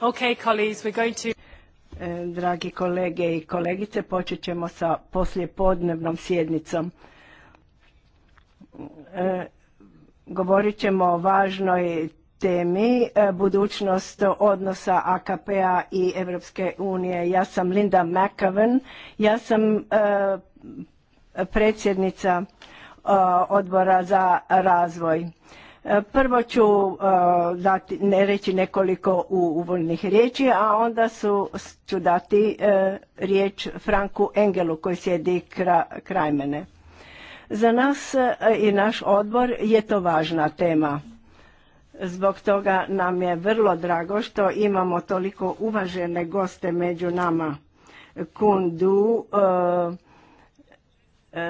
Okay, colleagues, e, Dragi kolege i kolegice, počet ćemo sa poslijepodnevnom sjednicom. E, govorit ćemo o važnoj temi e, budućnost odnosa AKP-a i Europske unije. Ja sam Linda McAven, ja sam predsjednica odbora za razvoj. Prvo ću e, dati, ne reći nekoliko uvoljnih riječi, a onda su, ću dati e, riječ Franku Engelu koji sjedi kra, kraj mene. Za nas e, i naš odbor je to važna tema. Zbog toga nam je vrlo drago što imamo toliko uvažene goste među nama. Kundu, E,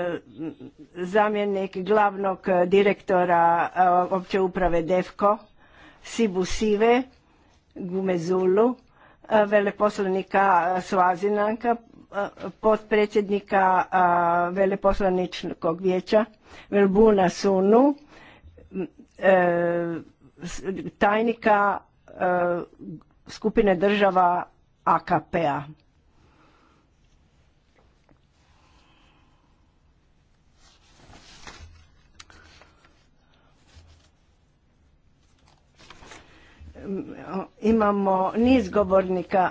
zamjenik glavnog direktora e, opće uprave DEFKO, Sibu Sive, Gumezulu, e, veleposlanika Svazinanka, potpredsjednika veleposlaničkog vijeća Velbuna Sunu, tajnika skupine država AKP-a. imamo niz govornika,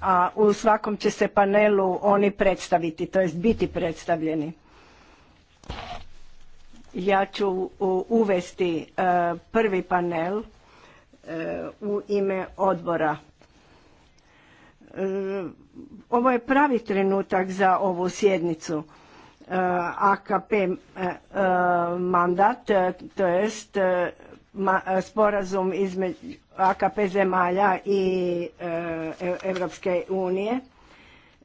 a u svakom će se panelu oni predstaviti, to jest biti predstavljeni. Ja ću uvesti e, prvi panel e, u ime odbora. E, ovo je pravi trenutak za ovu sjednicu. AKP mandat, to jest sporazum između AKP zemalja i Europske e, unije.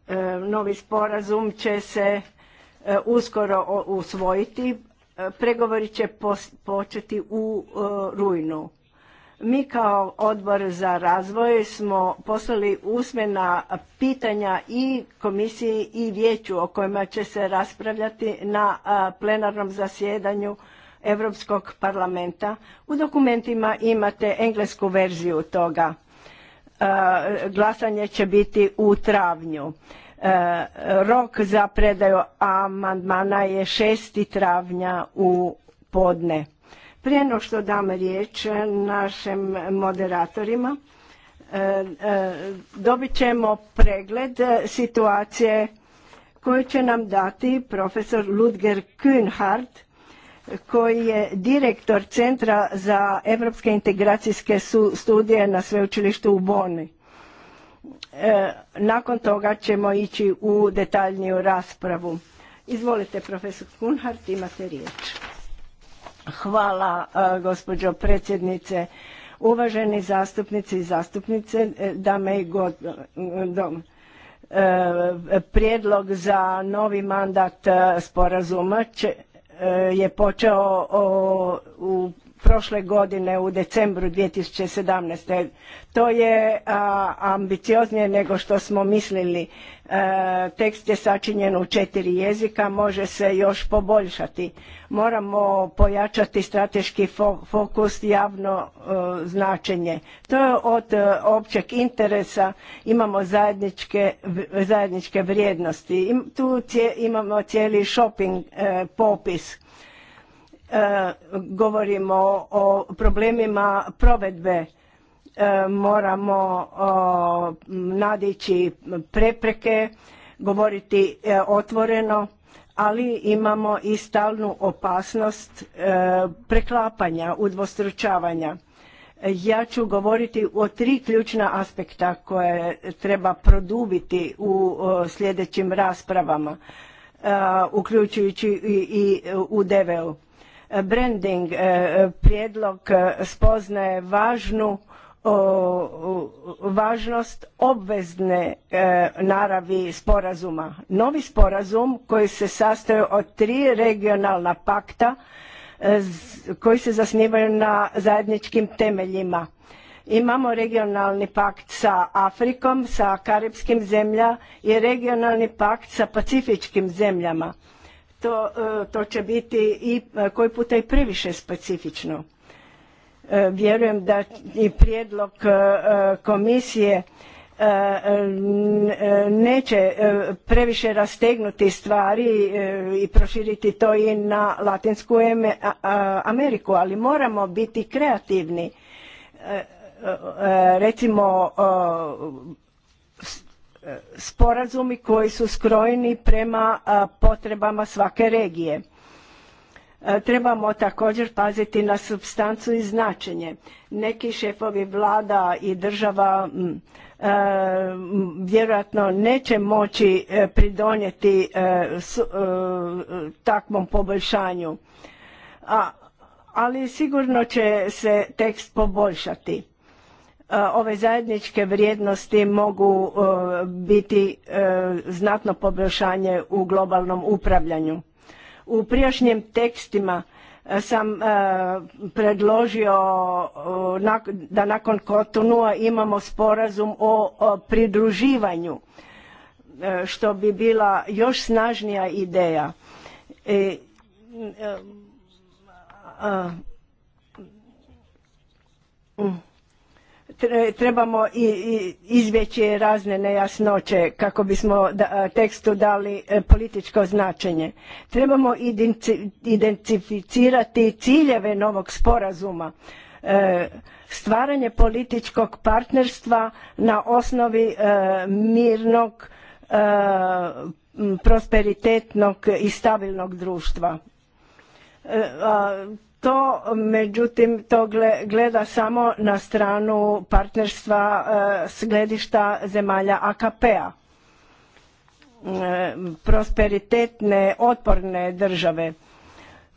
E, novi sporazum će se e, uskoro usvojiti. Pregovori će početi u rujnu. Mi kao odbor za razvoj smo poslali usmena pitanja i komisiji i vijeću o kojima će se raspravljati na plenarnom zasjedanju Europskog parlamenta. U dokumentima imate englesku verziju toga. E, glasanje će biti u travnju. E, rok za predaju amandmana je 6. travnja u podne. Prije no što dam riječ našim moderatorima, e, dobit ćemo pregled situacije koju će nam dati profesor Ludger Kühnhardt, koji je direktor Centra za europske integracijske studije na sveučilištu u Boni. E, nakon toga ćemo ići u detaljniju raspravu. Izvolite, profesor Kunhart, imate riječ. Hvala, e, gospođo predsjednice. Uvaženi zastupnici i zastupnice, e, dame i god, dom. prijedlog za novi mandat sporazuma će, je počeo u prošle godine u decembru 2017. To je ambicioznije nego što smo mislili. E, tekst je sačinjen u četiri jezika, može se još poboljšati. Moramo pojačati strateški fokus, javno e, značenje. To je od e, općeg interesa, imamo zajedničke, zajedničke vrijednosti. tu imamo cijeli shopping e, popis E, govorimo o problemima provedbe e, moramo nadići prepreke govoriti e, otvoreno ali imamo i stalnu opasnost preklapanja udvostručavanja ja ću govoriti o tri ključna aspekta koje treba produbiti u sljedećim raspravama uključujući i u dv branding e, prijedlog e, spoznaje važnu važnost obvezne e, naravi sporazuma. Novi sporazum koji se sastoji od tri regionalna pakta koji se zasnivaju na zajedničkim temeljima. Imamo regionalni pakt sa Afrikom, sa karipskim zemljama i regionalni pakt sa pacifičkim zemljama E, to, će biti i e, koji puta i previše specifično. E, vjerujem da i prijedlog komisije neće previše rastegnuti stvari i proširiti to i na Latinsku Ameriku, ali moramo biti kreativni. Recimo sporazumi koji su skrojeni prema potrebama svake regije. Trebamo također paziti na substancu i značenje. Neki šefovi vlada i država vjerojatno neće moći e, pridonijeti e, e, takvom poboljšanju, ali sigurno će se tekst poboljšati ove zajedničke vrijednosti mogu biti e, znatno poboljšanje u globalnom upravljanju. U prijašnjim tekstima e, sam e, predložio da nakon Kotonua imamo sporazum o pridruživanju, što bi bila još snažnija ideja trebamo i izbjeći razne nejasnoće kako bismo tekstu dali e, političko značenje. Trebamo identificirati ciljeve novog sporazuma, e, stvaranje političkog partnerstva na osnovi e, mirnog, prosperitetnog i stabilnog društva to međutim to gleda samo na stranu partnerstva eh, s gledišta zemalja AKP-a eh, prosperitetne otporne države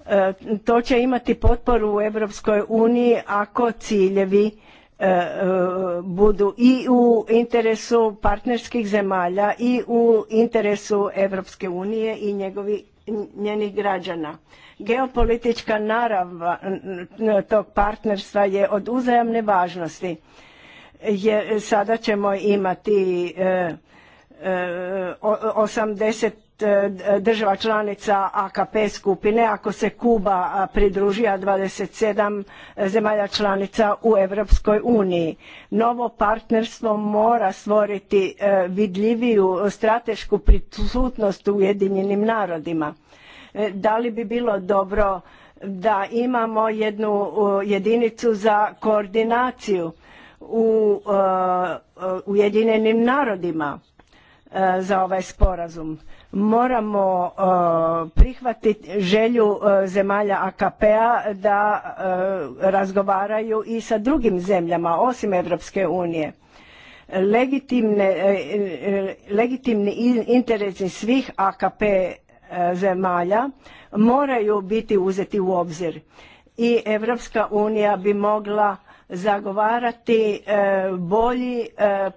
eh, to će imati potporu u Europskoj uniji ako ciljevi budu i u interesu partnerskih zemalja i u interesu Europske unije i njegovi njenih građana. Geopolitička narav tog partnerstva je od uzajamne važnosti. Je, sada ćemo imati e, e Eh, država članica AKP skupine, ako se Kuba eh, pridruži, a 27 eh, zemalja članica u Europskoj uniji. Novo partnerstvo mora stvoriti vidljiviju stratešku prisutnost u Ujedinjenim narodima. Da li bi bilo dobro da imamo jednu jedinicu za koordinaciju u Ujedinjenim narodima za ovaj sporazum? moramo e, prihvatiti želju e, zemalja AKP-a da e, razgovaraju i sa drugim zemljama osim Europske unije. legitimni interesi svih AKP zemalja moraju biti uzeti u obzir i Europska unija bi mogla zagovarati e, bolji e,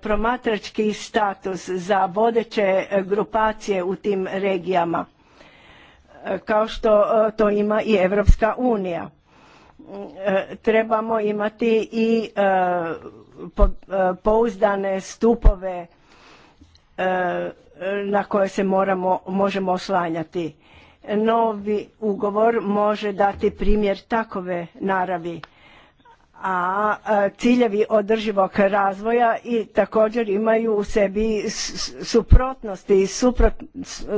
promatrački status za vodeće e, grupacije u tim regijama kao što to ima i Europska unija. Trebamo imati i pouzdane stupove na koje se moramo, možemo oslanjati. Novi ugovor može dati primjer takove naravi a ciljevi održivog razvoja i također imaju u sebi suprotnosti i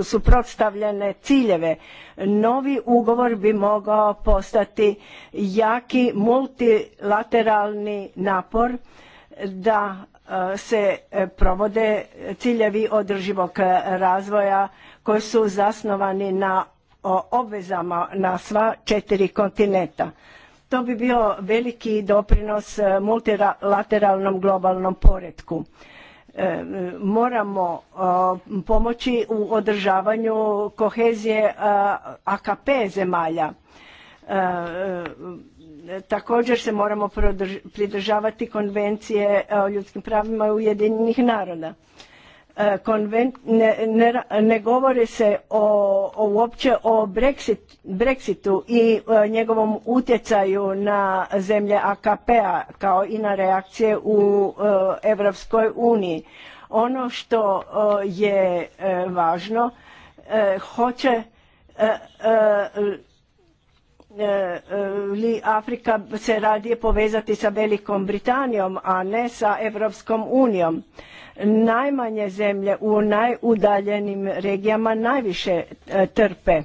suprotstavljene ciljeve. Novi ugovor bi mogao postati jaki multilateralni napor da se e, provode ciljevi održivog razvoja koji su zasnovani na obvezama na sva četiri kontinenta. To bi bio veliki doprinos e, multilateralnom globalnom poretku. E, moramo pomoći u održavanju kohezije e, AKP zemalja. Također se moramo pridržavati konvencije o ljudskim pravima Ujedinjenih naroda E, konvent, ne, govori se o, uopće o Brexit, Brexitu i e, njegovom utjecaju na zemlje AKP-a kao i na reakcije u Europskoj uniji. Ono što e, je važno hoće li Afrika se radije povezati sa Velikom Britanijom, a ne sa Europskom unijom najmanje zemlje u najudaljenim regijama najviše e, trpe. E,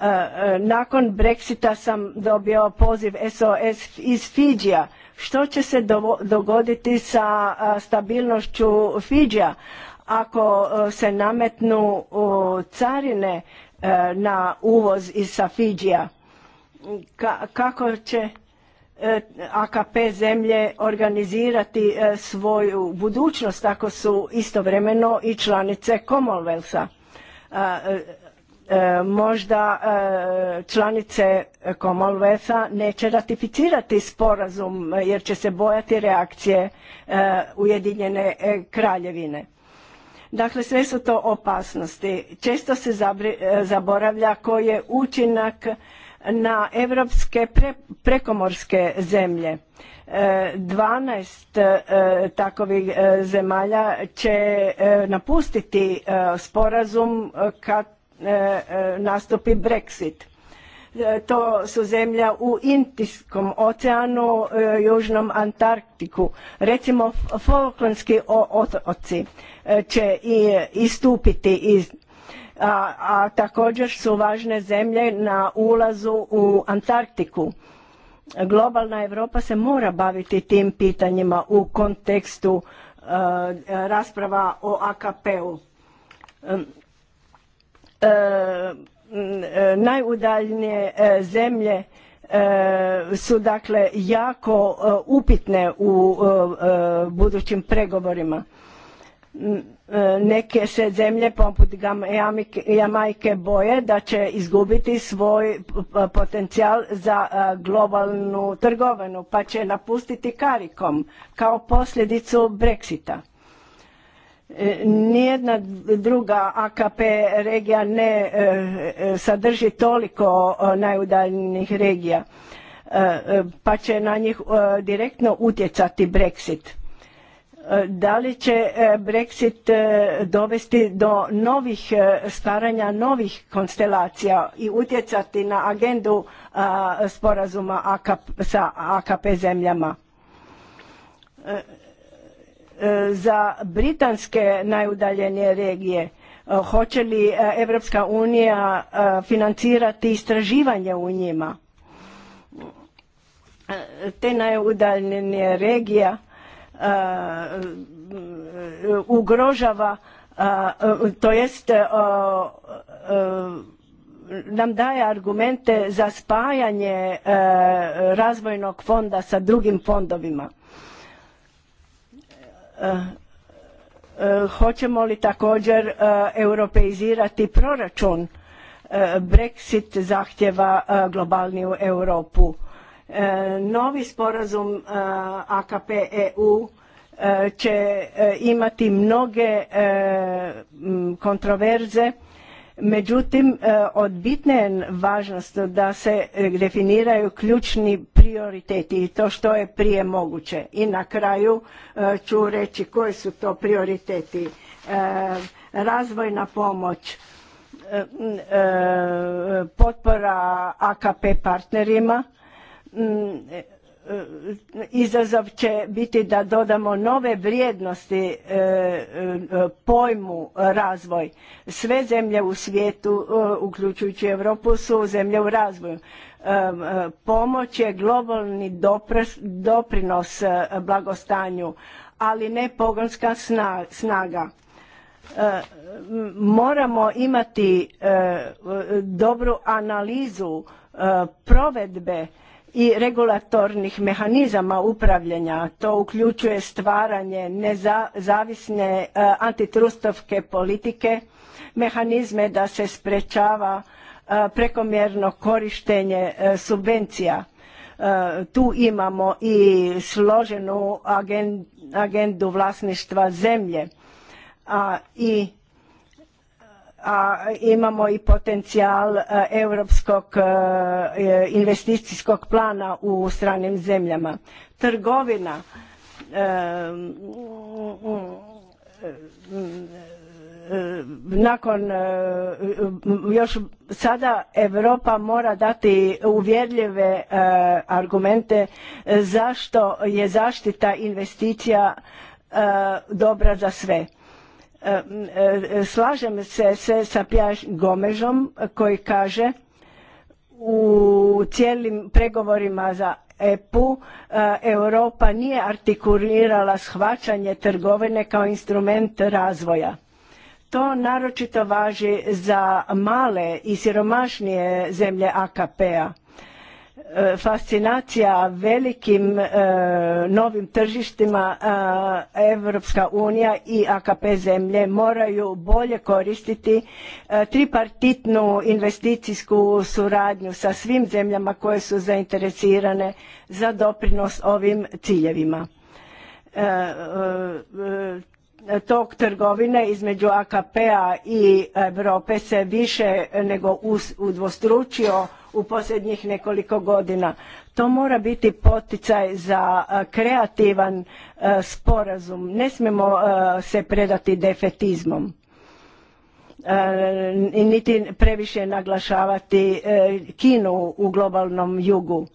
e, nakon Brexita sam dobio poziv SOS iz Fidžija. Što će se dogoditi sa stabilnošću Fidžija ako se nametnu carine na uvoz iz Fidžija? Kako će AKP zemlje organizirati e, svoju budućnost ako su istovremeno i članice Commonwealtha. E, e, možda članice Commonwealtha neće ratificirati sporazum jer će se bojati reakcije Ujedinjene kraljevine. Dakle, sve su to opasnosti. Često se zaboravlja koji je učinak na europske prekomorske zemlje. 12 e, e, takovih e, zemalja će napustiti sporazum kad nastupi Brexit. To su zemlja u Intijskom oceanu, Južnom Antarktiku. Recimo Falklandski otoci će istupiti iz a, također su važne zemlje na ulazu u Antarktiku. Globalna Europa se mora baviti tim pitanjima u kontekstu e, rasprava o AKP-u. E, najudaljnije e, zemlje su dakle jako upitne u budućim pregovorima neke se zemlje poput Jamajke boje da će izgubiti svoj potencijal za e, globalnu trgovinu pa će napustiti karikom kao posljedicu Brexita. E, nijedna druga AKP regija ne e, sadrži toliko najudaljenih regija pa će na njih direktno utjecati Brexit da li će e, Brexit e, dovesti do novih e, stvaranja novih konstelacija i utjecati na agendu sporazuma sa AKP zemljama? Za britanske najudaljenije regije hoće li Europska unija financirati istraživanje u njima? Te najudaljenije regija E, ugrožava e, to jest e, nam daje argumente za spajanje razvojnog fonda sa drugim fondovima. Hoćemo li također europeizirati proračun? Brexit zahtjeva globalniju Europu E, novi sporazum e, AKP-EU e, će imati mnoge kontroverze, međutim od bitne je važnost da se definiraju ključni prioriteti i to što je prije moguće. I na kraju ću reći koji su to prioriteti. Razvojna pomoć, potpora AKP partnerima, Mm, e, e, izazov će biti da dodamo nove vrijednosti e, pojmu razvoj. Sve zemlje u svijetu, uključujući Europu, su zemlje u razvoju. Pomoć je globalni doprinos blagostanju, ali ne pogonska snaga. Moramo imati dobru analizu provedbe i regulatornih mehanizama upravljanja. To uključuje stvaranje nezavisne e, antitrustovke politike, mehanizme da se sprečava e, prekomjerno korištenje e, subvencija. Tu imamo i složenu agendu vlasništva zemlje a i a imamo i potencijal e, europskog e, investicijskog plana u stranim zemljama. Trgovina e, nakon još sada Europa mora dati uvjerljive argumente zašto je zaštita investicija dobra za sve E, e, slažem se, sa Pjaš Gomežom koji kaže u cijelim pregovorima za EPU e, Europa nije artikulirala shvaćanje trgovine kao instrument razvoja. To naročito važi za male i siromašnije zemlje AKP-a E, fascinacija velikim e, novim tržištima e, Evropska unija i AKP zemlje moraju bolje koristiti tripartitnu investicijsku suradnju sa svim zemljama koje su zainteresirane za doprinos ovim ciljevima tog trgovine između AKP-a i Europe se više nego udvostručio u posljednjih nekoliko godina. To mora biti poticaj za e, kreativan e, sporazum. Ne smijemo e, se predati defetizmom niti previše naglašavati Kinu u globalnom jugu.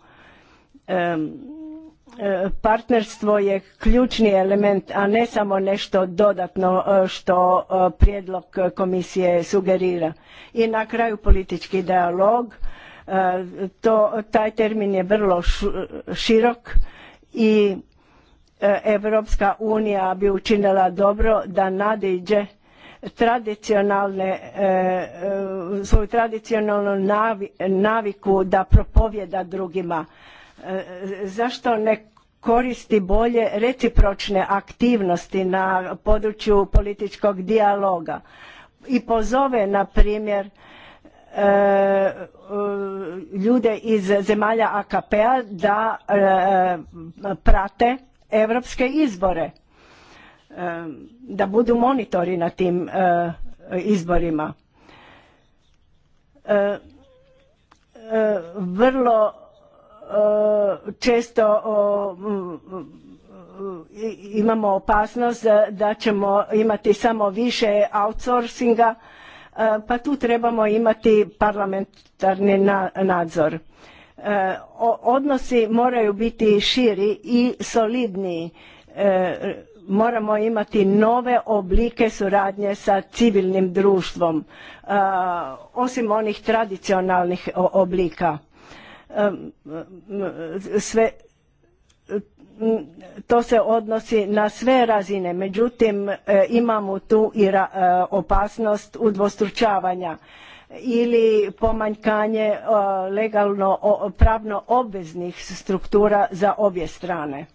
Partnerstvo je ključni element, a ne samo nešto dodatno što prijedlog komisije sugerira. I na kraju politički dijalog to, taj termin je vrlo širok i e, Evropska unija bi učinila dobro da nadiđe tradicionalne, e, e, svoju tradicionalnu naviku da propovjeda drugima. Zašto ne koristi bolje recipročne aktivnosti na području političkog dijaloga i pozove, na primjer, E, e, ljude iz zemalja AKP-a da e, prate europske izbore, da budu monitori na tim izborima. Vrlo često imamo opasnost da ćemo imati samo više outsourcinga E, pa tu trebamo imati parlamentarni nadzor. E, odnosi moraju biti širi i solidniji. E, moramo imati nove oblike suradnje sa civilnim društvom, osim onih tradicionalnih oblika sve to se odnosi na sve razine, međutim e, imamo tu i e, opasnost udvostručavanja ili pomanjkanje e, legalno pravno obveznih struktura za obje strane.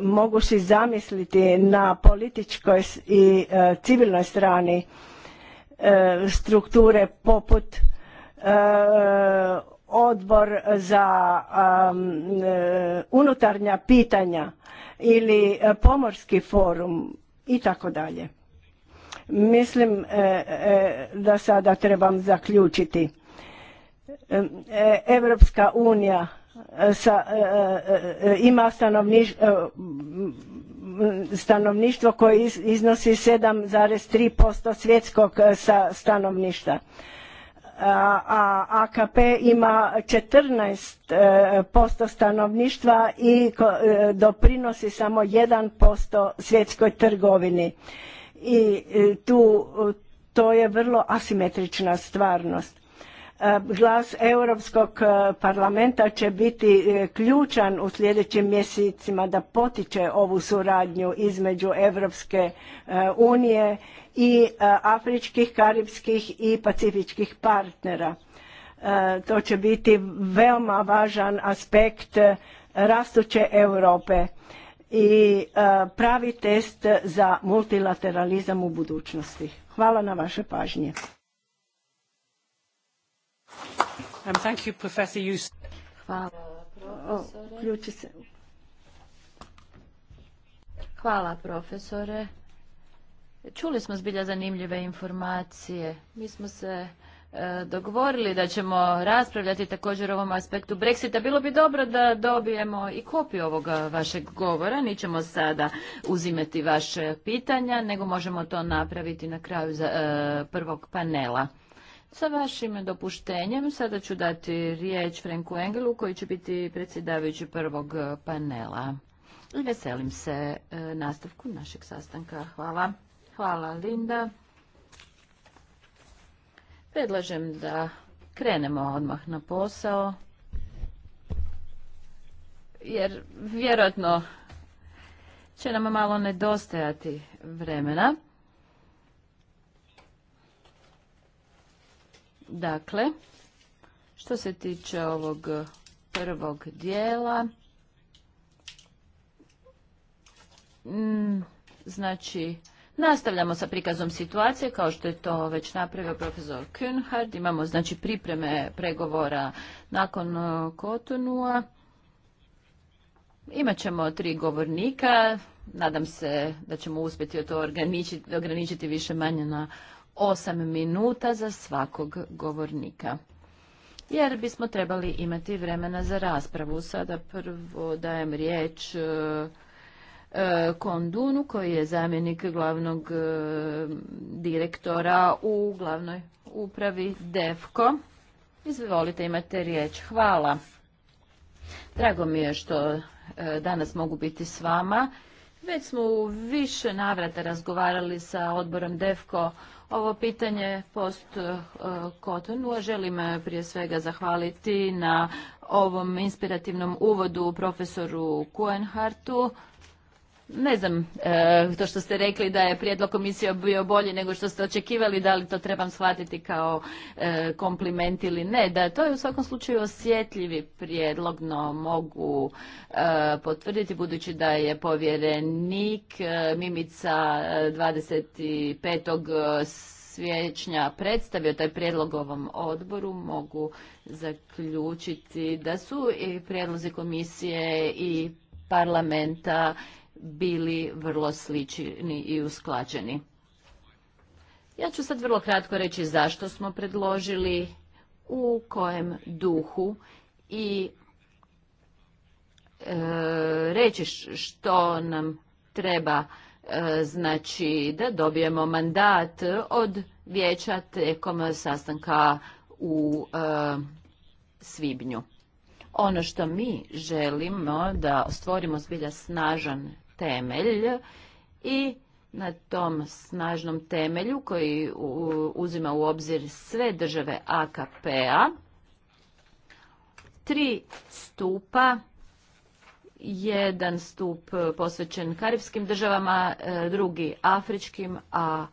Mogu si zamisliti na političkoj i civilnoj strani strukture poput odbor za um, e, unutarnja pitanja ili e, pomorski forum i tako dalje. Mislim e, da sada trebam zaključiti. Europska unija sa, ima stanovništvo koje iznosi 7,3% svjetskog stanovništva a AKP ima 14% e, stanovništva i e, doprinosi samo 1% svjetskoj trgovini. I e, tu to je vrlo asimetrična stvarnost. Glas Europskog parlamenta će biti ključan u sljedećim mjesecima da potiče ovu suradnju između Europske unije i e, afričkih, karibskih i pacifičkih partnera. E, to će biti veoma važan aspekt e, rastuće Europe i pravi test za multilateralizam u budućnosti. Hvala na vaše pažnje. Um, Hvala profesore. Hvala profesore. Čuli smo zbilja zanimljive informacije. Mi smo se e, dogovorili da ćemo raspravljati također o ovom aspektu Brexita. Bilo bi dobro da dobijemo i kopiju ovog vašeg govora. Nićemo sada uzimati vaše pitanja, nego možemo to napraviti na kraju e, prvog panela. Sa vašim dopuštenjem sada ću dati riječ Franku Engelu koji će biti predsjedavajući prvog panela. I veselim se e, nastavku našeg sastanka. Hvala. Hvala Linda. Predlažem da krenemo odmah na posao. Jer vjerojatno će nam malo nedostajati vremena. Dakle, što se tiče ovog prvog dijela, mm, znači Nastavljamo sa prikazom situacije, kao što je to već napravio profesor Kühnhardt. Imamo znači pripreme pregovora nakon Kotonua. Uh, Imaćemo tri govornika. Nadam se da ćemo uspjeti to ograničiti, ograničiti više manje na osam minuta za svakog govornika. Jer bismo trebali imati vremena za raspravu. Sada prvo dajem riječ uh, E, Kondunu koji je zamjenik glavnog e, direktora u glavnoj upravi DEFKO. Izvolite, imate riječ. Hvala. Drago mi je što e, danas mogu biti s vama. Već smo u više navrata razgovarali sa odborom DEFKO ovo pitanje post Kotonu. Želim prije svega zahvaliti na ovom inspirativnom uvodu profesoru Kuenhartu ne znam, e, to što ste rekli da je prijedlog komisije bio bolji nego što ste očekivali, da li to trebam shvatiti kao e, kompliment ili ne, da to je u svakom slučaju osjetljivi prijedlog, no mogu e, potvrditi budući da je povjerenik Mimica 25. siječnja predstavio taj prijedlog ovom odboru, mogu zaključiti da su i prijedlozi komisije i parlamenta bili vrlo slični i usklađeni. Ja ću sad vrlo kratko reći zašto smo predložili, u kojem duhu i e, reći što nam treba e, znači da dobijemo mandat od vijeća tekom sastanka u e, svibnju. Ono što mi želimo da stvorimo zbilja snažan temelj i na tom snažnom temelju koji uzima u obzir sve države AKP-a, tri stupa jedan stup posvećen karibskim državama, e, drugi afričkim, a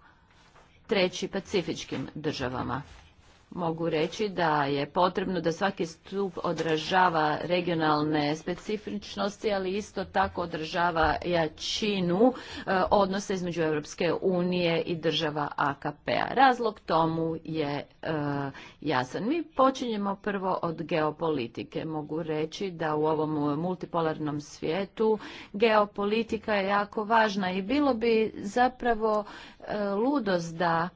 treći pacifičkim državama mogu reći da je potrebno da svaki stup odražava regionalne specifičnosti, ali isto tako odražava jačinu e, odnose između Europske unije i država AKP-a. Razlog tomu je e, jasan. Mi počinjemo prvo od geopolitike. Mogu reći da u ovom multipolarnom svijetu geopolitika je jako važna i bilo bi zapravo e, ludost da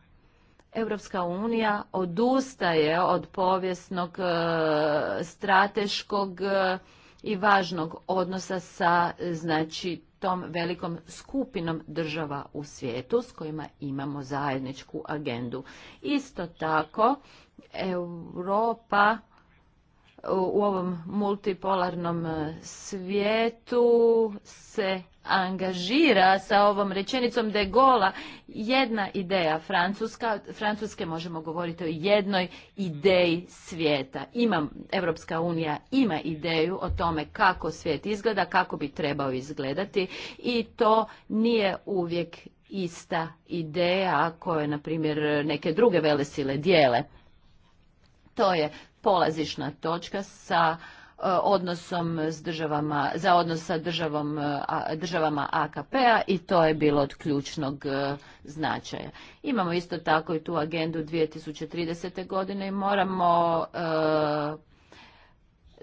Europska unija odustaje od povijesnog, e, strateškog e, i važnog odnosa sa znači tom velikom skupinom država u svijetu s kojima imamo zajedničku agendu. Isto tako Europa e, u ovom multipolarnom svijetu se angažira sa ovom rečenicom de Gola jedna ideja Francuska, Francuske možemo govoriti o jednoj ideji svijeta. Imam, Evropska unija ima ideju o tome kako svijet izgleda, kako bi trebao izgledati i to nije uvijek ista ideja ako na primjer, neke druge velesile dijele. To je polazišna točka sa E, odnosom s državama, za odnos sa e, državama AKP-a i to je bilo od ključnog e, značaja. Imamo isto tako i tu agendu 2030. godine i moramo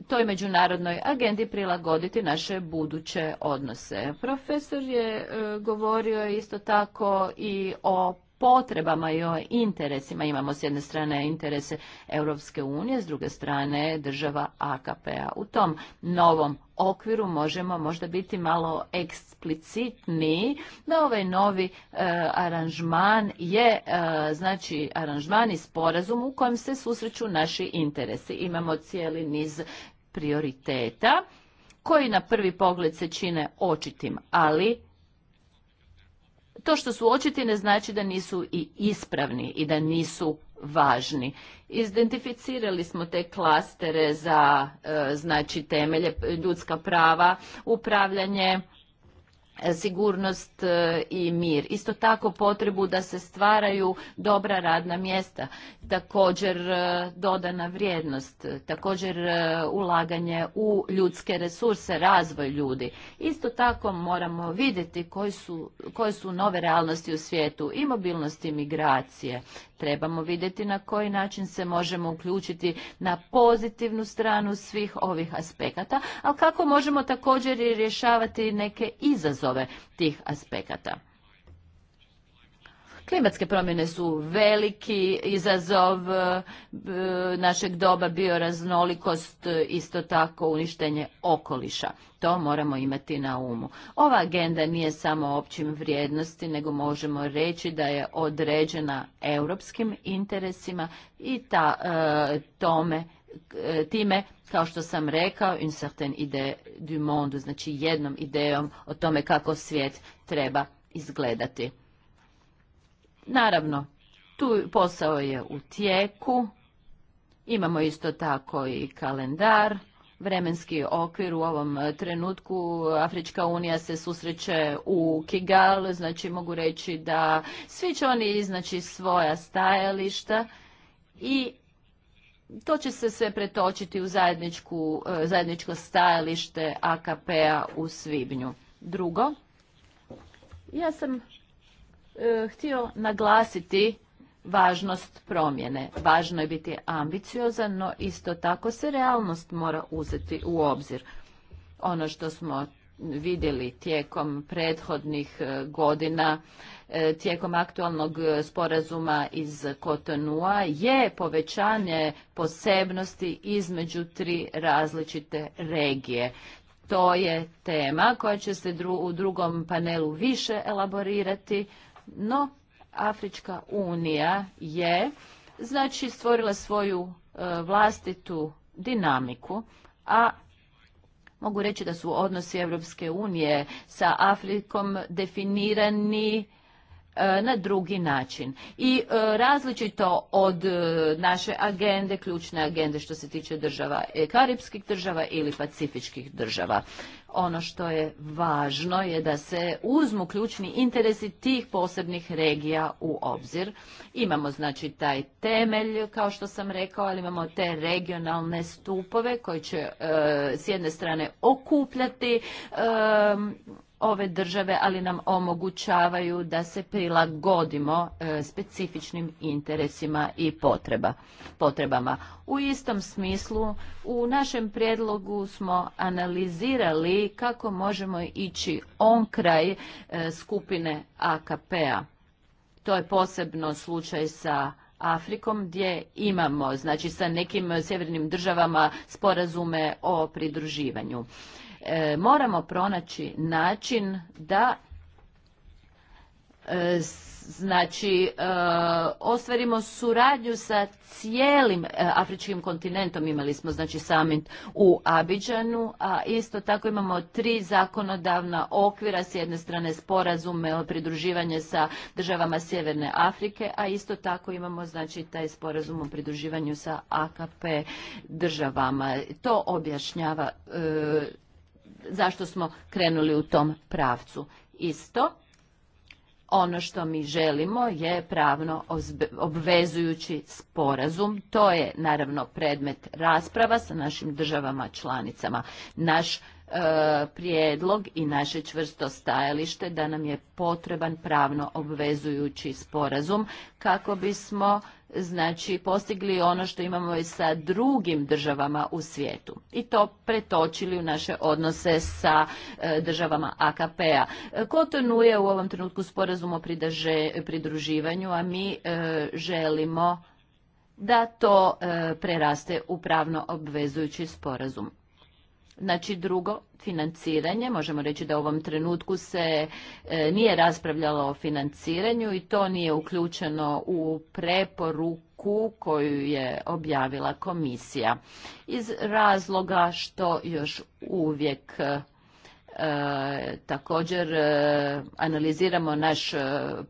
toj međunarodnoj agendi prilagoditi naše buduće odnose. Profesor je govorio isto tako i o potrebama i o interesima. Imamo s jedne strane interese Europske unije, s druge strane država AKP-a. U tom novom okviru možemo možda biti malo eksplicitni da ovaj novi e, aranžman je e, znači aranžman i sporazum u kojem se susreću naši interesi. Imamo cijeli niz prioriteta koji na prvi pogled se čine očitim, ali to što su očiti ne znači da nisu i ispravni i da nisu važni. Identificirali smo te klastere za e, znači temelje ljudska prava, upravljanje sigurnost e, i mir. Isto tako potrebu da se stvaraju dobra radna mjesta, također e, dodana vrijednost, također e, ulaganje u ljudske resurse, razvoj ljudi. Isto tako moramo vidjeti koje su, koje su nove realnosti u svijetu i mobilnosti i migracije. Trebamo vidjeti na koji način se možemo uključiti na pozitivnu stranu svih ovih aspekata, ali kako možemo također i rješavati neke izazove tih aspekata. Klimatske promjene su veliki izazov e, našeg doba, bioraznolikost, isto tako uništenje okoliša. To moramo imati na umu. Ova agenda nije samo općim vrijednosti, nego možemo reći da je određena europskim interesima i ta, e, tome, e, time kao što sam rekao, une certaine idée du monde, znači jednom idejom o tome kako svijet treba izgledati. Naravno, tu posao je u tijeku, imamo isto tako i kalendar, vremenski okvir u ovom trenutku. Afrička unija se susreće u Kigal, znači mogu reći da svi će oni iznaći svoja stajališta i to će se sve pretočiti u e, zajedničko stajalište AKP-a u Svibnju. Drugo, ja sam e, htio naglasiti važnost promjene. Važno je biti ambiciozan, no isto tako se realnost mora uzeti u obzir. Ono što smo vidjeli tijekom prethodnih e, godina tijekom aktualnog e, sporazuma iz Kotonua je povećanje posebnosti između tri različite regije. To je tema koja će se u drugom panelu više elaborirati, no Afrička unija je znači stvorila svoju e, vlastitu dinamiku, a mogu reći da su odnosi Europske unije sa Afrikom definirani E, na drugi način. I e, različito od e, naše agende, ključne agende što se tiče država karipskih država ili pacifičkih država. Ono što je važno je da se uzmu ključni interesi tih posebnih regija u obzir. Imamo znači taj temelj, kao što sam rekao, ali imamo te regionalne stupove koji će s jedne strane okupljati ove države, ali nam omogućavaju da se prilagodimo e, specifičnim interesima i potrebama. U istom smislu, u našem prijedlogu smo analizirali kako možemo ići on kraj e, skupine AKP-a. To je posebno slučaj sa Afrikom gdje imamo, znači sa nekim sjevernim državama sporazume o pridruživanju. E, moramo pronaći način da e, znači e, ostvarimo suradnju sa cijelim afričkim kontinentom imali smo znači summit u Abidžanu a isto tako imamo tri zakonodavna okvira s jedne strane sporazume o pridruživanju sa državama sjeverne Afrike a isto tako imamo znači taj sporazum o pridruživanju sa AKP državama to objašnjava zašto smo krenuli u tom pravcu. Isto, ono što mi želimo je pravno obvezujući sporazum. To je naravno predmet rasprava sa našim državama članicama. Naš e, prijedlog i naše čvrsto stajalište da nam je potreban pravno obvezujući sporazum kako bismo znači postigli ono što imamo i sa drugim državama u svijetu i to pretočili u naše odnose sa e, državama AKP-a. Kotonu je u ovom trenutku sporazum o pridruživanju, a mi e, želimo da to e, preraste u pravno obvezujući sporazum. Znači drugo, financiranje. Možemo reći da u ovom trenutku se e, nije raspravljalo o financiranju i to nije uključeno u preporuku koju je objavila komisija. Iz razloga što još uvijek e, također e, analiziramo naš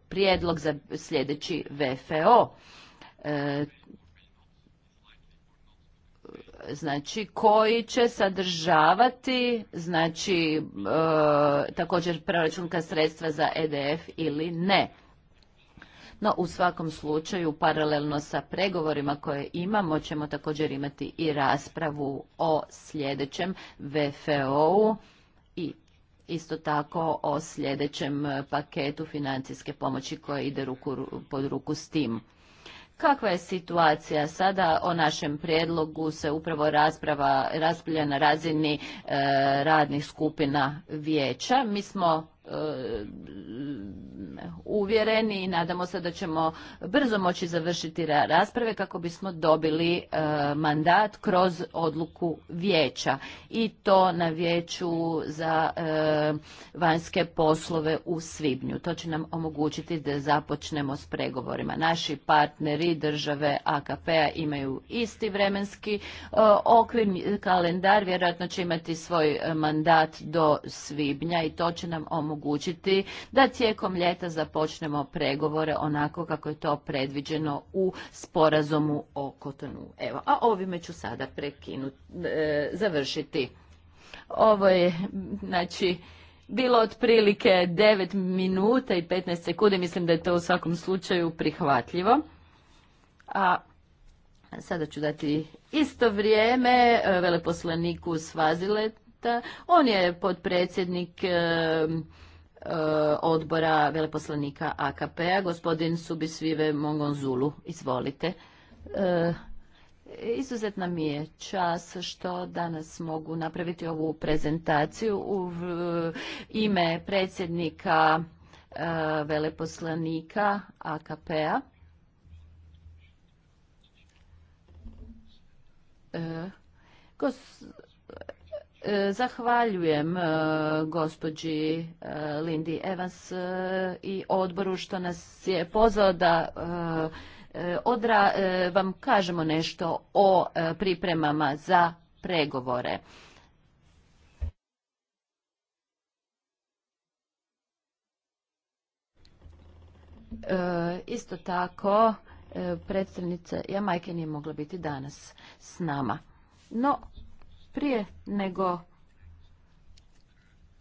prijedlog za sljedeći VFO znači koji će sadržavati znači e, također proračunka sredstva za EDF ili ne. No u svakom slučaju paralelno sa pregovorima koje imamo ćemo također imati i raspravu o sljedećem VFO-u i isto tako o sljedećem paketu financijske pomoći koje ide ruku, pod ruku s tim. Kakva je situacija sada? O našem prijedlogu se upravo rasprava raspravlja na razini e, radnih skupina vijeća. Mi smo E, uvjereni i nadamo se da ćemo brzo moći završiti rasprave kako bismo dobili e, mandat kroz odluku vijeća i to na vijeću za e, vanjske poslove u svibnju. To će nam omogućiti da započnemo s pregovorima. Naši partneri države AKP-a imaju isti vremenski okvir, kalendar, vjerojatno će imati svoj mandat do svibnja i to će nam omogućiti omogućiti da tijekom ljeta započnemo pregovore onako kako je to predviđeno u sporazumu o Kotonu. Evo, a ovime ću sada prekinuti, e, završiti. Ovo je, znači, bilo otprilike 9 minuta i 15 sekundi, mislim da je to u svakom slučaju prihvatljivo. A sada ću dati isto vrijeme e, veleposlaniku Svazileta. On je podpredsjednik e, Eh, odbora veleposlanika AKP-a, gospodin Subisvive Mongonzulu. Izvolite. Eh, izuzetna mi je čas što danas mogu napraviti ovu prezentaciju u ime predsjednika eh, veleposlanika AKP-a. Gospodin E, zahvaljujem e, gospođi e, Lindy Evans i odboru što nas je pozvao da odra, vam kažemo nešto o pripremama za pregovore. Isto tako, predstavnica Jamajke nije mogla biti danas s nama. No, prije nego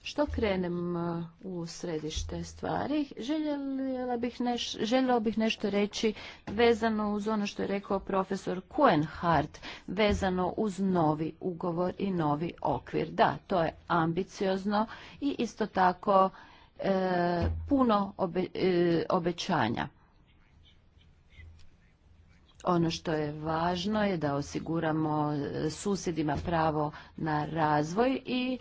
što krenem uh, u središte stvari, željela bih neš, željela bih nešto reći vezano uz ono što je rekao profesor Kuenhardt, vezano uz novi ugovor i novi okvir. Da, to je ambiciozno i isto tako e, puno e, obećanja. Ono što je važno je da osiguramo susjedima pravo na razvoj i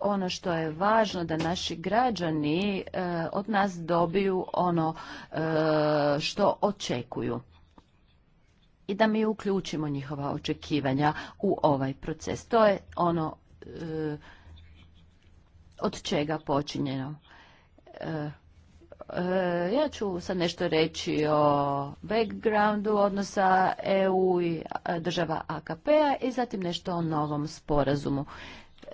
ono što je važno da naši građani e, od nas dobiju ono e, što očekuju i da mi uključimo njihova očekivanja u ovaj proces. To je ono e, od čega počinjeno. E, ja ću sad nešto reći o backgroundu odnosa EU i e, država AKP-a i zatim nešto o novom sporazumu.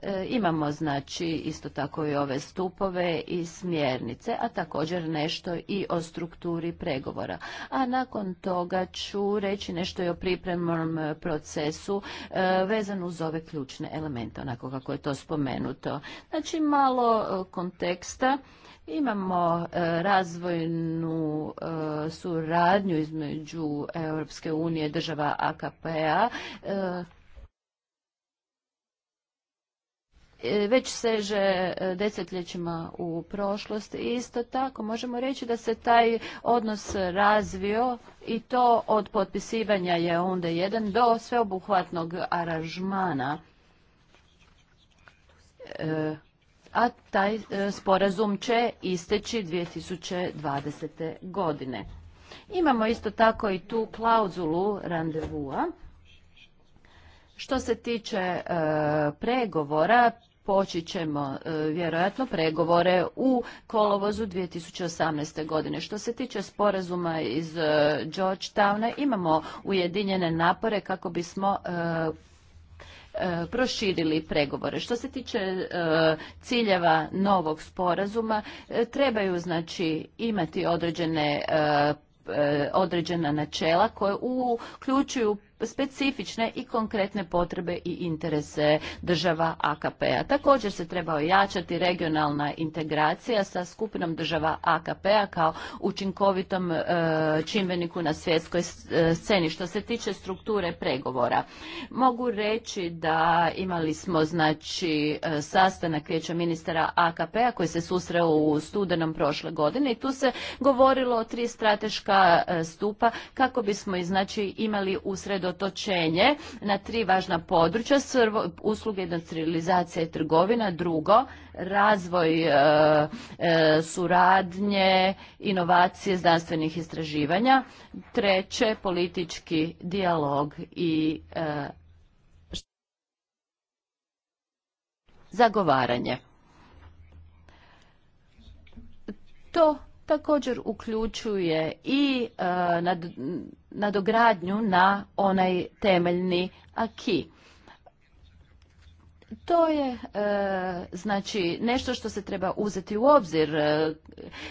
E, imamo znači isto tako i ove stupove i smjernice, a također nešto i o strukturi pregovora. A nakon toga ću reći nešto i o pripremnom procesu vezano uz ove ključne elemente, onako kako je to spomenuto. Znači malo konteksta. Imamo e, razvojnu e, suradnju između Europske unije država AKP-a e, već seže desetljećima u prošlost. Isto tako možemo reći da se taj odnos razvio i to od potpisivanja je onda jedan do sveobuhvatnog aranžmana a taj e, sporazum će isteći 2020. godine. Imamo isto tako i tu klauzulu randevua. Što se tiče e, pregovora, počit ćemo e, vjerojatno pregovore u kolovozu 2018. godine. Što se tiče sporazuma iz Georgetowna, imamo ujedinjene napore kako bismo E, proširili pregovore. Što se tiče e, ciljeva novog sporazuma, e, trebaju znači imati određene određena načela koje uključuju specifične i konkretne potrebe i interese država AKP-a. Također se treba ojačati regionalna integracija sa skupinom država AKP-a kao učinkovitom e, čimbeniku na svjetskoj e, sceni. Što se tiče strukture pregovora, mogu reći da imali smo znači e, sastanak vijeća ministara AKP-a koji se susreo u studenom prošle godine i tu se govorilo o tri strateška e, stupa kako bismo znači imali u sred usredotočenje na tri važna područja, usluge industrializacija i trgovina, drugo, razvoj e, e, suradnje, inovacije znanstvenih istraživanja, treće, politički dijalog i e, zagovaranje. To također uključuje i nadogradnju na onaj temeljni aki. To je e, znači nešto što se treba uzeti u obzir. E,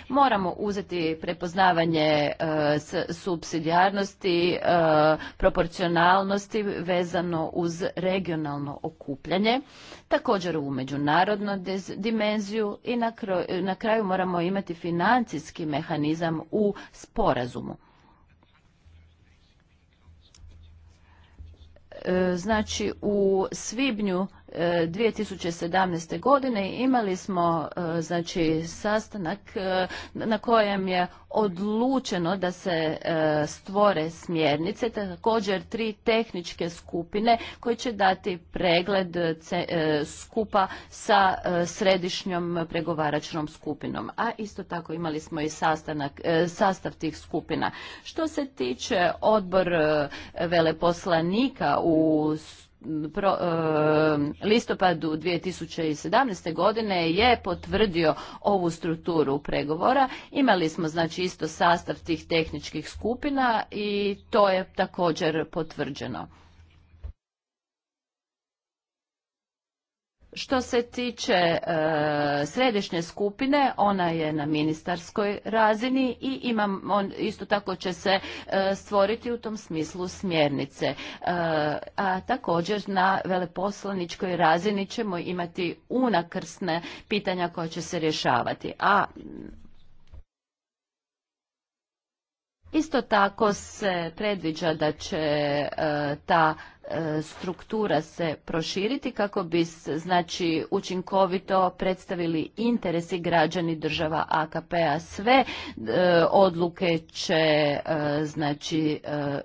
moramo uzeti prepoznavanje e, subsidijarnosti, e, proporcionalnosti vezano uz regionalno okupljanje, također u međunarodnu dimenziju i na kraju moramo imati financijski mehanizam u sporazumu. Znači u svibnju 2017. godine imali smo e, znači sastanak e, na kojem je odlučeno da se e, stvore smjernice, također tri tehničke skupine koje će dati pregled skupa sa središnjom pregovaračnom skupinom. A isto tako imali smo i sastanak, sastav tih skupina. Što se tiče odbor veleposlanika u E, listopadu 2017. godine je potvrdio ovu strukturu pregovora. Imali smo znači isto sastav tih tehničkih skupina i to je također potvrđeno. Što se tiče e, središnje skupine, ona je na ministarskoj razini i imam, isto tako će se e, stvoriti u tom smislu smjernice. E, a također na veleposlaničkoj razini ćemo imati unakrsne pitanja koja će se rješavati. A Isto tako se predviđa da će e, ta e, struktura se proširiti kako bi znači učinkovito predstavili interesi građani država AKP-a. Sve e, odluke će znači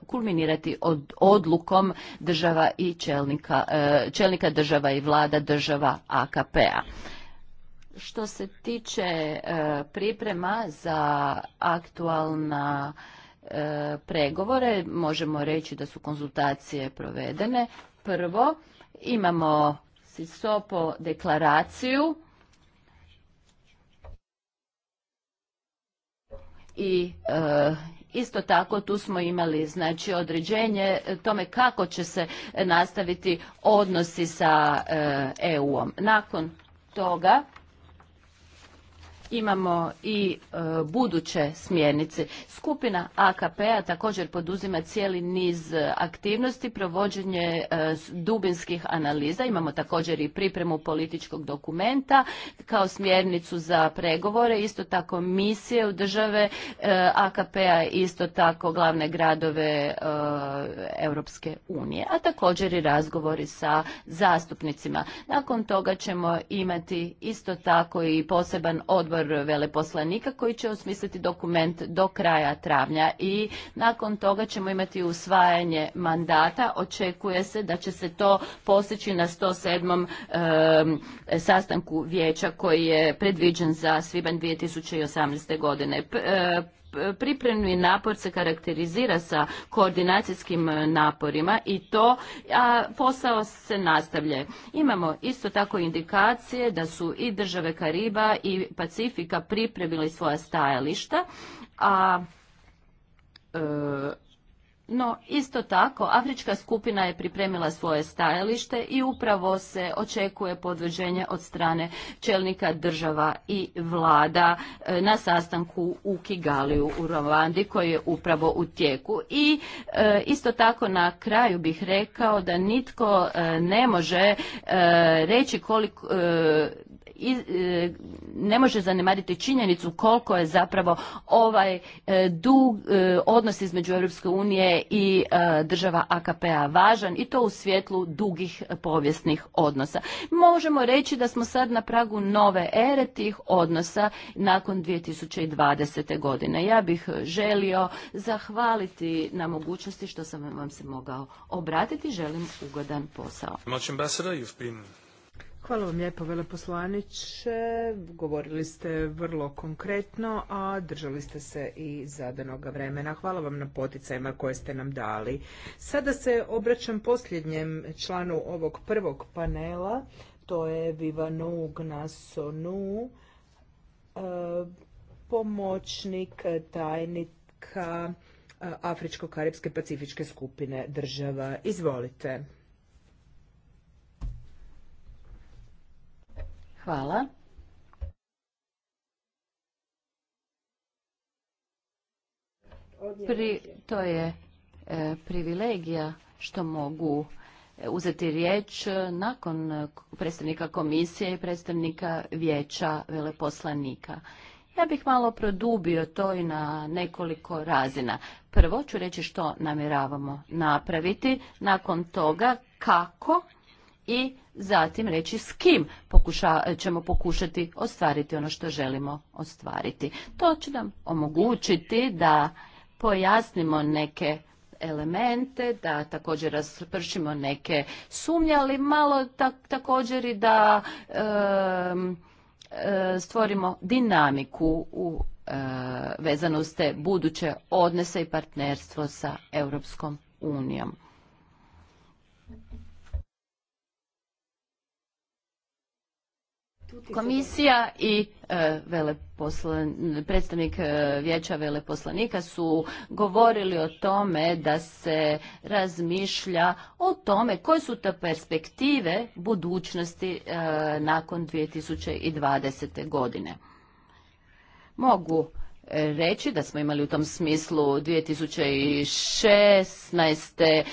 kulminirati od odlukom država i čelnika, čelnika država i vlada država AKP-a što se tiče priprema za aktualna E, pregovore. Možemo reći da su konzultacije provedene. Prvo, imamo SISOPO deklaraciju i e, isto tako tu smo imali znači određenje tome kako će se nastaviti odnosi sa e, EU-om. Nakon toga imamo i e, buduće smjernice. Skupina AKP-a također poduzima cijeli niz aktivnosti, provođenje e, dubinskih analiza, imamo također i pripremu političkog dokumenta kao smjernicu za pregovore, isto tako misije u države e, AKP-a, isto tako glavne gradove Europske unije, a također i razgovori sa zastupnicima. Nakon toga ćemo imati isto tako i poseban odbor izbor veleposlanika koji će osmisliti dokument do kraja travnja i nakon toga ćemo imati usvajanje mandata. Očekuje se da će se to postići na 107. sastanku vijeća koji je predviđen za svibanj 2018. godine. E, pripremni napor se karakterizira sa koordinacijskim e, naporima i to posao se nastavlja. Imamo isto tako indikacije da su i države Kariba i Pacifika pripremili svoja stajališta, a e, no, isto tako, Afrička skupina je pripremila svoje stajalište i upravo se očekuje podvođenje od strane čelnika država i vlada e, na sastanku u Kigaliju u Rovandi koji je upravo u tijeku. I e, isto tako na kraju bih rekao da nitko e, ne može reći koliko, E, ne može zanemariti činjenicu koliko je zapravo ovaj e, dug e, odnos između Europske unije i država AKP-a važan i to u svjetlu dugih povijesnih odnosa. Možemo reći da smo sad na pragu nove ere tih odnosa nakon 2020. godine. Ja bih želio zahvaliti na mogućnosti što sam vam se mogao obratiti. Želim ugodan posao. Hvala vam lijepo, veleposlaniće. Govorili ste vrlo konkretno, a držali ste se i zadanoga vremena. Hvala vam na poticajima koje ste nam dali. Sada se obraćam posljednjem članu ovog prvog panela. To je Vivanu Gnasonu, e, pomoćnik tajnika e, Afričko-Karibske pacifičke skupine država. Izvolite. Hvala. Pri, to je e, privilegija što mogu e, uzeti riječ e, nakon predstavnika komisije i predstavnika vijeća veleposlanika. Ja bih malo produbio to i na nekoliko razina. Prvo ću reći što namjeravamo napraviti, nakon toga kako i zatim reći s kim ćemo pokušati ostvariti ono što želimo ostvariti. To će nam omogućiti da pojasnimo neke elemente, da također raspršimo neke sumnje, ali malo također i da e, stvorimo dinamiku u e, vezano te buduće odnese i partnerstvo sa Europskom unijom. Komisija i e, predstavnik e, vijeća veleposlanika su govorili o tome da se razmišlja o tome koje su te perspektive budućnosti e, nakon 2020. godine. Mogu reći da smo imali u tom smislu 2016. E,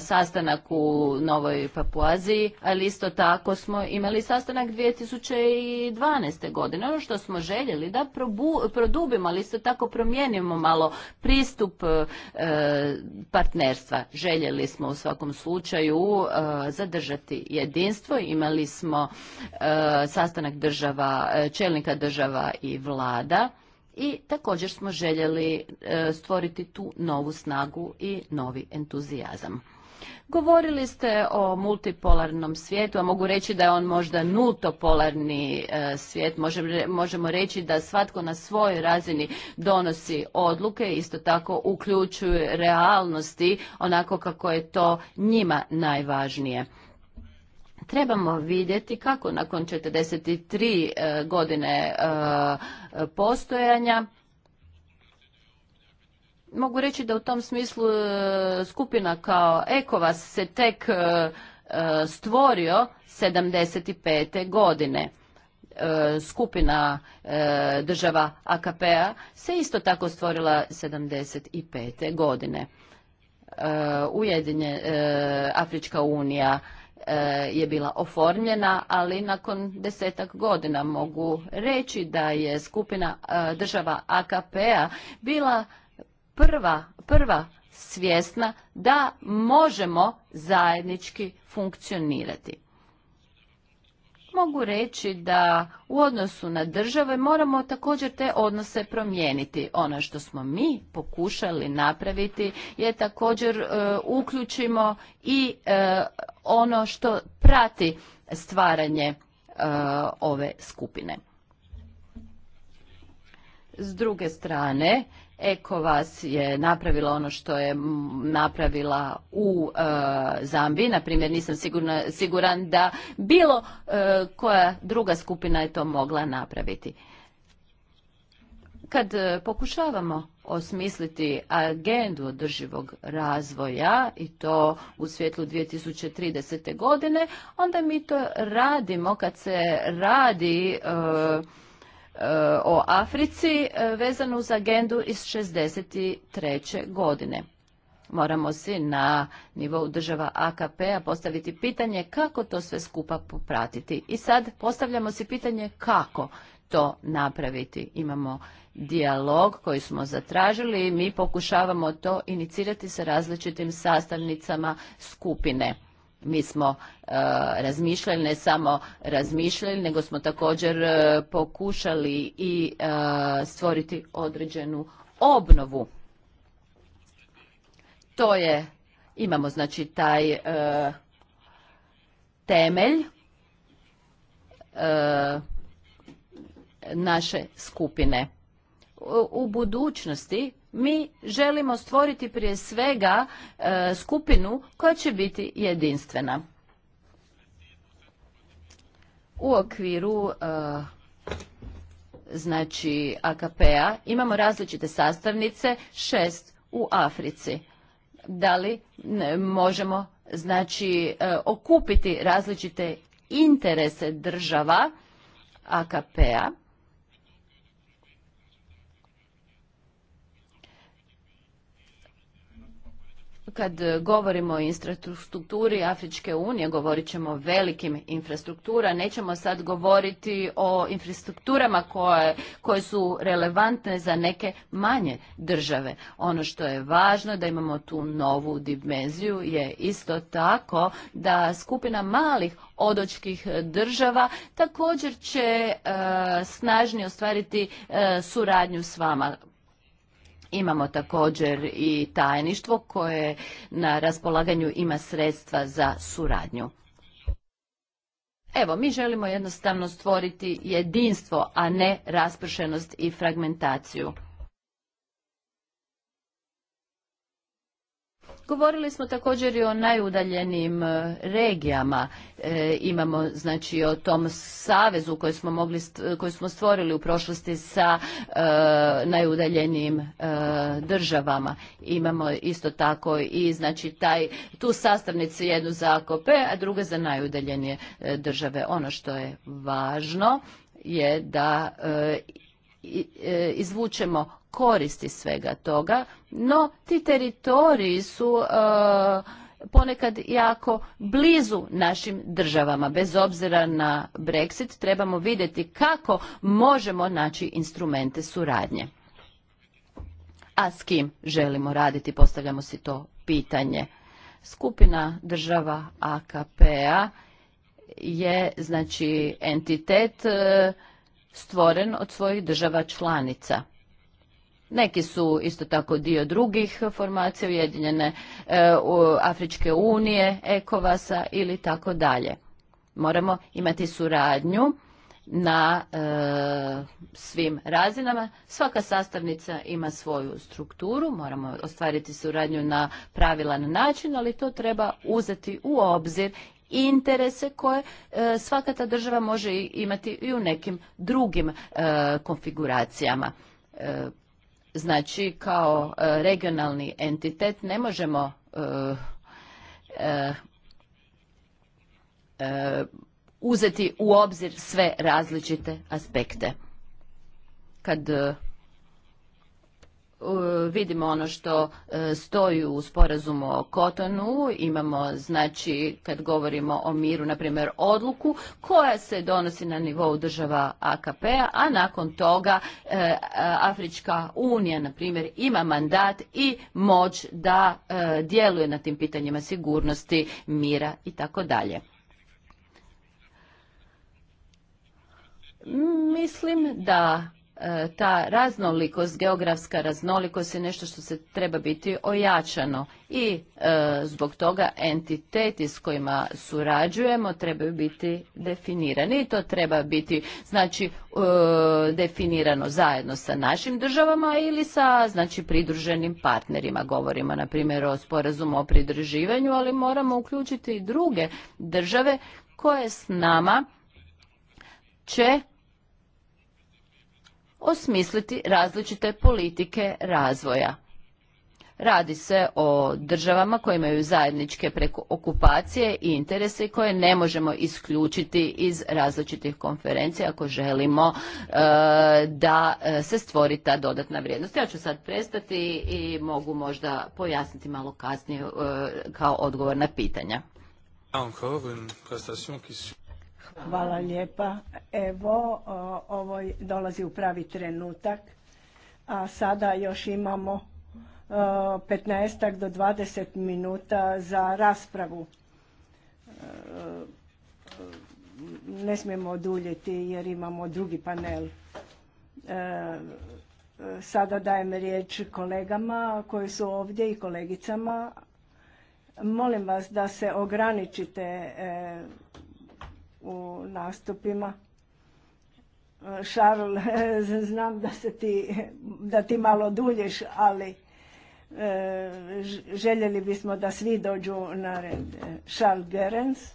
sastanak u Novoj Papuaziji, ali isto tako smo imali sastanak 2012. godine. Ono što smo željeli da produbimo, ali isto tako promijenimo malo pristup e, partnerstva. Željeli smo u svakom slučaju e, zadržati jedinstvo. Imali smo sastanak država, čelnika država i vlada i također smo željeli e, stvoriti tu novu snagu i novi entuzijazam. Govorili ste o multipolarnom svijetu, a mogu reći da je on možda nultopolarni e, svijet. možemo reći da svatko na svojoj razini donosi odluke, isto tako uključuje realnosti onako kako je to njima najvažnije. Trebamo vidjeti kako nakon 43 e, godine e, postojanja mogu reći da u tom smislu e, skupina kao Ekovas se tek stvorio 75. godine. Skupina država AKP-a se isto tako stvorila 75. godine. Ujedinje Afrička unija E, je bila oformljena, ali nakon desetak godina mogu reći da je skupina e, država AKP-a bila prva, prva svjesna da možemo zajednički funkcionirati mogu reći da u odnosu na države moramo također te odnose promijeniti. Ono što smo mi pokušali napraviti je također e, uključimo i e, ono što prati stvaranje e, ove skupine. S druge strane, Ekovas je napravila ono što je napravila u e, Zambiji, na primjer nisam siguran da bilo e, koja druga skupina je to mogla napraviti. Kad e, pokušavamo osmisliti agendu održivog razvoja i to u svjetlu 2030. godine, onda mi to radimo kad se radi o Africi e, vezano uz agendu iz 63. godine. Moramo si na nivou država AKP-a postaviti pitanje kako to sve skupa popratiti. I sad postavljamo si pitanje kako to napraviti. Imamo dijalog koji smo zatražili i mi pokušavamo to inicirati sa različitim sastavnicama skupine. Mi smo e, razmišljali, ne samo razmišljali, nego smo također e, pokušali i e, stvoriti određenu obnovu. To je, imamo znači taj temelj naše skupine. u budućnosti mi želimo stvoriti prije svega e, skupinu koja će biti jedinstvena u okviru e, znači AKP-a imamo različite sastavnice šest u Africi da li ne, možemo znači e, okupiti različite interese država AKP-a kad govorimo o infrastrukturi Afričke unije, govorit ćemo o velikim infrastruktura, nećemo sad govoriti o infrastrukturama koje, koje su relevantne za neke manje države. Ono što je važno da imamo tu novu dimenziju je isto tako da skupina malih odočkih država također će e, snažnije ostvariti e, suradnju s vama Imamo također i tajništvo koje na raspolaganju ima sredstva za suradnju. Evo, mi želimo jednostavno stvoriti jedinstvo, a ne raspršenost i fragmentaciju. Govorili smo također i o najudaljenijim e, regijama. E, imamo znači o tom savezu koji smo, mogli, koji smo stvorili u prošlosti sa e, najudaljenim e, državama. Imamo isto tako i znači taj, tu sastavnicu jednu za AKP, a druga za najudaljenije države. Ono što je važno je da izvučemo koristi svega toga, no ti teritoriji su uh, ponekad jako blizu našim državama. Bez obzira na Brexit trebamo vidjeti kako možemo naći instrumente suradnje. A s kim želimo raditi, postavljamo si to pitanje. Skupina država akp p-a je znači entitet uh, stvoren od svojih država članica neki su isto tako dio drugih formacija Ujedinjene e, u Afričke unije, Ekovasa ili tako dalje. Moramo imati suradnju na e, svim razinama. Svaka sastavnica ima svoju strukturu, moramo ostvariti suradnju na pravilan način, ali to treba uzeti u obzir interese koje e, svaka ta država može imati i u nekim drugim e, konfiguracijama Znači, kao e, regionalni entitet ne možemo e, e, uzeti u obzir sve različite aspekte. Kad E, vidimo ono što e, stoji u sporazumu o Kotonu, imamo znači kad govorimo o miru, na primjer odluku koja se donosi na nivou država AKP-a, a nakon toga e, Afrička unija na primjer ima mandat i moć da djeluje na tim pitanjima sigurnosti, mira i tako dalje. Mislim da E, ta raznolikost, geografska raznolikost je nešto što se treba biti ojačano i e, zbog toga entiteti s kojima surađujemo trebaju biti definirani i to treba biti znači e, definirano zajedno sa našim državama ili sa znači pridruženim partnerima. Govorimo na primjer o sporazumu o pridruživanju, ali moramo uključiti i druge države koje s nama će osmisliti različite politike razvoja. Radi se o državama koje imaju zajedničke preko okupacije i interese koje ne možemo isključiti iz različitih konferencija ako želimo e, da e, se stvori ta dodatna vrijednost. Ja ću sad prestati i mogu možda pojasniti malo kasnije e, kao odgovor na pitanja. Hvala lijepa. Evo, ovo dolazi u pravi trenutak. A sada još imamo 15 do 20 minuta za raspravu. E, ne smijemo oduljiti jer imamo drugi panel. E, sada dajem riječ kolegama koji su ovdje i kolegicama. Molim vas da se ograničite e, u nastupima. Šarl, znam da, se ti, da ti malo dulješ, ali e, željeli bismo da svi dođu na red. Šarl Gerens,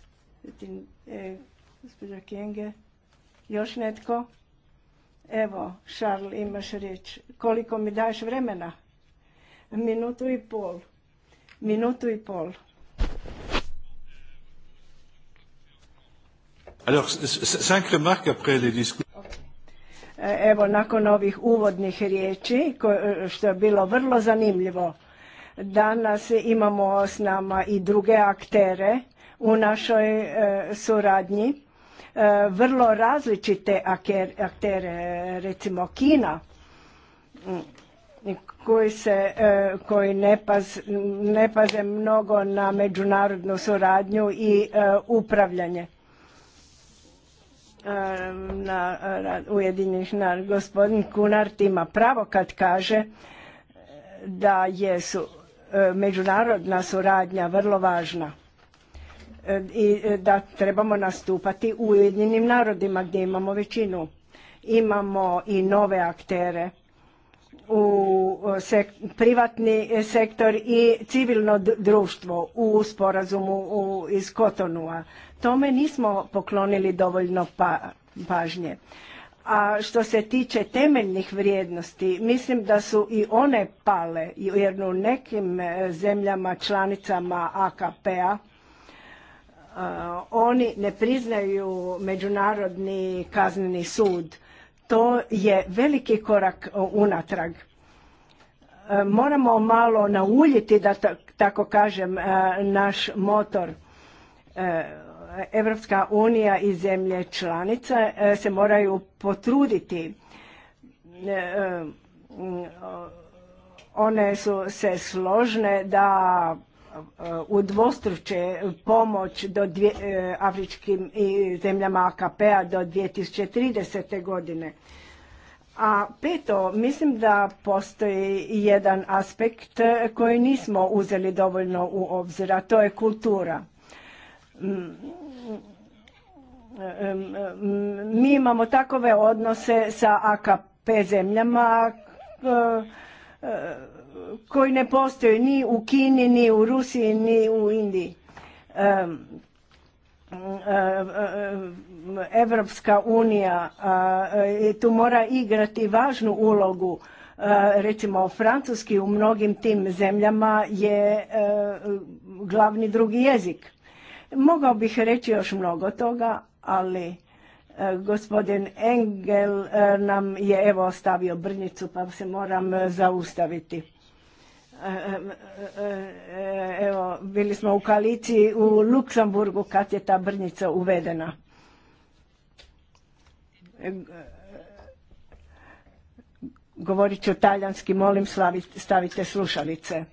e, gospođa Kenge, još netko? Evo, Šarl, imaš riječ. Koliko mi daješ vremena? Minutu i pol. Minutu i pol. Alors, e, Evo, nakon ovih uvodnih riječi, e, što je bilo vrlo zanimljivo, danas imamo s nama i druge aktere u našoj e, suradnji, vrlo različite aktere, recimo Kina, koji, se, koji ne, ne paze mnogo na međunarodnu suradnju i upravljanje na Ujedinjenih naroda. Gospodin Kunart ima pravo kad kaže eh, da je eh, međunarodna suradnja vrlo važna eh, i da trebamo nastupati u Ujedinjenim narodima gdje imamo većinu. Imamo i nove aktere u privatni sektor i civilno društvo u sporazumu iz Kotonua. Tome nismo poklonili dovoljno pa, pažnje. A što se tiče temeljnih vrijednosti, mislim da su i one pale, jer u nekim e, zemljama članicama AKP-a e, oni ne priznaju Međunarodni kazneni sud. To je veliki korak e, unatrag. moramo malo nauljiti, da tako kažem, naš motor. Evropska unija i zemlje članice e, se moraju potruditi. E, e, one su se složne da u dvostruče pomoć do afričkim i zemljama AKP-a do 2030. godine. A peto, mislim da postoji jedan aspekt koji nismo uzeli dovoljno u obzir, a to je kultura mi imamo takove odnose sa AKP zemljama e, e, koji ne postoje ni u Kini, ni u Rusiji, ni u Indiji. E, Evropska unija tu mora igrati važnu ulogu. Recimo, francuski u mnogim tim zemljama je glavni drugi jezik Mogao bih reći još mnogo toga, ali e, gospodin Engel e, nam je evo ostavio brnjicu pa se moram e, zaustaviti. Evo, bili smo u koaliciji u Luksemburgu kad je ta brnjica uvedena. Govorit ću talijanski, molim stavite slušalice.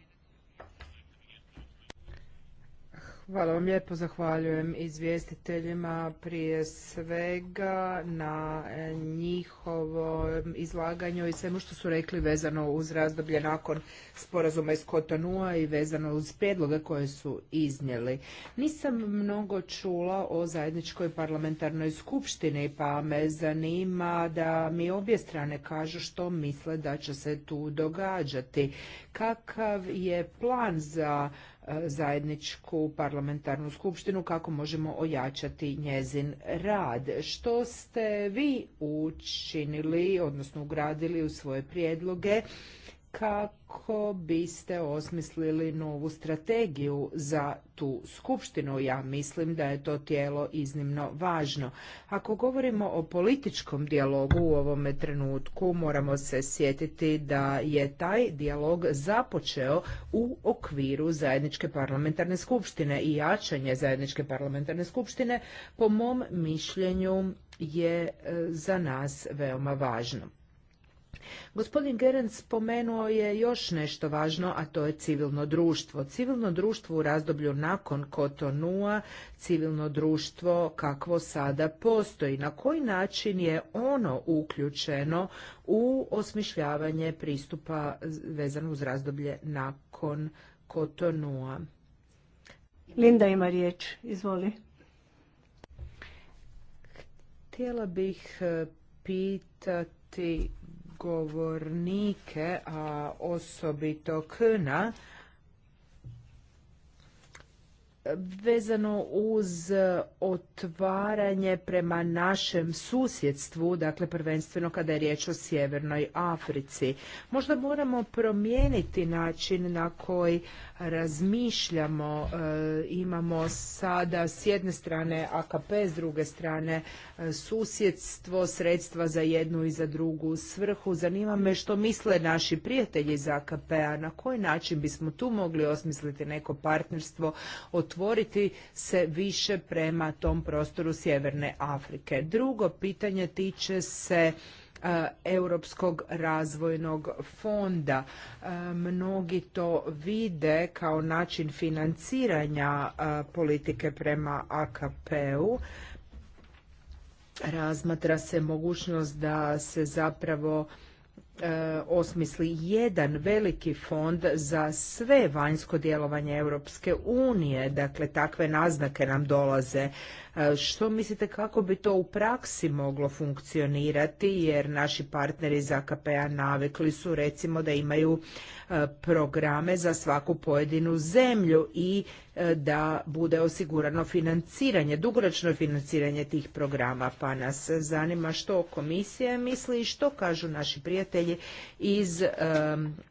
Hvala vam lijepo, zahvaljujem izvjestiteljima prije svega na e, njihovom izlaganju i svemu što su rekli vezano uz razdoblje nakon sporazuma iz Kotonua i vezano uz prijedloge koje su iznijeli. Nisam mnogo čula o zajedničkoj parlamentarnoj skupštini, pa me zanima da mi obje strane kažu što misle da će se tu događati. Kakav je plan za zajedničku parlamentarnu skupštinu kako možemo ojačati njezin rad. Što ste vi učinili, odnosno ugradili u svoje prijedloge kako biste osmislili novu strategiju za tu skupštinu. Ja mislim da je to tijelo iznimno važno. Ako govorimo o političkom dijalogu u ovome trenutku, moramo se sjetiti da je taj dijalog započeo u okviru zajedničke parlamentarne skupštine i jačanje zajedničke parlamentarne skupštine, po mom mišljenju, je e, za nas veoma važno. Gospodin Gerenc spomenuo je još nešto važno, a to je civilno društvo. Civilno društvo u razdoblju nakon Kotonua, civilno društvo kakvo sada postoji. Na koji način je ono uključeno u osmišljavanje pristupa vezano uz razdoblje nakon Kotonua? Linda ima riječ, izvoli. Htjela bih e, pitati govornike, a osobito Kna, vezano uz otvaranje prema našem susjedstvu, dakle prvenstveno kada je riječ o Sjevernoj Africi. Možda moramo promijeniti način na koji razmišljamo. E, imamo sada s jedne strane AKP, s druge strane e, susjedstvo, sredstva za jednu i za drugu svrhu. Zanima me što misle naši prijatelji iz AKP-a, na koji način bismo tu mogli osmisliti neko partnerstvo, otvoriti se više prema tom prostoru Sjeverne Afrike. Drugo pitanje tiče se E, Europskog razvojnog fonda. E, mnogi to vide kao način financiranja e, politike prema AKP-u razmatra se mogućnost da se zapravo osmisli jedan veliki fond za sve vanjsko djelovanje Europske unije. Dakle, takve naznake nam dolaze. E, što mislite kako bi to u praksi moglo funkcionirati jer naši partneri iz AKP-a navikli su recimo da imaju e, programe za svaku pojedinu zemlju i da bude osigurano financiranje, dugoročno financiranje tih programa, pa nas zanima što komisija misli i što kažu naši prijatelji iz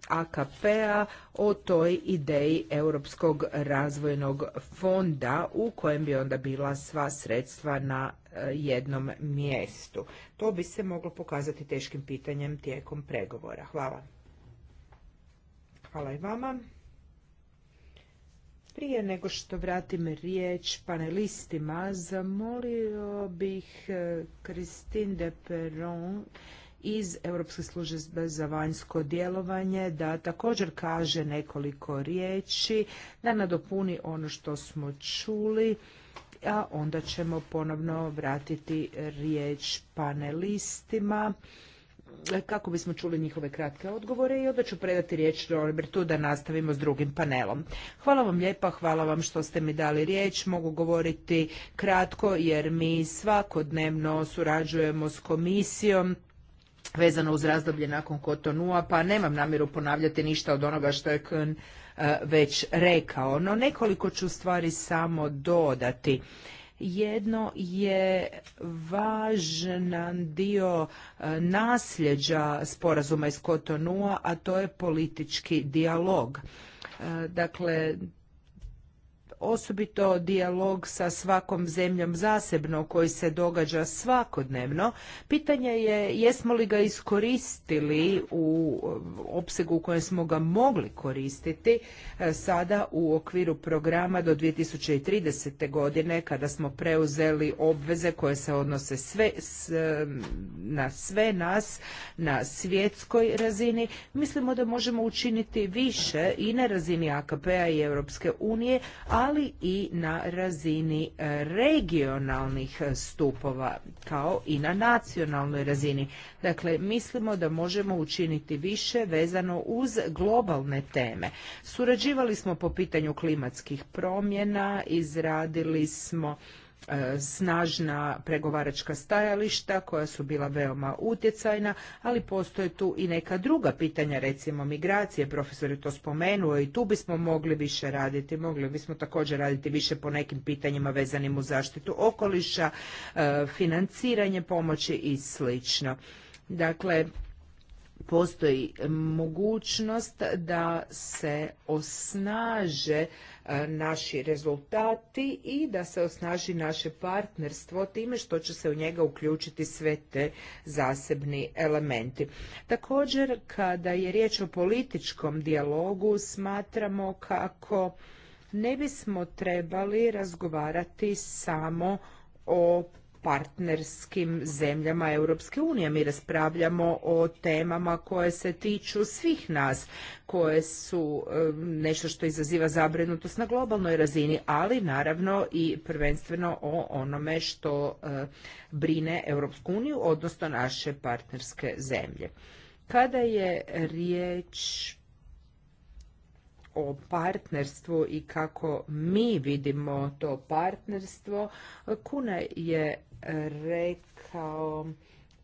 AKP-a o toj ideji Europskog razvojnog fonda u kojem bi onda bila sva sredstva na eh, jednom mjestu. To bi se moglo pokazati teškim pitanjem tijekom pregovora. Hvala. Hvala i vama. Prije nego što vratim riječ panelistima, zamolio bih e, Christine de Perron iz Europske službe za vanjsko djelovanje da također kaže nekoliko riječi, da nadopuni ono što smo čuli, a onda ćemo ponovno vratiti riječ panelistima kako bismo čuli njihove kratke odgovore i onda ću predati riječ Robertu da nastavimo s drugim panelom. Hvala vam lijepa, hvala vam što ste mi dali riječ. Mogu govoriti kratko jer mi svakodnevno surađujemo s komisijom vezano uz razdoblje nakon Kotonua, pa nemam namjeru ponavljati ništa od onoga što je eh, već rekao. No nekoliko ću stvari samo dodati. Jedno je važan dio e, nasljeđa sporazuma iz Kotonua, a to je politički dijalog. E, dakle, osobito dijalog sa svakom zemljom zasebno koji se događa svakodnevno. Pitanje je jesmo li ga iskoristili u opsegu u kojem smo ga mogli koristiti e, sada u okviru programa do 2030. godine kada smo preuzeli obveze koje se odnose sve, na sve nas na svjetskoj razini. Mislimo da možemo učiniti više i na razini AKP-a i Europske unije, a ali i na razini e, regionalnih stupova kao i na nacionalnoj razini. Dakle, mislimo da možemo učiniti više vezano uz globalne teme. Surađivali smo po pitanju klimatskih promjena, izradili smo E, snažna pregovaračka stajališta koja su bila veoma utjecajna, ali postoje tu i neka druga pitanja, recimo migracije, profesor je to spomenuo i tu bismo mogli više raditi, mogli bismo također raditi više po nekim pitanjima vezanim u zaštitu okoliša, e, financiranje pomoći i slično. Dakle, postoji mogućnost da se osnaže E, naši rezultati i da se osnaži naše partnerstvo time što će se u njega uključiti sve te zasebni elementi. Također, kada je riječ o političkom dijalogu, smatramo kako ne bismo trebali razgovarati samo o partnerskim zemljama Europske unije. Mi raspravljamo o temama koje se tiču svih nas, koje su eh, nešto što izaziva zabrinutost na globalnoj razini, ali naravno i prvenstveno o onome što eh, brine Europsku uniju, odnosno naše partnerske zemlje. Kada je riječ o partnerstvu i kako mi vidimo to partnerstvo. Kuna je rekao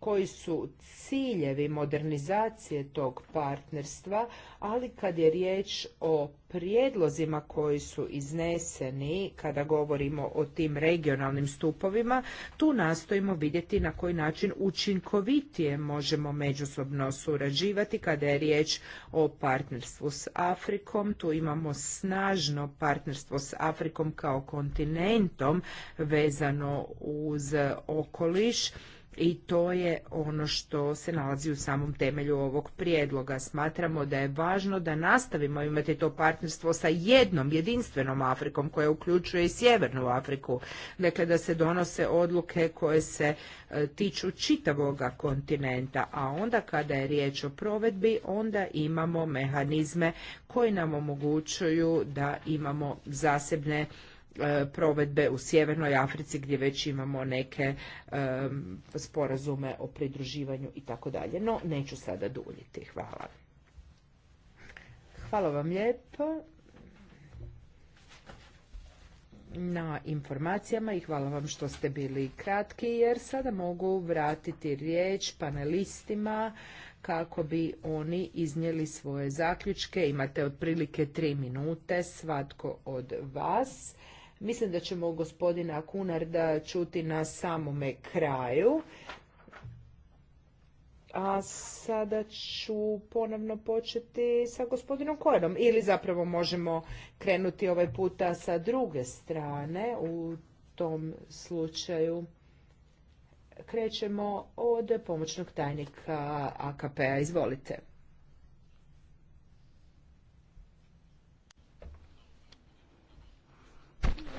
koji su ciljevi modernizacije tog partnerstva, ali kad je riječ o prijedlozima koji su izneseni kada govorimo o tim regionalnim stupovima, tu nastojimo vidjeti na koji način učinkovitije možemo međusobno surađivati kada je riječ o partnerstvu s Afrikom. Tu imamo snažno partnerstvo s Afrikom kao kontinentom vezano uz okoliš i to je ono što se nalazi u samom temelju ovog prijedloga. Smatramo da je važno da nastavimo imati to partnerstvo sa jednom jedinstvenom Afrikom koja uključuje i Sjevernu Afriku. Dakle, da se donose odluke koje se e, tiču čitavoga kontinenta, a onda kada je riječ o provedbi, onda imamo mehanizme koji nam omogućuju da imamo zasebne E, provedbe u Sjevernoj Africi gdje već imamo neke e, sporazume o pridruživanju i tako dalje. No, neću sada duljiti. Hvala. Hvala vam lijepo na informacijama i hvala vam što ste bili kratki jer sada mogu vratiti riječ panelistima kako bi oni iznijeli svoje zaključke. Imate otprilike tri minute svatko od vas. Mislim da ćemo gospodina da čuti na samome kraju. A sada ću ponovno početi sa gospodinom Kojenom. Ili zapravo možemo krenuti ovaj puta sa druge strane u tom slučaju. Krećemo od pomoćnog tajnika AKP-a. Izvolite.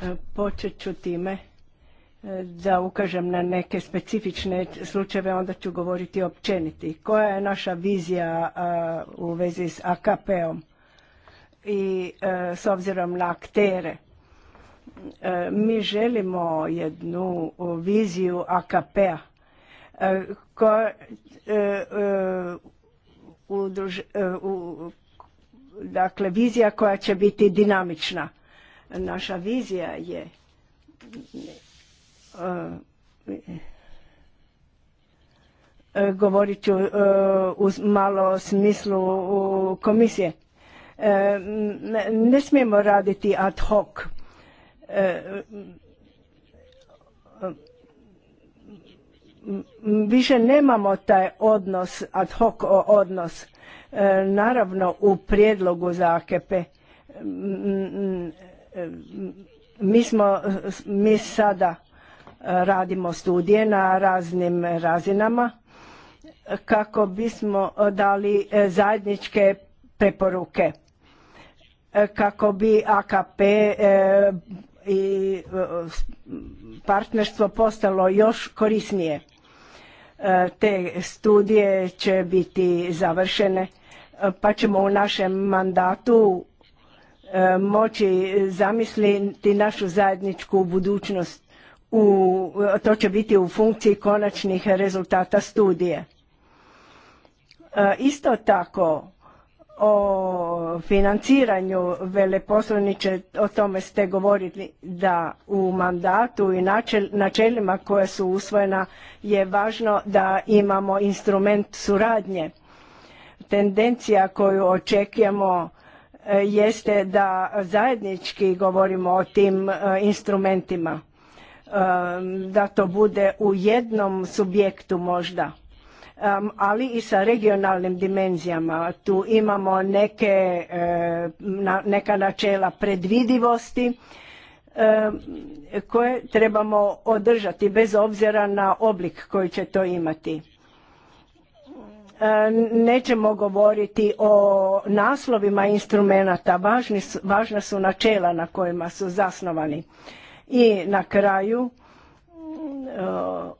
E, počet ću time e, da ukažem na neke specifične slučajeve, onda ću govoriti općeniti. Koja je naša vizija e, u vezi s AKP-om i s obzirom na aktere? mi želimo jednu viziju AKP-a dakle vizija koja će biti dinamična Naša vizija je e, e, govorit ću e, u malo smislu komisije. Ne smijemo raditi ad hoc. Više nemamo taj odnos, ad hoc odnos. Naravno u prijedlogu za AKP E, mi smo, mi sada e, radimo studije na raznim razinama kako bismo dali e, zajedničke preporuke kako bi AKP i partnerstvo postalo još korisnije. Te studije će biti završene pa ćemo u našem mandatu E, moći zamisliti našu zajedničku budućnost. U, to će biti u funkciji konačnih rezultata studije. E, isto tako, o financiranju veleposlaniče, o tome ste govorili da u mandatu i načelima koja su usvojena je važno da imamo instrument suradnje. Tendencija koju očekujemo E, jeste da zajednički govorimo o tim e, instrumentima e, da to bude u jednom subjektu možda ali i sa regionalnim dimenzijama tu imamo neke, neka načela predvidivosti koje trebamo održati bez obzira na oblik koji će to imati E, nećemo govoriti o naslovima instrumenata, važna su načela na kojima su zasnovani. I na kraju e,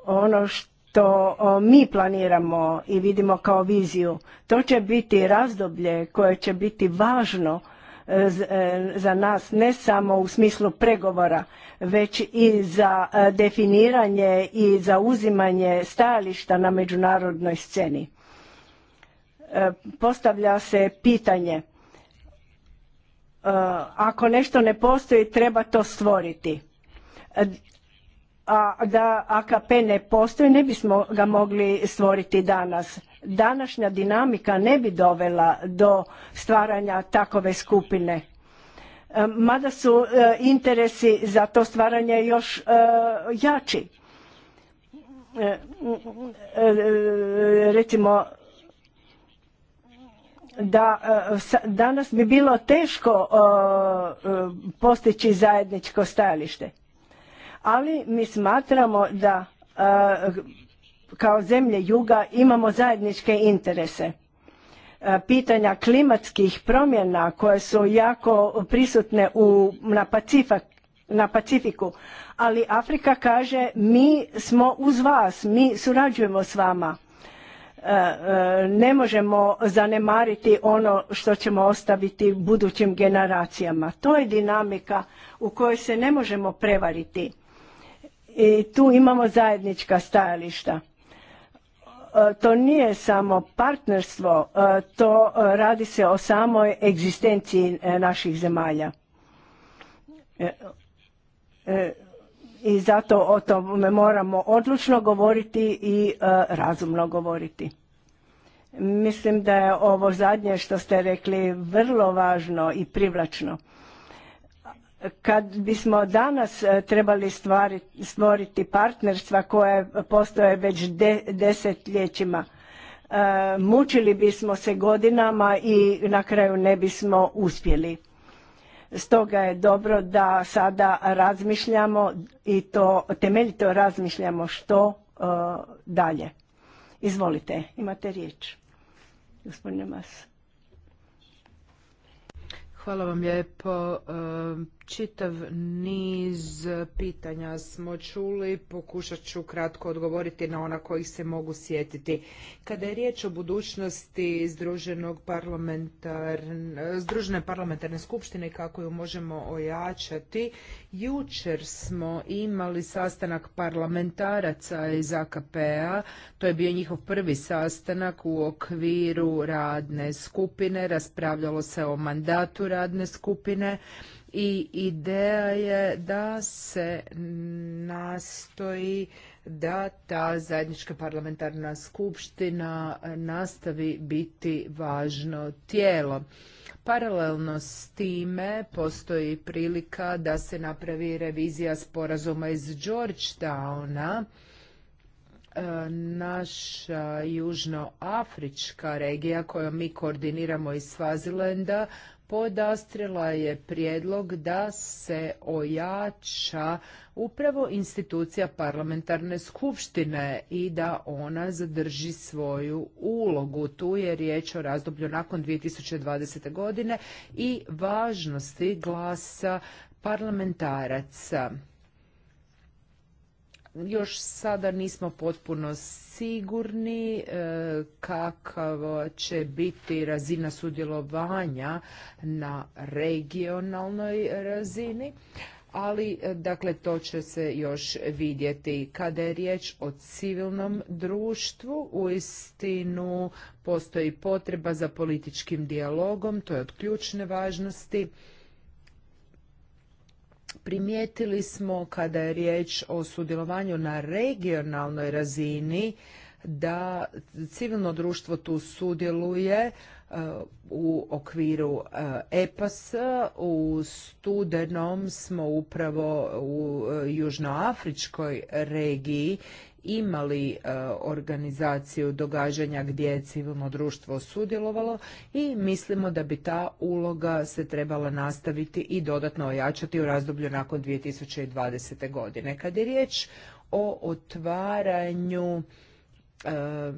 ono što mi planiramo i vidimo kao viziju, to će biti razdoblje koje će biti važno e, za nas ne samo u smislu pregovora već i za definiranje i za uzimanje stajališta na međunarodnoj sceni E, postavlja se pitanje, e, ako nešto ne postoji, treba to stvoriti. E, a da AKP ne postoji, ne bismo ga mogli stvoriti danas. Današnja dinamika ne bi dovela do stvaranja takove skupine. Mada su interesi za to stvaranje još jači recimo da e, danas bi bilo teško e, e, postići zajedničko stajalište. Ali mi smatramo da kao zemlje juga imamo zajedničke interese. Pitanja klimatskih promjena koje su jako prisutne u, na, na Pacifiku, ali Afrika kaže mi smo uz vas, mi surađujemo s vama E, e, ne možemo zanemariti ono što ćemo ostaviti budućim generacijama. To je dinamika u kojoj se ne možemo prevariti. I tu imamo zajednička stajališta. E, to nije samo partnerstvo, to radi se o samoj egzistenciji naših zemalja i zato o tome moramo odlučno govoriti i e, razumno govoriti. Mislim da je ovo zadnje što ste rekli vrlo važno i privlačno. Kad bismo danas e, trebali stvoriti partnerstva koje postoje već desetljećima, e, mučili bismo se godinama i na kraju ne bismo uspjeli. Stoga je dobro da sada razmišljamo i to temeljito razmišljamo što e, dalje. Izvolite, imate riječ. Gospodine Mas. Hvala vam lijepo e, Čitav niz pitanja smo čuli, pokušat ću kratko odgovoriti na ona kojih se mogu sjetiti. Kada je riječ o budućnosti Združenog parlamentarne, Združene parlamentarne skupštine i kako ju možemo ojačati, jučer smo imali sastanak parlamentaraca iz AKP-a, to je bio njihov prvi sastanak u okviru radne skupine, raspravljalo se o mandatu radne skupine, i ideja je da se nastoji da ta zajednička parlamentarna skupština nastavi biti važno tijelo. Paralelno s time postoji prilika da se napravi revizija sporazuma iz Georgetowna. E, naša južnoafrička regija koju mi koordiniramo iz Svazilenda podastrila je prijedlog da se ojača upravo institucija parlamentarne skupštine i da ona zadrži svoju ulogu. Tu je riječ o razdoblju nakon 2020. godine i važnosti glasa parlamentaraca. Još sada nismo potpuno sigurni e, kakva će biti razina sudjelovanja na regionalnoj razini ali e, dakle to će se još vidjeti. Kada je riječ o civilnom društvu, u istinu postoji potreba za političkim dijalogom, to je od ključne važnosti. Primijetili smo kada je riječ o sudjelovanju na regionalnoj razini da civilno društvo tu sudjeluje e, u okviru EPAS. E u studenom smo upravo u e, južnoafričkoj regiji imali e, organizaciju događanja gdje je civilno društvo sudjelovalo i mislimo da bi ta uloga se trebala nastaviti i dodatno ojačati u razdoblju nakon 2020. godine. Kad je riječ o otvaranju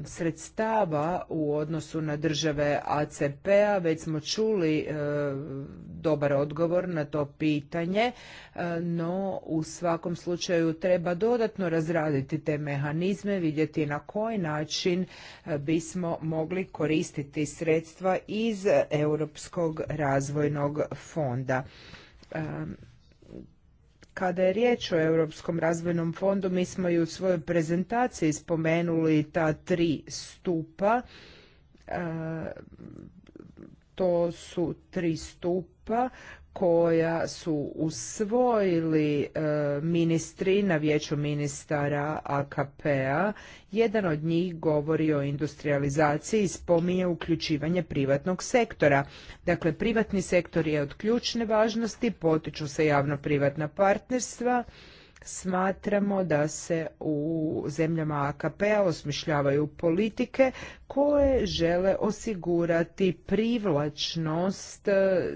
sredstava u odnosu na države ACP-a. Već smo čuli dobar odgovor na to pitanje, no u svakom slučaju treba dodatno razraditi te mehanizme, vidjeti na koji način bismo mogli koristiti sredstva iz Europskog razvojnog fonda. Kada je riječ o Europskom razvojnom fondu, mi smo i u svojoj prezentaciji spomenuli ta tri stupa. E, to su tri stupa koja su usvojili e, ministri na vijeću ministara AKP-a. Jedan od njih govori o industrializaciji i spominje uključivanje privatnog sektora. Dakle, privatni sektor je od ključne važnosti, potiču se javno-privatna partnerstva Smatramo da se u zemljama AKP-a osmišljavaju politike koje žele osigurati privlačnost e,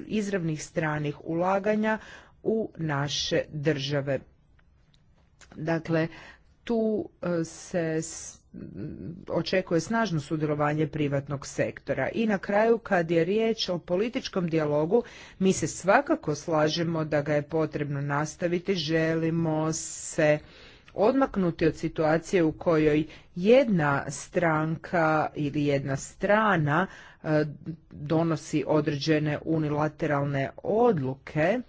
izravnih stranih ulaganja u naše države. Dakle, tu e, se očekuje snažno sudjelovanje privatnog sektora. I na kraju, kad je riječ o političkom dijalogu, mi se svakako slažemo da ga je potrebno nastaviti, želimo se odmaknuti od situacije u kojoj jedna stranka ili jedna strana e, donosi određene unilateralne odluke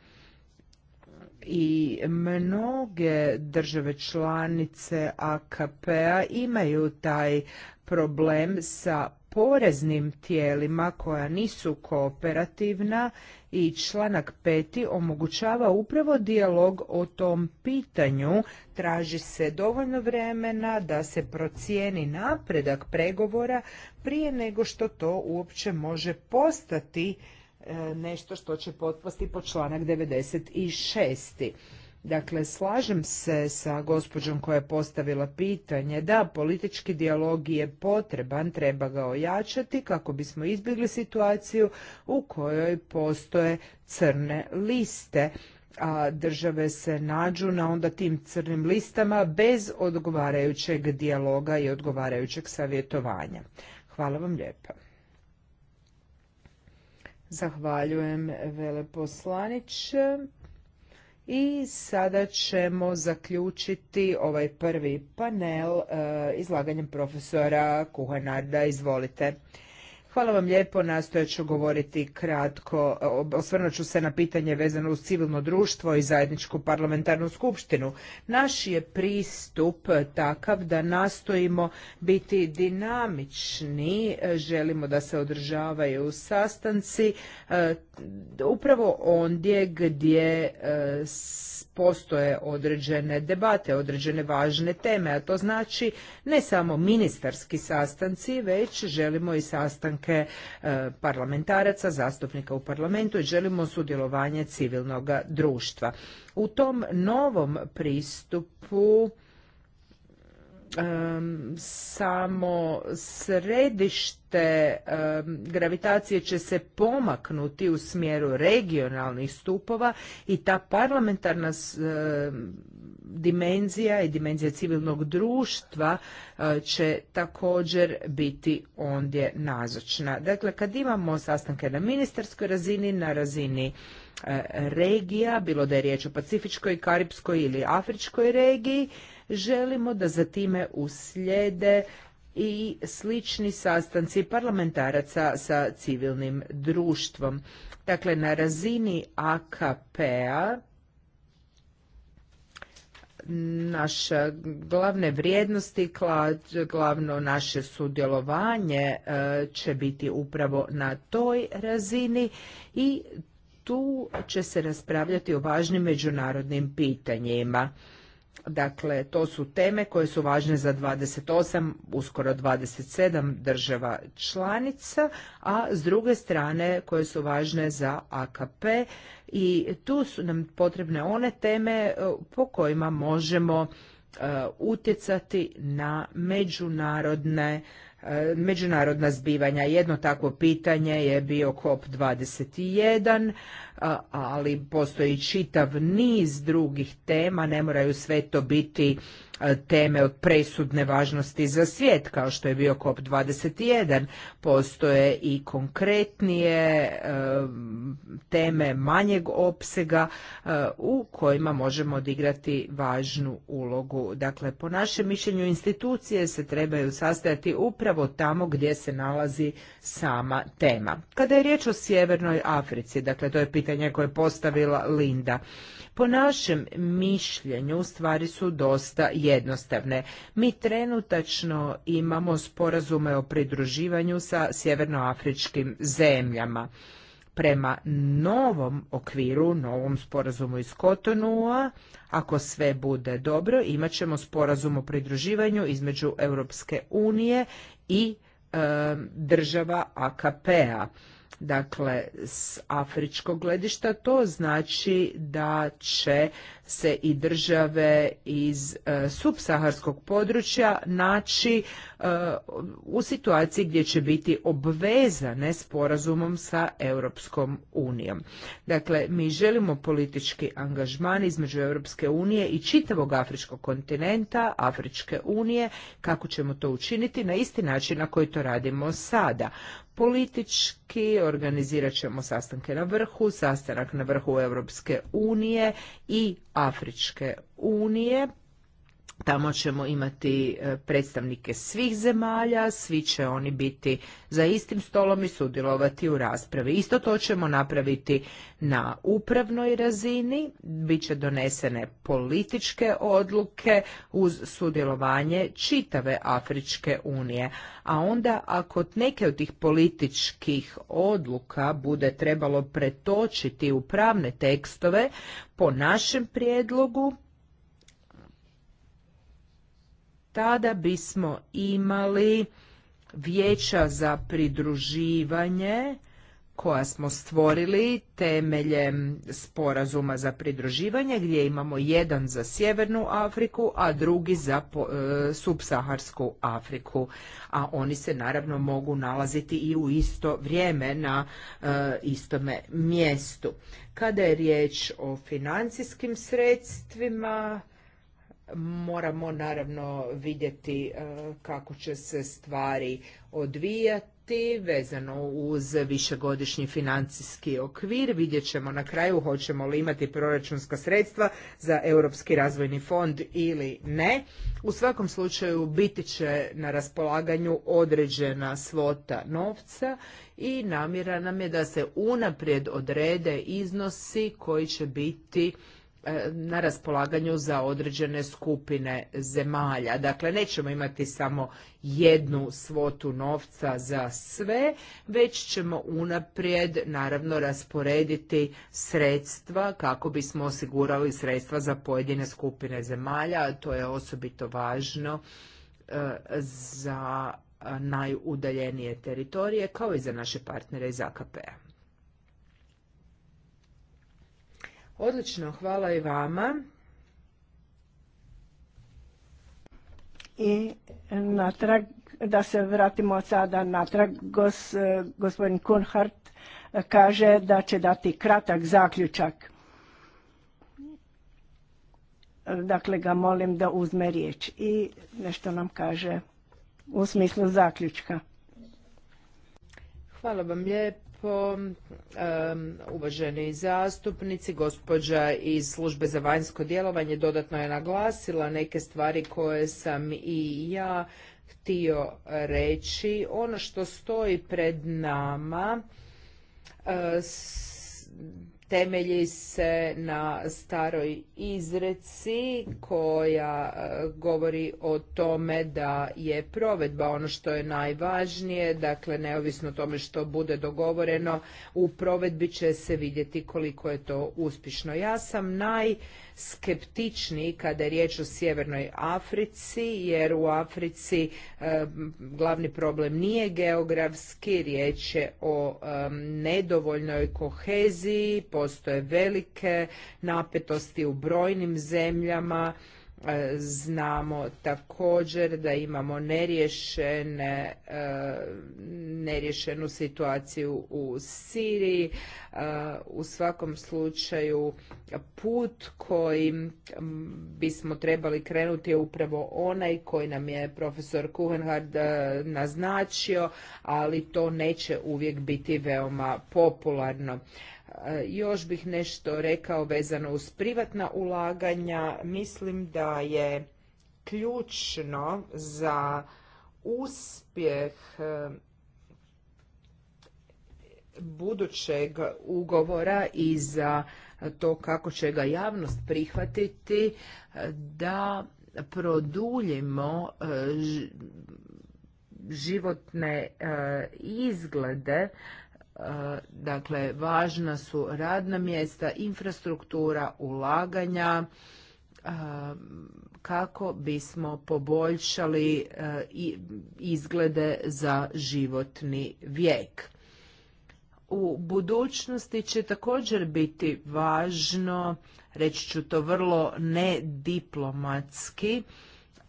i mnoge države članice AKP-a imaju taj problem sa poreznim tijelima koja nisu kooperativna i članak 5. omogućava upravo dijalog o tom pitanju. Traži se dovoljno vremena da se procijeni napredak pregovora prije nego što to uopće može postati E, nešto što će potpasti po članak 96. Dakle, slažem se sa gospođom koja je postavila pitanje da politički dijalog je potreban, treba ga ojačati kako bismo izbjegli situaciju u kojoj postoje crne liste a države se nađu na onda tim crnim listama bez odgovarajućeg dijaloga i odgovarajućeg savjetovanja. Hvala vam lijepa. Zahvaljujem veleposlaniće. I sada ćemo zaključiti ovaj prvi panel eh, izlaganjem profesora Kuhanarda. Izvolite. Hvala vam lijepo, nastojat ću govoriti kratko, osvrnut ću se na pitanje vezano uz civilno društvo i zajedničku parlamentarnu skupštinu. Naš je pristup takav da nastojimo biti dinamični, želimo da se održavaju sastanci e, upravo ondje gdje se postoje određene debate, određene važne teme, a to znači ne samo ministarski sastanci, već želimo i sastanke e, parlamentaraca, zastupnika u parlamentu i želimo sudjelovanje civilnog društva. U tom novom pristupu samo središte gravitacije će se pomaknuti u smjeru regionalnih stupova i ta parlamentarna dimenzija i dimenzija civilnog društva e, će također biti ondje nazočna. Dakle, kad imamo sastanke na ministarskoj razini, na razini e, regija, bilo da je riječ o Pacifičkoj, Karipskoj ili Afričkoj regiji, Želimo da za time uslijede i slični sastanci parlamentaraca sa civilnim društvom. Dakle, na razini AKP-a naše glavne vrijednosti, glavno naše sudjelovanje e, će biti upravo na toj razini i tu će se raspravljati o važnim međunarodnim pitanjima. Dakle, to su teme koje su važne za 28, uskoro 27 država članica, a s druge strane koje su važne za AKP i tu su nam potrebne one teme e, po kojima možemo e, utjecati na međunarodne E, međunarodna zbivanja. Jedno takvo pitanje je bio COP21, ali postoji čitav niz drugih tema, ne moraju sve to biti teme od presudne važnosti za svijet, kao što je bio COP21. Postoje i konkretnije teme manjeg opsega eh, u kojima možemo odigrati važnu ulogu. Dakle, po našem mišljenju institucije se trebaju sastajati upravo tamo gdje se nalazi sama tema. Kada je riječ o Sjevernoj Africi, dakle to je pitanje koje je postavila Linda. Po našem mišljenju stvari su dosta jednostavne. Mi trenutačno imamo sporazume o pridruživanju sa sjevernoafričkim zemljama. Prema novom okviru, novom sporazumu iz Kotonua, ako sve bude dobro, imat ćemo sporazum o pridruživanju između Europske unije i e, država AKP-a. Dakle, s afričkog gledišta to znači da će se i države iz e, subsaharskog područja naći e, u situaciji gdje će biti obvezane sporazumom sa Europskom unijom. Dakle, mi želimo politički angažman između Europske unije i čitavog afričkog kontinenta, Afričke unije, kako ćemo to učiniti na isti način na koji to radimo sada politički, organizirat ćemo sastanke na vrhu, sastanak na vrhu Europske unije i Afričke unije Tamo ćemo imati e, predstavnike svih zemalja, svi će oni biti za istim stolom i sudjelovati u raspravi. Isto to ćemo napraviti na upravnoj razini, bit će donesene političke odluke uz sudjelovanje čitave Afričke unije. A onda ako neke od tih političkih odluka bude trebalo pretočiti u pravne tekstove, po našem prijedlogu tada bismo imali vijeća za pridruživanje koja smo stvorili temeljem sporazuma za pridruživanje gdje imamo jedan za Sjevernu Afriku, a drugi za e, subsaharsku Afriku. A oni se naravno mogu nalaziti i u isto vrijeme na e, istome mjestu. Kada je riječ o financijskim sredstvima, Moramo naravno vidjeti e, kako će se stvari odvijati vezano uz višegodišnji financijski okvir. Vidjet ćemo na kraju hoćemo li imati proračunska sredstva za Europski razvojni fond ili ne. U svakom slučaju biti će na raspolaganju određena svota novca i namjera nam je da se unaprijed odrede iznosi koji će biti E, na raspolaganju za određene skupine zemalja. Dakle, nećemo imati samo jednu svotu novca za sve, već ćemo unaprijed naravno rasporediti sredstva kako bismo osigurali sredstva za pojedine skupine zemalja, to je osobito važno e, za najudaljenije teritorije kao i za naše partnere iz AKP-a. Odlično, hvala i vama. I natrag, da se vratimo sada natrag, eh, gospodin Kunhart eh, kaže da će dati kratak zaključak. Eh, dakle, ga molim da uzme riječ i nešto nam kaže u smislu zaključka. Hvala vam lijepo lijepo, uvaženi zastupnici. Gospođa iz službe za vanjsko djelovanje dodatno je naglasila neke stvari koje sam i ja htio reći. Ono što stoji pred nama e, temelji se na staroj izreci koja e, govori o tome da je provedba ono što je najvažnije, dakle neovisno o tome što bude dogovoreno, u provedbi će se vidjeti koliko je to uspješno. Ja sam naj skeptičniji kada je riječ o Sjevernoj Africi, jer u Africi e, glavni problem nije geografski, riječ je o e, nedovoljnoj koheziji, postoje velike napetosti u brojnim zemljama, E, znamo također da imamo neriješene, e, neriješenu situaciju u Siriji. E, u svakom slučaju put kojim bismo trebali krenuti je upravo onaj koji nam je profesor Kuhenhard naznačio, ali to neće uvijek biti veoma popularno. E, još bih nešto rekao vezano uz privatna ulaganja. Mislim da je ključno za uspjeh e, budućeg ugovora i za to kako će ga javnost prihvatiti e, da produljimo životne izglede Dakle, važna su radna mjesta, infrastruktura, ulaganja kako bismo poboljšali izglede za životni vijek. U budućnosti će također biti važno, reći ću to vrlo nediplomatski,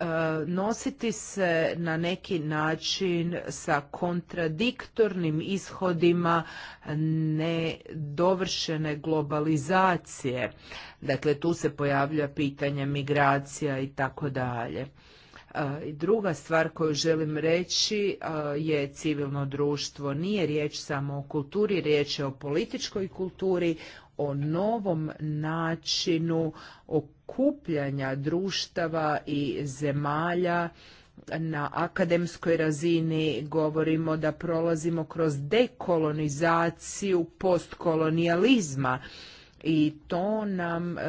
E, nositi se na neki način sa kontradiktornim ishodima nedovršene globalizacije. Dakle, tu se pojavlja pitanje migracija i tako dalje. E, druga stvar koju želim reći e, je civilno društvo. Nije riječ samo o kulturi, riječ je o političkoj kulturi, o novom načinu okupljanja društava i zemalja na akademskoj razini govorimo da prolazimo kroz dekolonizaciju postkolonijalizma i to nam e,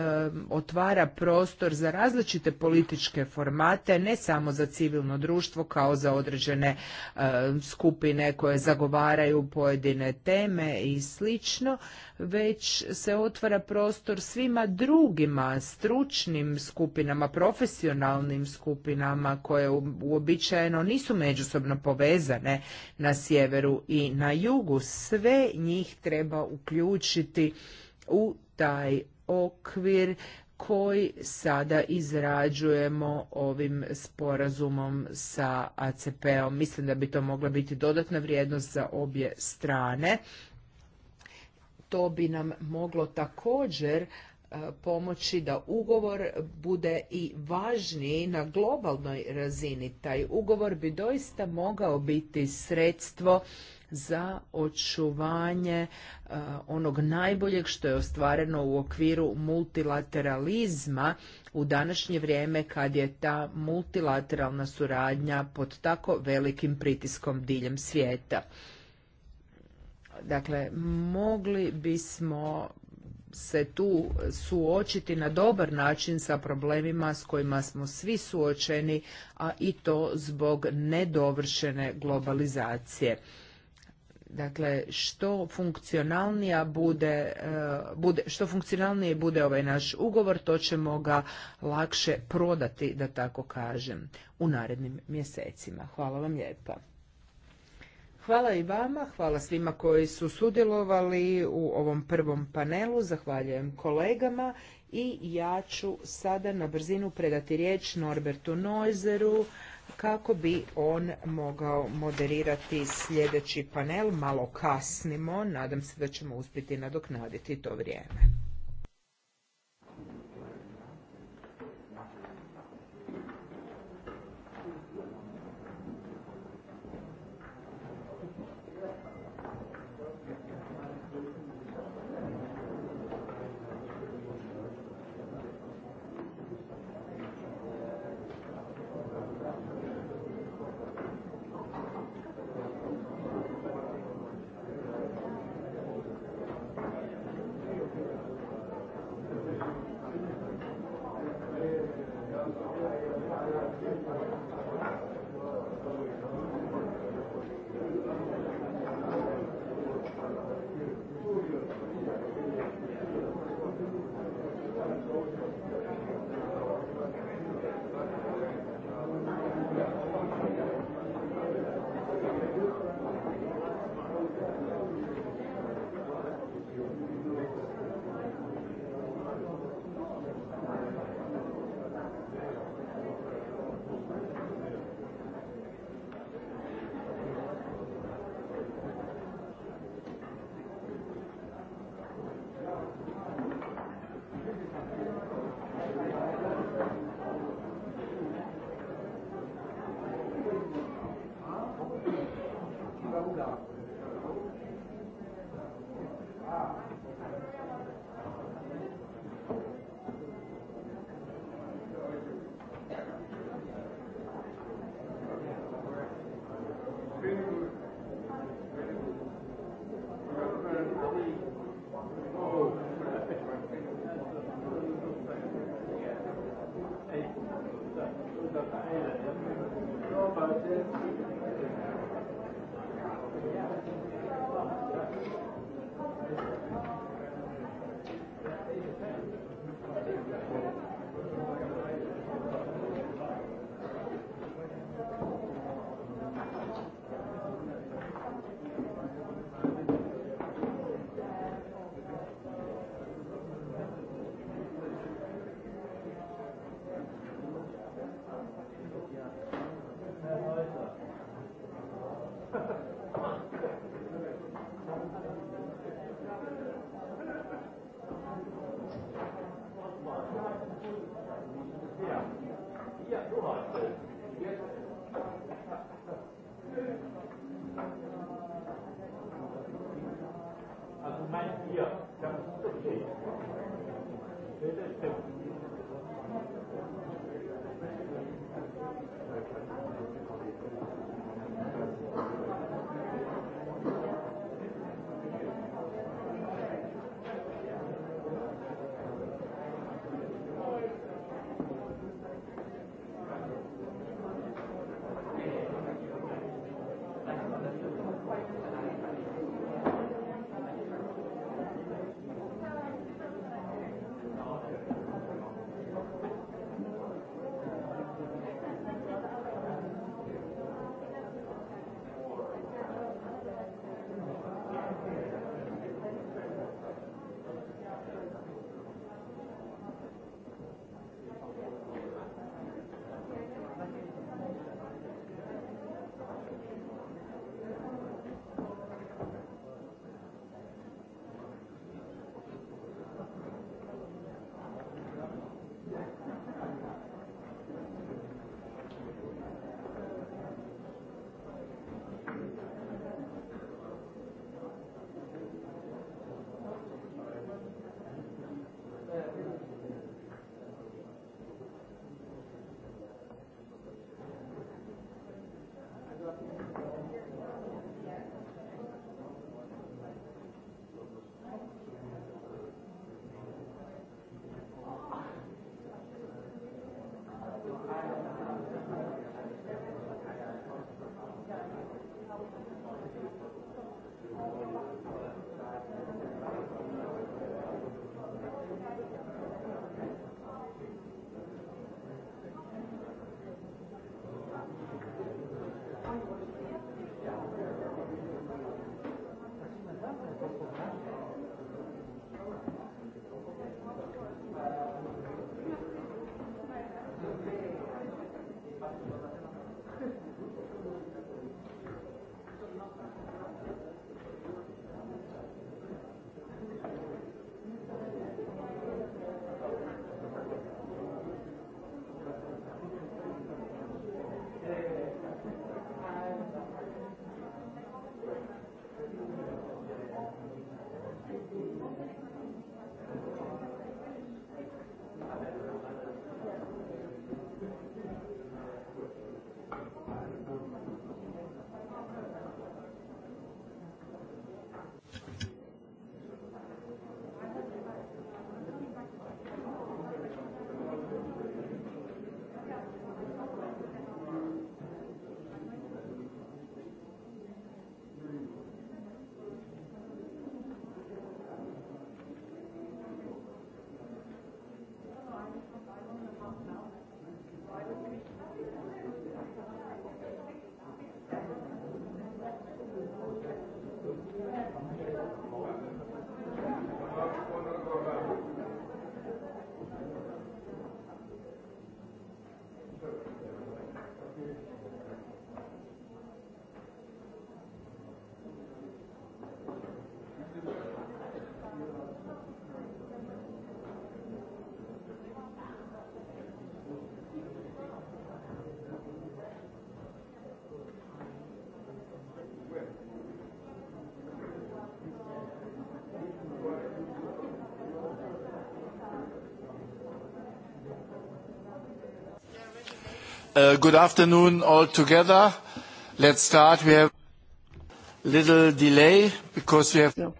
otvara prostor za različite političke formate, ne samo za civilno društvo kao za određene e, skupine koje zagovaraju pojedine teme i slično, već se otvara prostor svima drugima, stručnim skupinama, profesionalnim skupinama koje uobičajeno nisu međusobno povezane na sjeveru i na jugu. Sve njih treba uključiti u taj okvir koji sada izrađujemo ovim sporazumom sa ACP-om. Mislim da bi to mogla biti dodatna vrijednost za obje strane. To bi nam moglo također e, pomoći da ugovor bude i važniji na globalnoj razini. Taj ugovor bi doista mogao biti sredstvo za očuvanje e, onog najboljeg što je ostvareno u okviru multilateralizma u današnje vrijeme kad je ta multilateralna suradnja pod tako velikim pritiskom diljem svijeta. Dakle, mogli bismo se tu suočiti na dobar način sa problemima s kojima smo svi suočeni, a i to zbog nedovršene globalizacije. Dakle, što funkcionalnija bude, e, bude, što funkcionalnije bude ovaj naš ugovor, to ćemo ga lakše prodati, da tako kažem, u narednim mjesecima. Hvala vam lijepa. Hvala i vama, hvala svima koji su sudjelovali u ovom prvom panelu, zahvaljujem kolegama i ja ću sada na brzinu predati riječ Norbertu Noizeru, kako bi on mogao moderirati sljedeći panel. Malo kasnimo, nadam se da ćemo uspjeti nadoknaditi to vrijeme. Uh, good afternoon all together. Let's start. We have little delay because we have... Uh,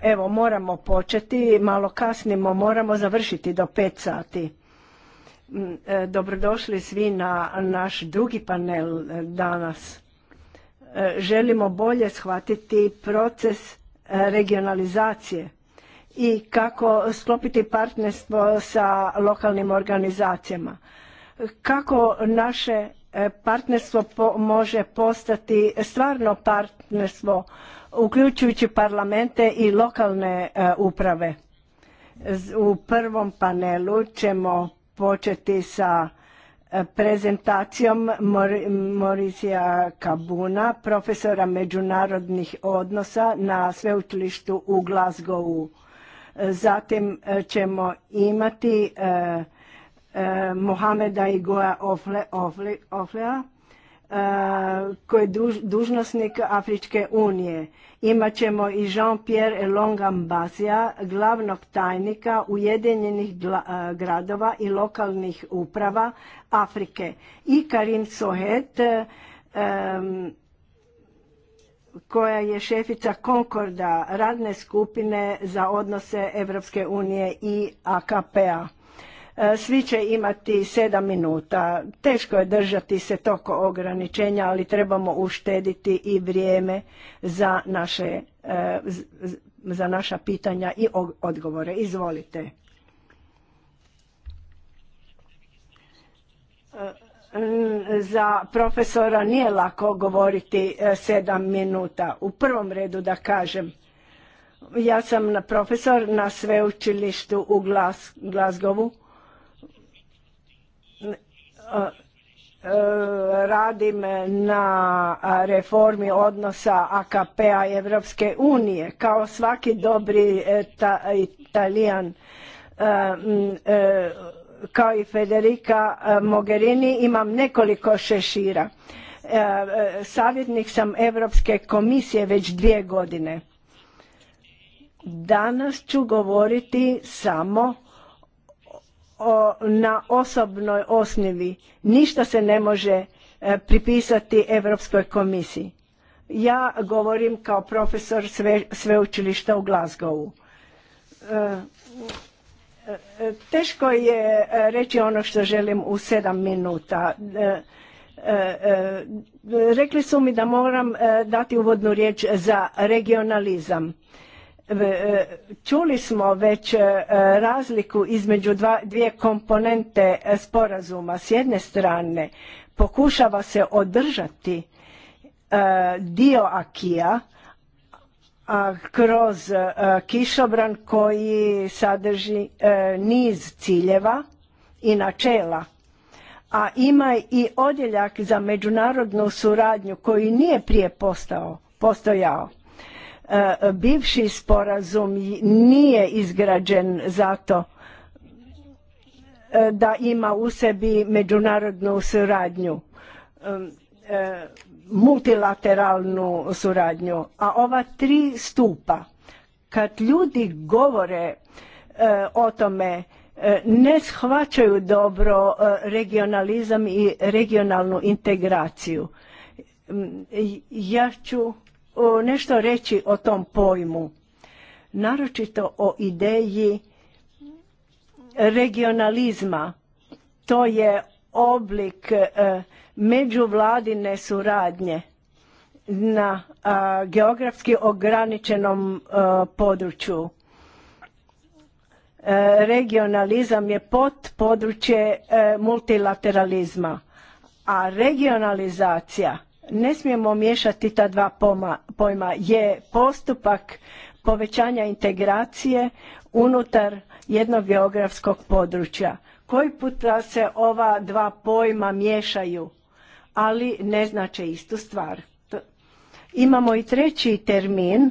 evo, moramo početi, malo kasnimo, moramo završiti do pet sati. Mm, uh, dobrodošli svi na naš drugi panel danas. Želimo bolje shvatiti proces regionalizacije i kako sklopiti partnerstvo sa lokalnim organizacijama kako naše e, partnerstvo može postati stvarno partnerstvo uključujući parlamente i lokalne e, uprave. U prvom panelu ćemo početi sa e, prezentacijom Mauricija Kabuna, profesora međunarodnih odnosa na sveučilištu u Glasgowu. Zatim ćemo imati Eh, Mohameda i Goja Oflea, eh, koji je dužnosnik Afričke unije. Imaćemo i Jean-Pierre Longambasia, glavnog tajnika Ujedinjenih eh, gradova i lokalnih uprava Afrike. I Karim Sohet, koja je šefica Konkorda, radne skupine za odnose Evropske unije i AKP-a. E, svi će imati sedam minuta. Teško je držati se toko ograničenja, ali trebamo uštediti i vrijeme za, naše, e, za naša pitanja i odgovore. Izvolite. E, za profesora nije lako govoriti sedam minuta. U prvom redu da kažem, ja sam profesor na sveučilištu u Glasgowu E, radim na reformi odnosa AKP-a Evropske unije. Kao svaki dobri e, ta, italijan, e, kao i Federica Mogherini, imam nekoliko šešira. Savjetnik sam Europske komisije već dvije godine. Danas ću govoriti samo na osobnoj osnivi Ništa se ne može e, pripisati Europskoj komisiji. Ja govorim kao profesor sveučilišta u Glasgowu. E, e, teško je reći ono što želim u sedam minuta. Rekli su mi da moram dati uvodnu riječ za regionalizam. E, čuli smo već e, razliku između dvije komponente e, sporazuma. S jedne strane pokušava se održati dio akija kroz kišobran koji sadrži niz ciljeva i načela a ima i odjeljak za međunarodnu suradnju koji nije prije postojao E, bivši sporazum nije izgrađen zato e, da ima u sebi međunarodnu suradnju e, multilateralnu suradnju a ova tri stupa kad ljudi govore o tome ne shvaćaju dobro regionalizam i regionalnu integraciju ja ću nešto reći o tom pojmu, naročito o ideji regionalizma. To je oblik e, međuvladine suradnje na geografski ograničenom e, području. E, regionalizam je pod područje multilateralizma, a regionalizacija ne smijemo miješati ta dva pojma. Je postupak povećanja integracije unutar jednog geografskog područja. Koji puta se ova dva pojma miješaju, ali ne znače istu stvar. Imamo i treći termin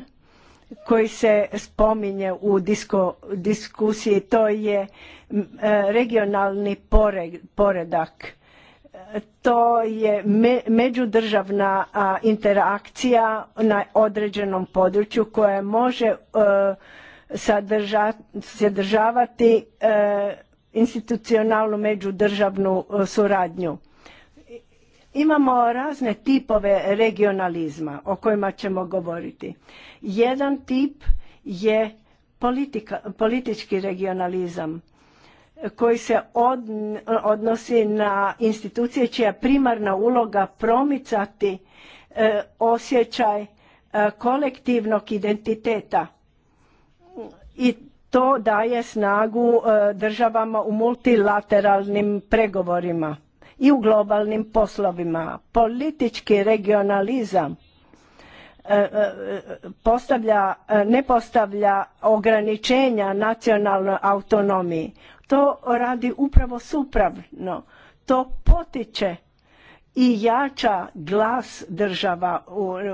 koji se spominje u diskusiji, to je e, regionalni poredak to je međudržavna interakcija na određenom području koja može e, sadržavati e, institucionalnu međudržavnu e, suradnju. Imamo razne tipove regionalizma o kojima ćemo govoriti. Jedan tip je politički regionalizam koji se odnosi na institucije čija primarna uloga promicati e, osjećaj e, kolektivnog identiteta i to daje snagu e, državama u multilateralnim pregovorima i u globalnim poslovima. Politički regionalizam E, e, postavlja, e, ne postavlja ograničenja nacionalnoj autonomiji. To radi upravo supravno. To potiče i jača glas država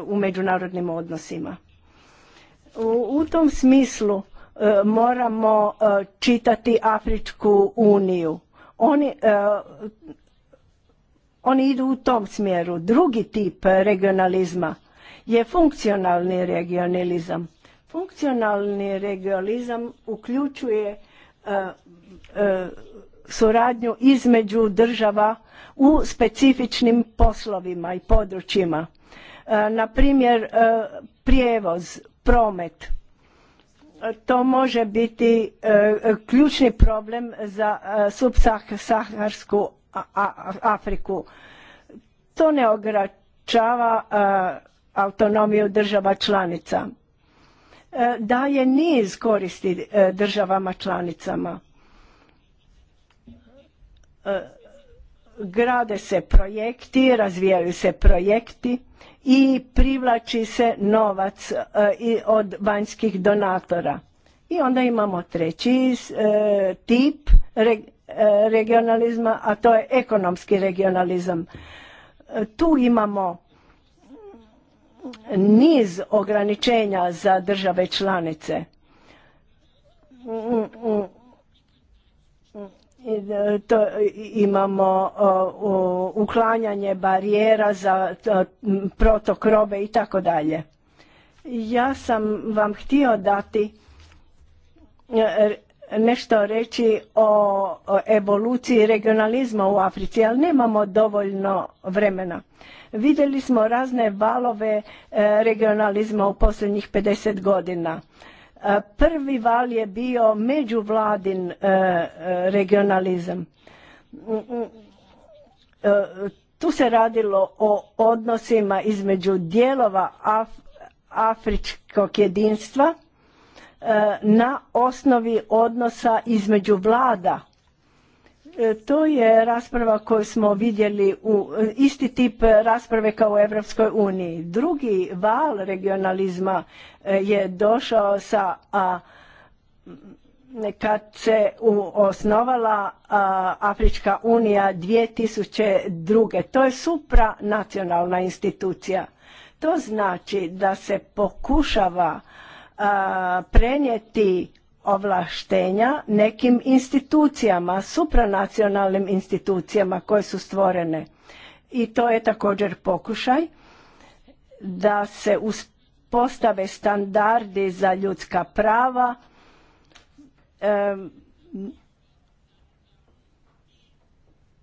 u, međunarodnim odnosima. U, tom smislu moramo čitati Afričku uniju. Oni, oni idu u tom smjeru. Drugi tip regionalizma – je funkcionalni regionalizam. Funkcionalni regionalizam uključuje e, e, suradnju između država u specifičnim poslovima i područjima. Naprimjer, na primjer, e, prijevoz, promet. To može biti ključni problem za subsaharsku Afriku. To ne ogračava autonomiju država članica. E, daje niz koristi e, državama članicama. E, grade se projekti, razvijaju se projekti i privlači se novac od vanjskih donatora. I onda imamo treći tip regionalizma, a to je ekonomski regionalizam. Tu imamo niz ograničenja za države članice. E, to imamo uklanjanje barijera za protok robe i tako dalje. Ja sam vam htio dati e, nešto reći o evoluciji regionalizma u Africi, ali nemamo dovoljno vremena. Vidjeli smo razne valove e, regionalizma u posljednjih 50 godina. E, prvi val je bio međuvladin e, regionalizam. Tu se radilo o odnosima između dijelova afričkog jedinstva na osnovi odnosa između vlada E, to je rasprava koju smo vidjeli u e, isti tip rasprave kao u Europskoj uniji. Drugi val regionalizma e, je došao sa a, kad se osnovala Afrička unija 2002. To je supranacionalna institucija. To znači da se pokušava prenijeti ovlaštenja nekim institucijama, supranacionalnim institucijama koje su stvorene. I to je također pokušaj da se uspostave standardi za ljudska prava,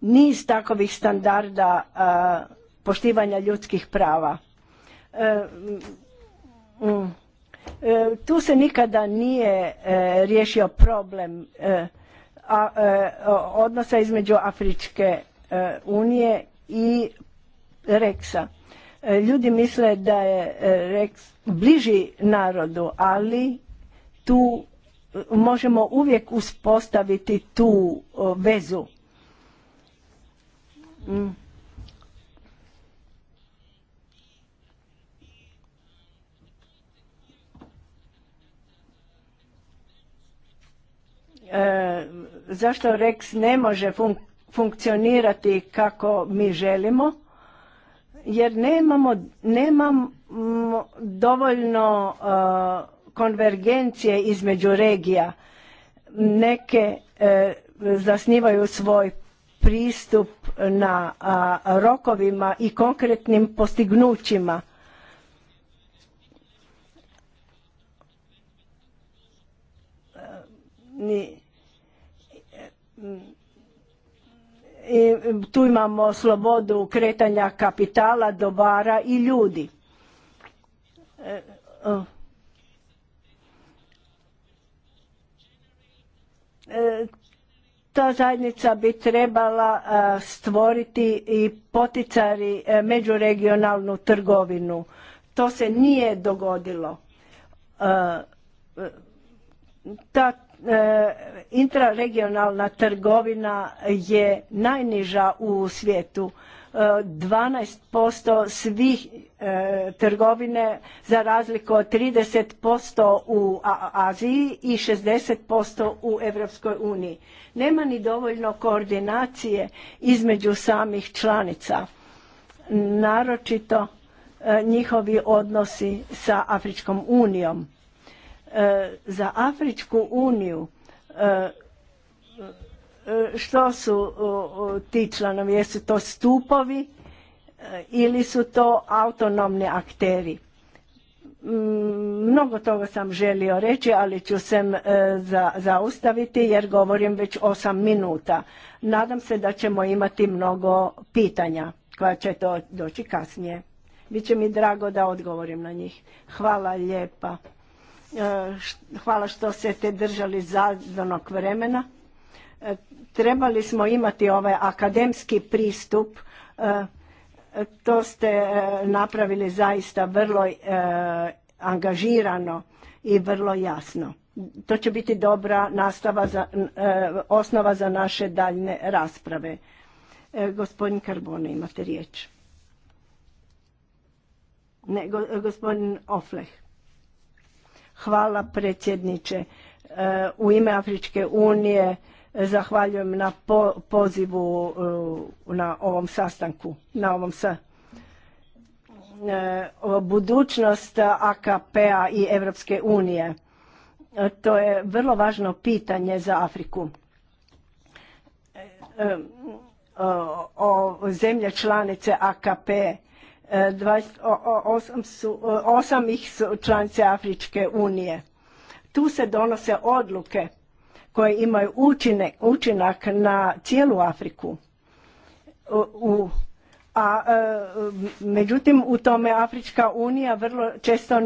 niz takovih standarda poštivanja ljudskih prava. E, E, tu se nikada nije e, riješio problem e, odnosa između Afričke unije i Reksa. Ljudi misle da je Reks bliži narodu, ali tu možemo uvijek uspostaviti tu vezu. Mm. E, zašto Rex ne može funkcionirati kako mi želimo? Jer nemamo, dovoljno e, konvergencije između regija. Neke e, zasnivaju svoj pristup na rokovima i konkretnim postignućima i tu imamo slobodu kretanja kapitala, dobara i ljudi. E, e, ta zajednica bi trebala e, stvoriti i poticari međuregionalnu trgovinu. To se nije dogodilo. Ta E, intraregionalna trgovina je najniža u svijetu. 12% e, svih e, trgovine za razliku od 30% u Aziji i 60% u Europskoj uniji. Nema ni dovoljno koordinacije između samih članica. Naročito njihovi odnosi sa Afričkom unijom E, za Afričku uniju e, e, što su ti članovi, jesu to stupovi ili su to autonomni akteri. Mm, mnogo toga sam želio reći, ali ću se zaustaviti jer govorim već osam minuta. Nadam se da ćemo imati mnogo pitanja koja će to doći kasnije. Biće mi drago da odgovorim na njih. Hvala lijepa. E, hvala što ste te držali zadanog vremena. E, trebali smo imati ovaj akademski pristup. E, to ste napravili zaista vrlo angažirano i vrlo jasno. To će biti dobra nastava za, osnova za naše daljne rasprave. Gospodin Karbone, imate riječ. Ne, gospodin Ofleh. Hvala predsjedniče. E, u ime Afričke unije e, zahvaljujem na pozivu e, na ovom sastanku, na ovom sa budućnost AKP-a i Europske unije. To je vrlo važno pitanje za Afriku. O, zemlje članice AKP E, e, osam ih su članice Afričke unije. Tu se donose odluke koje imaju učinak na cijelu Afriku. U, a e, međutim u tome Afrička unija vrlo često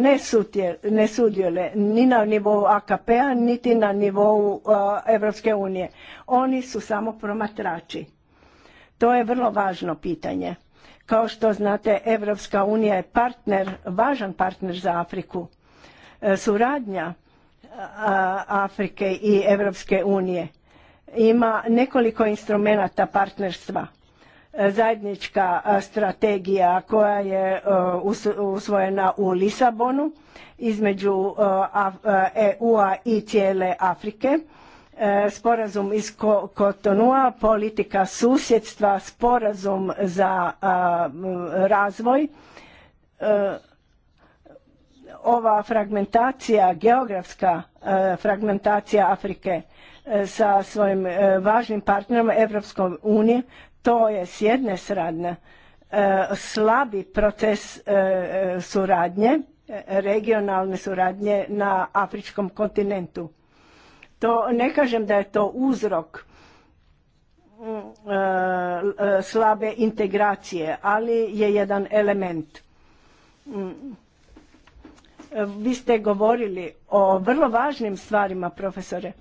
ne, sudjele ni na nivou AKP-a niti na nivou Evropske unije. Oni su samo promatrači. To je vrlo važno pitanje. Kao što znate, Evropska unija je partner, važan partner za Afriku. E, suradnja e, Afrike i Evropske unije ima nekoliko instrumenata partnerstva. E, zajednička strategija koja je usvojena u Lisabonu između EU-a i cijele Afrike – sporazum iz Kotonua, politika susjedstva, sporazum za razvoj. E, ova fragmentacija, geografska e, fragmentacija Afrike e, sa svojim važnim partnerom Evropskom unije, to je s jedne strane slabi proces suradnje, regionalne suradnje na afričkom kontinentu to ne kažem da je to uzrok mm, e, e, slabe integracije, ali je jedan element. Mm. Vi ste govorili o vrlo važnim stvarima, profesore,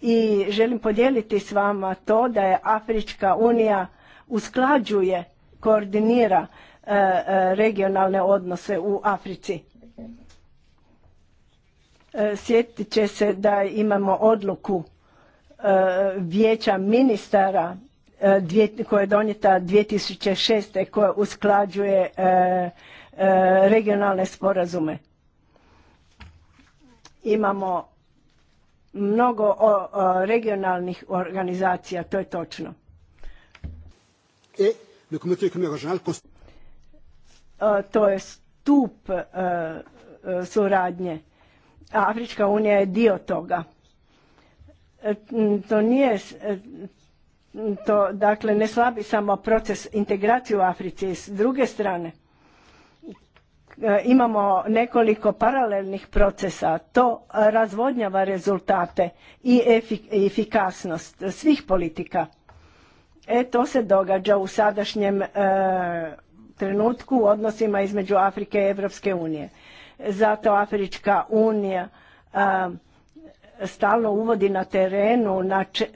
i želim podijeliti s vama to da je Afrička unija usklađuje, koordinira e, regionalne odnose u Africi E, sjetit će se da imamo odluku e, vijeća ministara e, koja je donijeta 2006. koja usklađuje regionalne sporazume. Imamo mnogo regionalnih organizacija, to je točno. To je stup suradnje Afrička unija je dio toga. E, to nije, e, to dakle ne slabi samo proces integracije u Africi. S druge strane, e, imamo nekoliko paralelnih procesa. To razvodnjava rezultate i efikasnost svih politika. E to se događa u sadašnjem trenutku u odnosima između Afrike i Europske unije. Zato Afrička unija stalno uvodi na terenu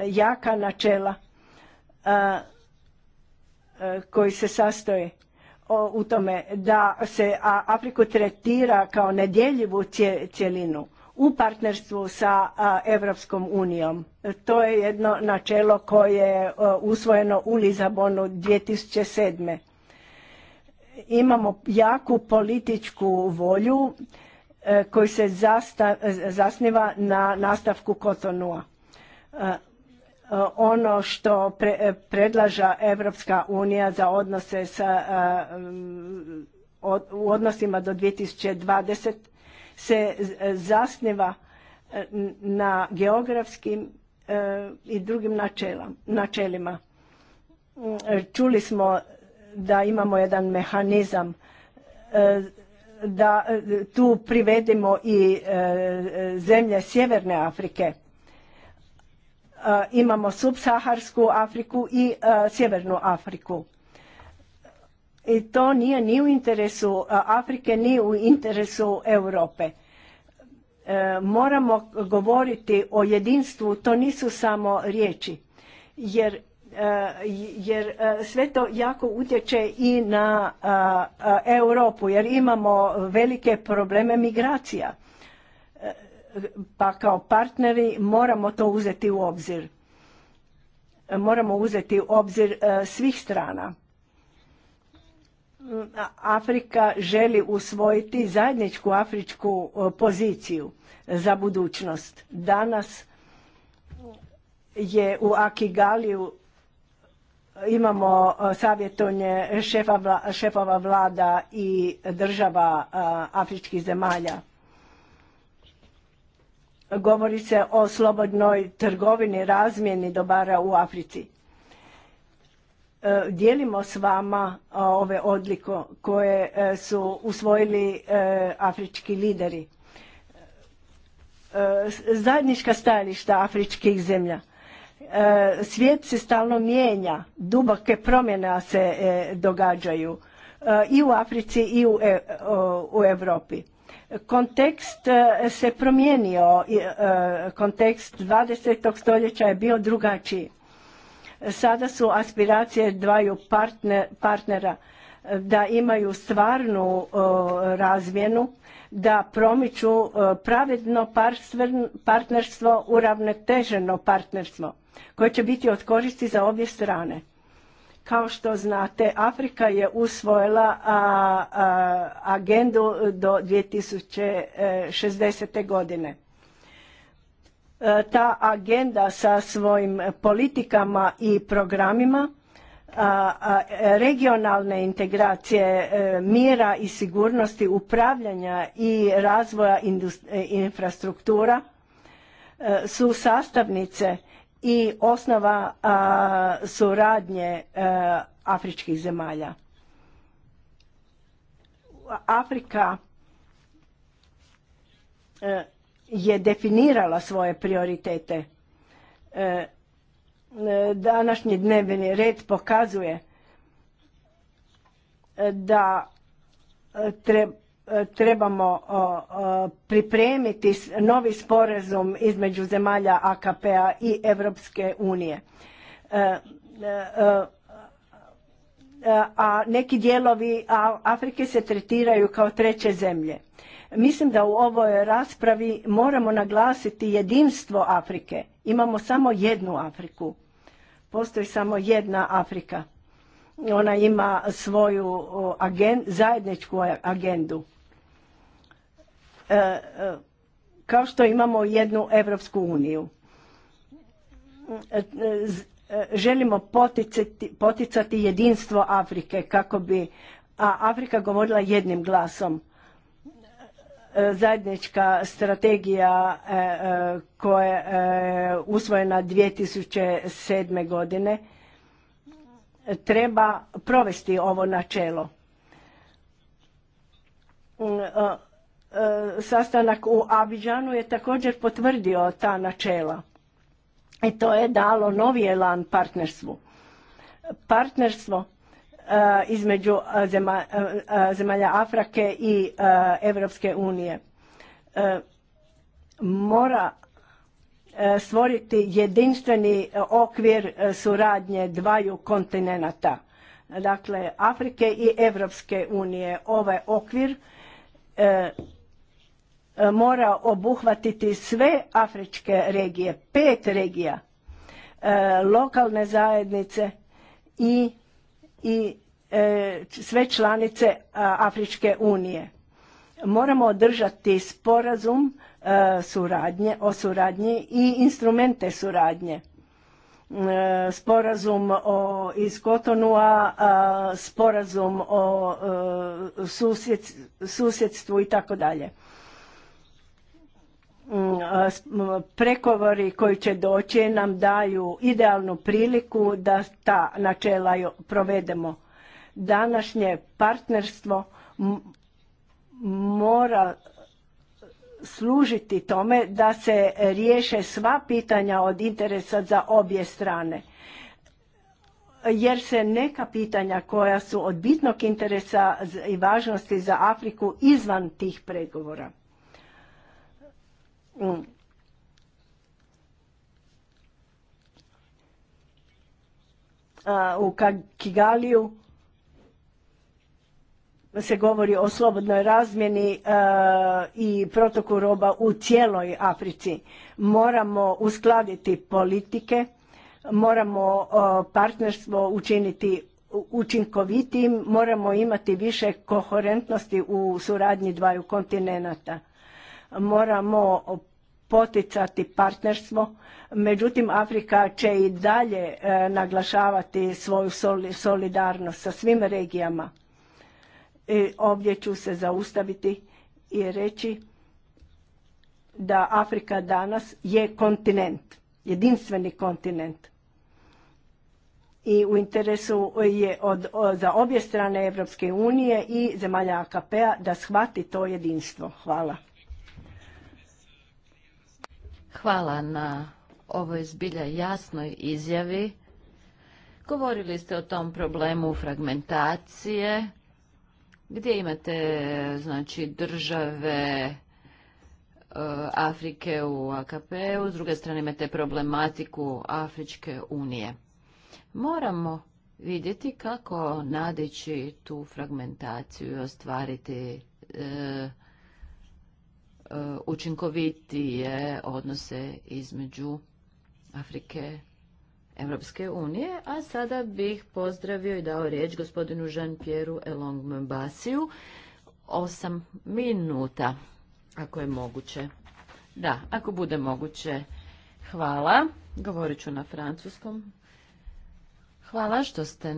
jaka načela koji se sastoje u tome da se Afriku tretira kao nedjeljivu cijelinu cjelinu u partnerstvu sa Europskom unijom. To je jedno načelo koje je usvojeno u Lizabonu 2007 imamo jaku političku volju e, koji se e, zasniva na nastavku Kotonua. E, ono što predlaže predlaža Evropska unija za odnose sa, u odnosima do 2020 se zasniva na geografskim i drugim načelima. Čuli smo da imamo jedan mehanizam e, da e, tu privedemo i e, zemlje sjeverne Afrike imamo subsaharsku Afriku i sjevernu Afriku i to nije ni u interesu Afrike ni u interesu Europe moramo govoriti o jedinstvu to nisu samo riječi jer Eh, jer eh, sve to jako utječe i na eh, Europu jer imamo velike probleme migracija. Pa kao partneri moramo to uzeti u obzir. Moramo uzeti u obzir svih strana. Mm, Afrika želi usvojiti zajedničku afričku poziciju za budućnost. Danas je u Akigaliju imamo e, savjetovanje šefa šefova vlada i država e, afričkih zemalja. Govori se o slobodnoj trgovini, razmjeni dobara u Africi. E, dijelimo s vama ove odliko koje su usvojili afrički lideri. Zajednička stajališta afričkih zemlja E, svijet se stalno mijenja, duboke promjene se e, događaju e, i u Africi i u Europi. Kontekst se promijenio, kontekst 20. stoljeća je bio drugačiji. Sada su aspiracije dvaju partnera da imaju stvarnu razmjenu da promiču e, pravedno partnerstvo, uravnoteženo partnerstvo koje će biti od koristi za obje strane. Kao što znate, Afrika je usvojila a, a, agendu do 2060. godine. E, ta agenda sa svojim politikama i programima regionalne integracije e, mira i sigurnosti upravljanja i razvoja e, infrastruktura e, su sastavnice i osnova suradnje afričkih zemalja. Afrika je definirala svoje prioritete E, današnji dnevni red pokazuje e, da e, trebamo pripremiti novi sporazum između zemalja AKP-a i Europske unije. A neki dijelovi Afrike se tretiraju kao treće zemlje. Mislim da u ovoj raspravi moramo naglasiti jedinstvo Afrike Imamo samo jednu Afriku. Postoji samo jedna Afrika. Ona ima svoju zajedničku agendu. E, e, kao što imamo jednu Evropsku uniju. E, želimo poticati, poticati jedinstvo Afrike kako bi a Afrika govorila jednim glasom zajednička strategija e, e, koja je e, usvojena 2007. godine treba provesti ovo načelo. Mm, sastanak u Abidžanu je također potvrdio ta načela i to je dalo novi elan partnerstvu. Partnerstvo E, između e, e, zemalja Afrike i Europske unije. Mora stvoriti jedinstveni okvir suradnje dvaju kontinenata, dakle Afrike i Europske unije. Ovaj okvir mora obuhvatiti sve afričke regije, pet regija, lokalne zajednice i i e, sve članice Afričke unije. Moramo održati sporazum e, suradnje, o suradnji i instrumente suradnje. E, sporazum o, iz Kotonua, sporazum o susjedstvu i tako dalje. Pregovori koji će doći nam daju idealnu priliku da ta načela provedemo. Današnje partnerstvo mora služiti tome da se riješe sva pitanja od interesa za obje strane. Jer se neka pitanja koja su od bitnog interesa i važnosti za Afriku izvan tih pregovora u Kigaliju se govori o slobodnoj razmjeni e, i protoku roba u cijeloj Africi. Moramo uskladiti politike, moramo e, partnerstvo učiniti učinkovitim, moramo imati više koherentnosti u suradnji dvaju kontinenata moramo poticati partnerstvo, međutim Afrika će i dalje e, naglašavati svoju solidarnost sa svim regijama. I ovdje ću se zaustaviti i reći da Afrika danas je kontinent, jedinstveni kontinent. I u interesu je od, za obje strane Evropske unije i zemalja AKP-a da shvati to jedinstvo. Hvala. Hvala na ovoj zbilja jasnoj izjavi. Govorili ste o tom problemu fragmentacije, gdje imate znači, države e, Afrike u AKP-u, s druge strane imate problematiku Afričke unije. Moramo vidjeti kako nadići tu fragmentaciju i ostvariti e, učinkovitije odnose između Afrike Evropske unije, a sada bih pozdravio i dao riječ gospodinu Jean-Pierre Elong Mbasiju, osam minuta, ako je moguće. Da, ako bude moguće, hvala, govorit ću na francuskom. Hvala što ste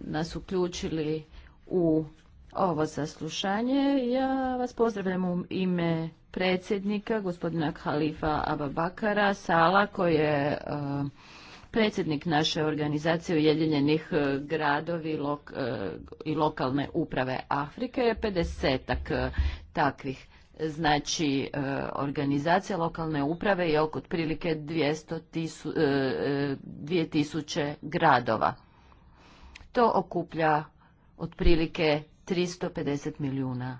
nas uključili u ovo saslušanje. Ja vas pozdravljam u ime predsjednika, gospodina Khalifa Ababakara Sala, koji je e, predsjednik naše organizacije Ujedinjenih e, gradovi e, i lokalne uprave Afrike, je 50 takvih znači organizacija lokalne uprave je oko otprilike 200 2000 gradova. To okuplja otprilike 350 milijuna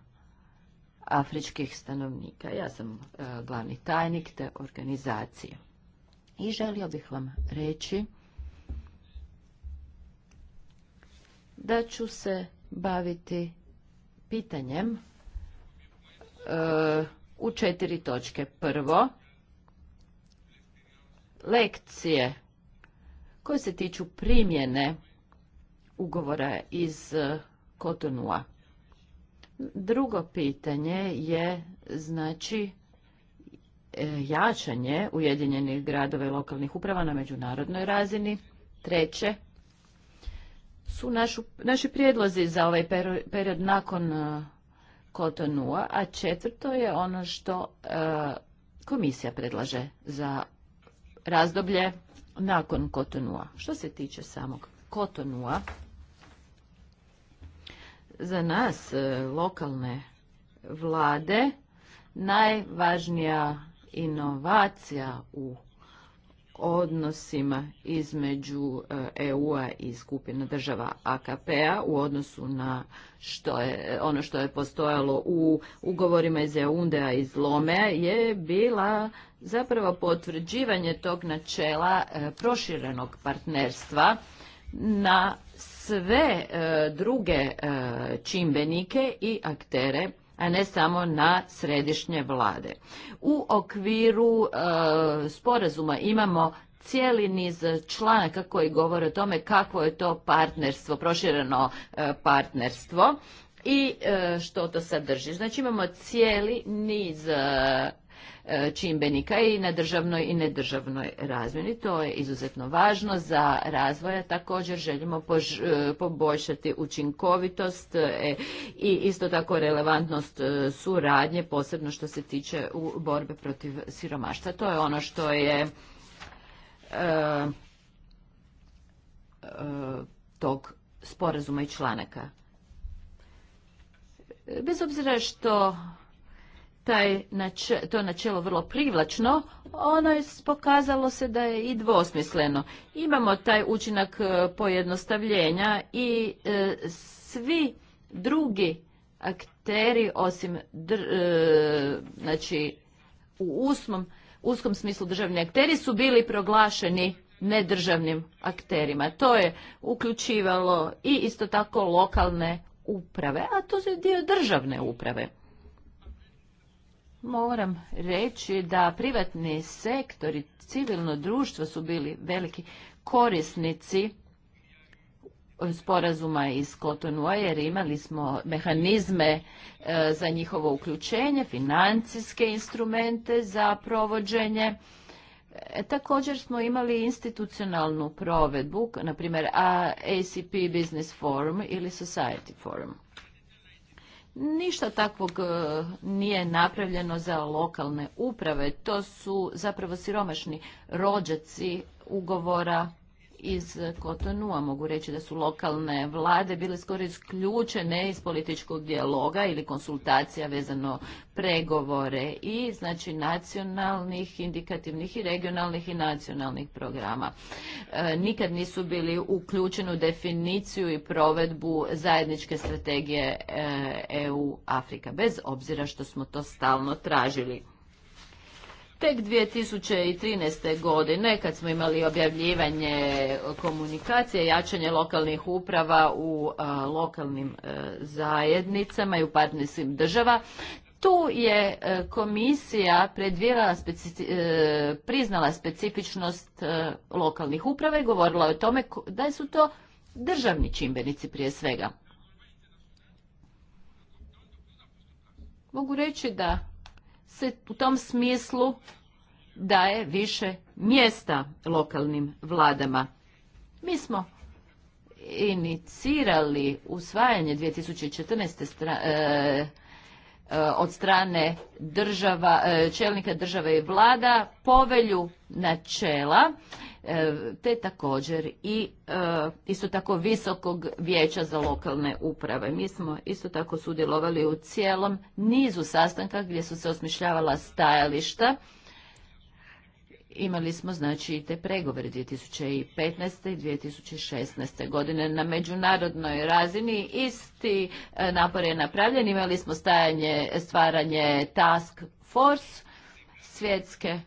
afričkih stanovnika. Ja sam e, glavni tajnik te organizacije. I želio bih vam reći da ću se baviti pitanjem e, u četiri točke. Prvo, lekcije koje se tiču primjene ugovora iz Kotonua. Drugo pitanje je znači e, jačanje Ujedinjenih gradova i lokalnih uprava na međunarodnoj razini. Treće su našu, naši prijedlozi za ovaj period nakon e, Kotonua, a četvrto je ono što e, komisija predlaže za razdoblje nakon Kotonua. Što se tiče samog Kotonua, za nas, e, lokalne vlade, najvažnija inovacija u odnosima između EU-a e i skupina država AKP-a u odnosu na što je, ono što je postojalo u ugovorima iz Eundea iz Lomea je bila zapravo potvrđivanje tog načela e, proširenog partnerstva na sve e, druge e, čimbenike i aktere a ne samo na središnje vlade. U okviru e, sporazuma imamo cijeli niz članaka koji govore o tome kako je to partnerstvo, prošireno partnerstvo i što to sadrži. Znači imamo cijeli niz E, čimbenika i na državnoj i nedržavnoj razmjeni. To je izuzetno važno za razvoja. Također želimo e, poboljšati učinkovitost e, i isto tako relevantnost suradnje, posebno što se tiče u borbe protiv siromaštva. To je ono što je tog sporazuma i članaka. Bez obzira što taj nač to načelo vrlo privlačno, ono je pokazalo se da je i dvosmisleno. Imamo taj učinak e, pojednostavljenja i e, svi drugi akteri osim e, znači u usmom, uskom smislu državni akteri su bili proglašeni nedržavnim akterima. To je uključivalo i isto tako lokalne uprave, a to je dio državne uprave moram reći da privatni sektor i civilno društvo su bili veliki korisnici sporazuma iz Kotonua jer imali smo mehanizme e, za njihovo uključenje, financijske instrumente za provođenje. E, također smo imali institucionalnu provedbu, na primjer ACP Business Forum ili Society Forum. Ništa takvog e, nije napravljeno za lokalne uprave. To su zapravo siromašni rođaci ugovora iz Kotonua. Mogu reći da su lokalne vlade bile skoro isključene iz političkog dijaloga ili konsultacija vezano pregovore i znači nacionalnih, indikativnih i regionalnih i nacionalnih programa. E, nikad nisu bili uključeni u definiciju i provedbu zajedničke strategije EU-Afrika, e bez obzira što smo to stalno tražili. Tek 2013. godine, kad smo imali objavljivanje komunikacije, jačanje lokalnih uprava u lokalnim e, zajednicama i u partnerskim država, tu je e, komisija e, priznala specifičnost lokalnih uprava i govorila o tome da su to državni čimbenici prije svega. Mogu reći da se u tom smislu daje više mjesta lokalnim vladama. Mi smo inicirali usvajanje 2014. E, e, od strane država, e, čelnika države i vlada povelju načela E, te također i e, isto tako visokog vijeća za lokalne uprave. Mi smo isto tako sudjelovali u cijelom nizu sastanka gdje su se osmišljavala stajališta. Imali smo znači i te pregovore 2015. i 2016. godine na međunarodnoj razini. Isti e, napor je napravljen. Imali smo stajanje, stvaranje task force svjetske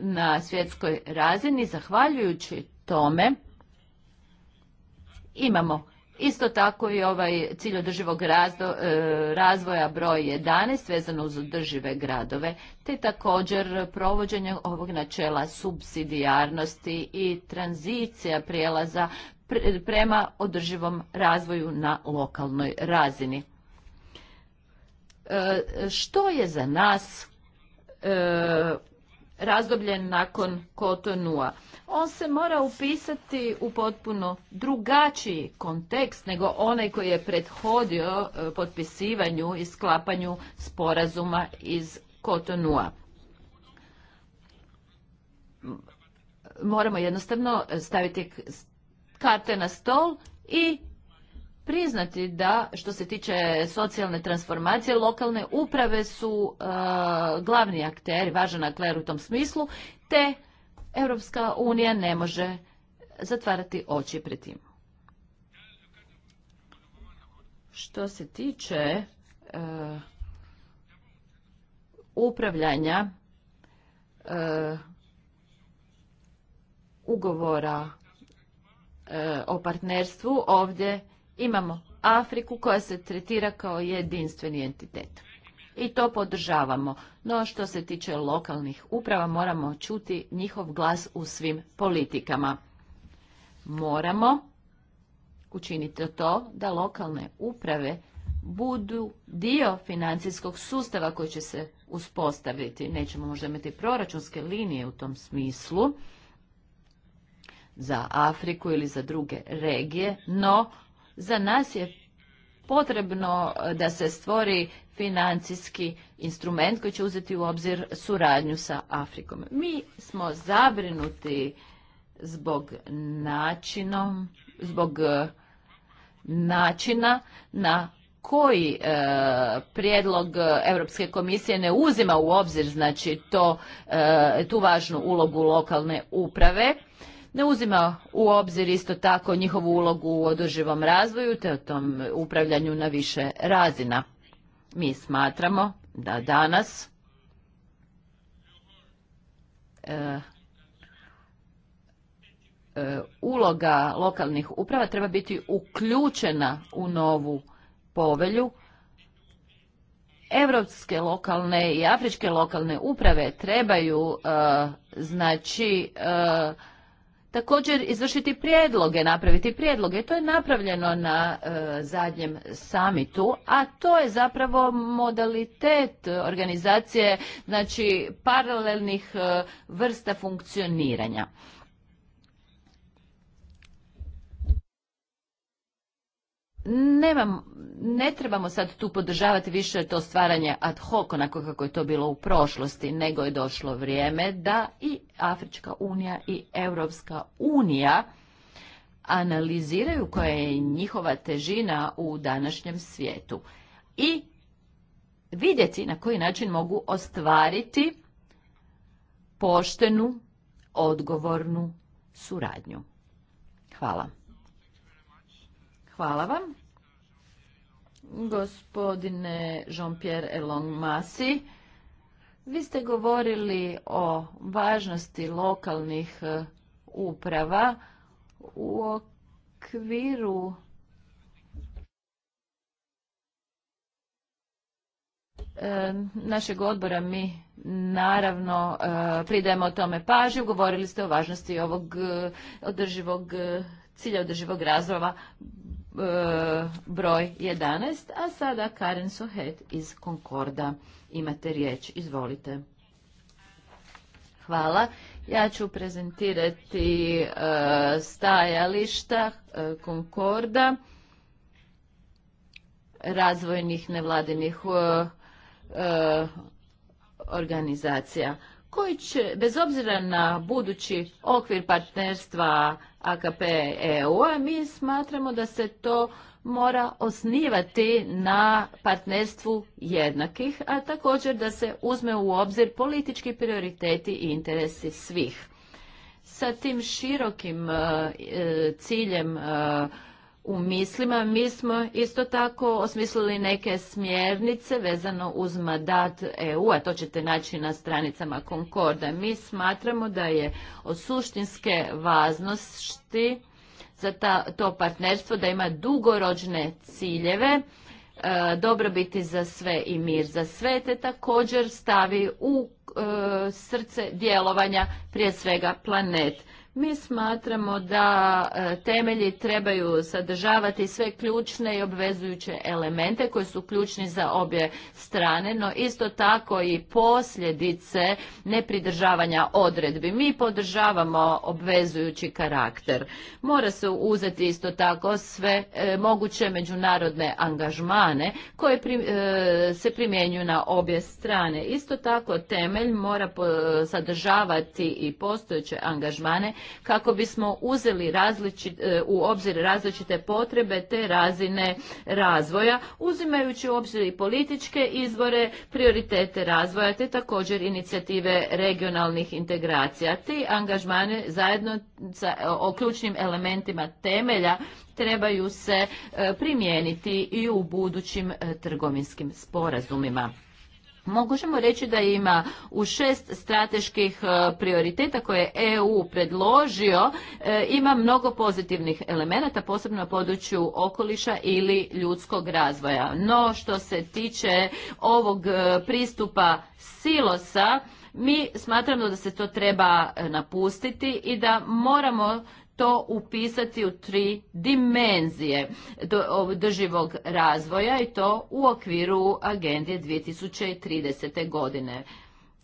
na svjetskoj razini, zahvaljujući tome imamo isto tako i ovaj cilj održivog e, razvoja broj 11 vezano uz održive gradove, te također provođenje ovog načela subsidijarnosti i tranzicija prijelaza prema održivom razvoju na lokalnoj razini. E, što je za nas e, razdoblje nakon Kotonua. On se mora upisati u potpuno drugačiji kontekst nego onaj koji je prethodio e, potpisivanju i sklapanju sporazuma iz Kotonua. Moramo jednostavno staviti karte na stol i priznati da što se tiče socijalne transformacije lokalne uprave su e, glavni akteri, važan akler u tom smislu, te Europska unija ne može zatvarati oči pred tim. Što se tiče e, upravljanja e, ugovora o partnerstvu, ovdje Imamo Afriku koja se tretira kao jedinstveni entitet. I to podržavamo. No što se tiče lokalnih uprava moramo čuti njihov glas u svim politikama. Moramo učiniti to da lokalne uprave budu dio financijskog sustava koji će se uspostaviti. Nećemo možda imati proračunske linije u tom smislu za Afriku ili za druge regije, no za nas je potrebno e, da se stvori financijski instrument koji će uzeti u obzir suradnju sa Afrikom. Mi smo zabrinuti zbog načinom, zbog e, načina na koji e, prijedlog Europske komisije ne uzima u obzir znači to tu važnu ulogu lokalne uprave ne uzima u obzir isto tako njihovu ulogu u održivom razvoju te o tom upravljanju na više razina. Mi smatramo da danas e, e, uloga lokalnih uprava treba biti uključena u novu povelju Europske lokalne i afričke lokalne uprave trebaju e, znači također izvršiti prijedloge, napraviti prijedloge. To je napravljeno na e, zadnjem samitu, a to je zapravo modalitet organizacije znači paralelnih e, vrsta funkcioniranja. nemam, ne trebamo sad tu podržavati više to stvaranje ad hoc, onako kako je to bilo u prošlosti, nego je došlo vrijeme da i Afrička unija i Europska unija analiziraju koja je njihova težina u današnjem svijetu i vidjeti na koji način mogu ostvariti poštenu, odgovornu suradnju. Hvala. Hvala vam. Gospodine Jean-Pierre elong Masi, vi ste govorili o važnosti lokalnih e, uprava u okviru e, našeg odbora mi naravno e, pridajemo tome pažnju. Govorili ste o važnosti ovog održivog cilja održivog razvoja E, broj 11, a sada Karen Sohet iz Konkorda. Imate riječ, izvolite. Hvala. Ja ću prezentirati e, stajališta Konkorda, e, razvojnih nevladinih organizacija koji će, bez obzira na budući okvir partnerstva AKP eu mi smatramo da se to mora osnivati na partnerstvu jednakih, a također da se uzme u obzir politički prioriteti i interesi svih. Sa tim širokim e, ciljem e, u mislima. Mi smo isto tako osmislili neke smjernice vezano uz mandat EU, a to ćete naći na stranicama Concorda. Mi smatramo da je od suštinske važnosti za to partnerstvo da ima dugoročne ciljeve, e, dobrobiti za sve i mir za sve, te također stavi u e, srce djelovanja prije svega planet. Mi smatramo da e, temelji trebaju sadržavati sve ključne i obvezujuće elemente koji su ključni za obje strane, no isto tako i posljedice nepridržavanja odredbi. Mi podržavamo obvezujući karakter. Mora se uzeti isto tako sve e, moguće međunarodne angažmane koje e, se primjenjuju na obje strane. Isto tako temelj mora sadržavati i postojeće angažmane kako bismo uzeli e, u obzir različite potrebe te razine razvoja, uzimajući u obzir i političke izvore, prioritete razvoja te također inicijative regionalnih integracija. Ti angažmane zajedno sa e, o ključnim elementima temelja trebaju se e, primijeniti i u budućim trgovinskim sporazumima. Možemo reći da ima u šest strateških e, prioriteta koje je EU predložio, e, ima mnogo pozitivnih elemenata, posebno na području okoliša ili ljudskog razvoja. No što se tiče ovog e, pristupa silosa, mi smatramo da se to treba napustiti i da moramo to upisati u tri dimenzije drživog razvoja i to u okviru agendije 2030. godine.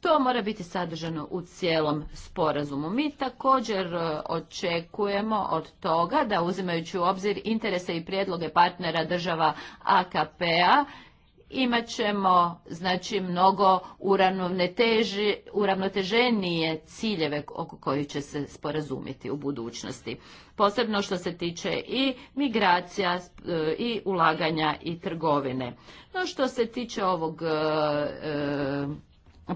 To mora biti sadržano u cijelom sporazumu. Mi također e, očekujemo od toga da uzimajući u obzir interese i prijedloge partnera država AKP-a imat ćemo znači mnogo uravnoteženije ciljeve oko kojih će se sporazumiti u budućnosti. Posebno što se tiče i migracija e, i ulaganja i trgovine. No što se tiče ovog e, e,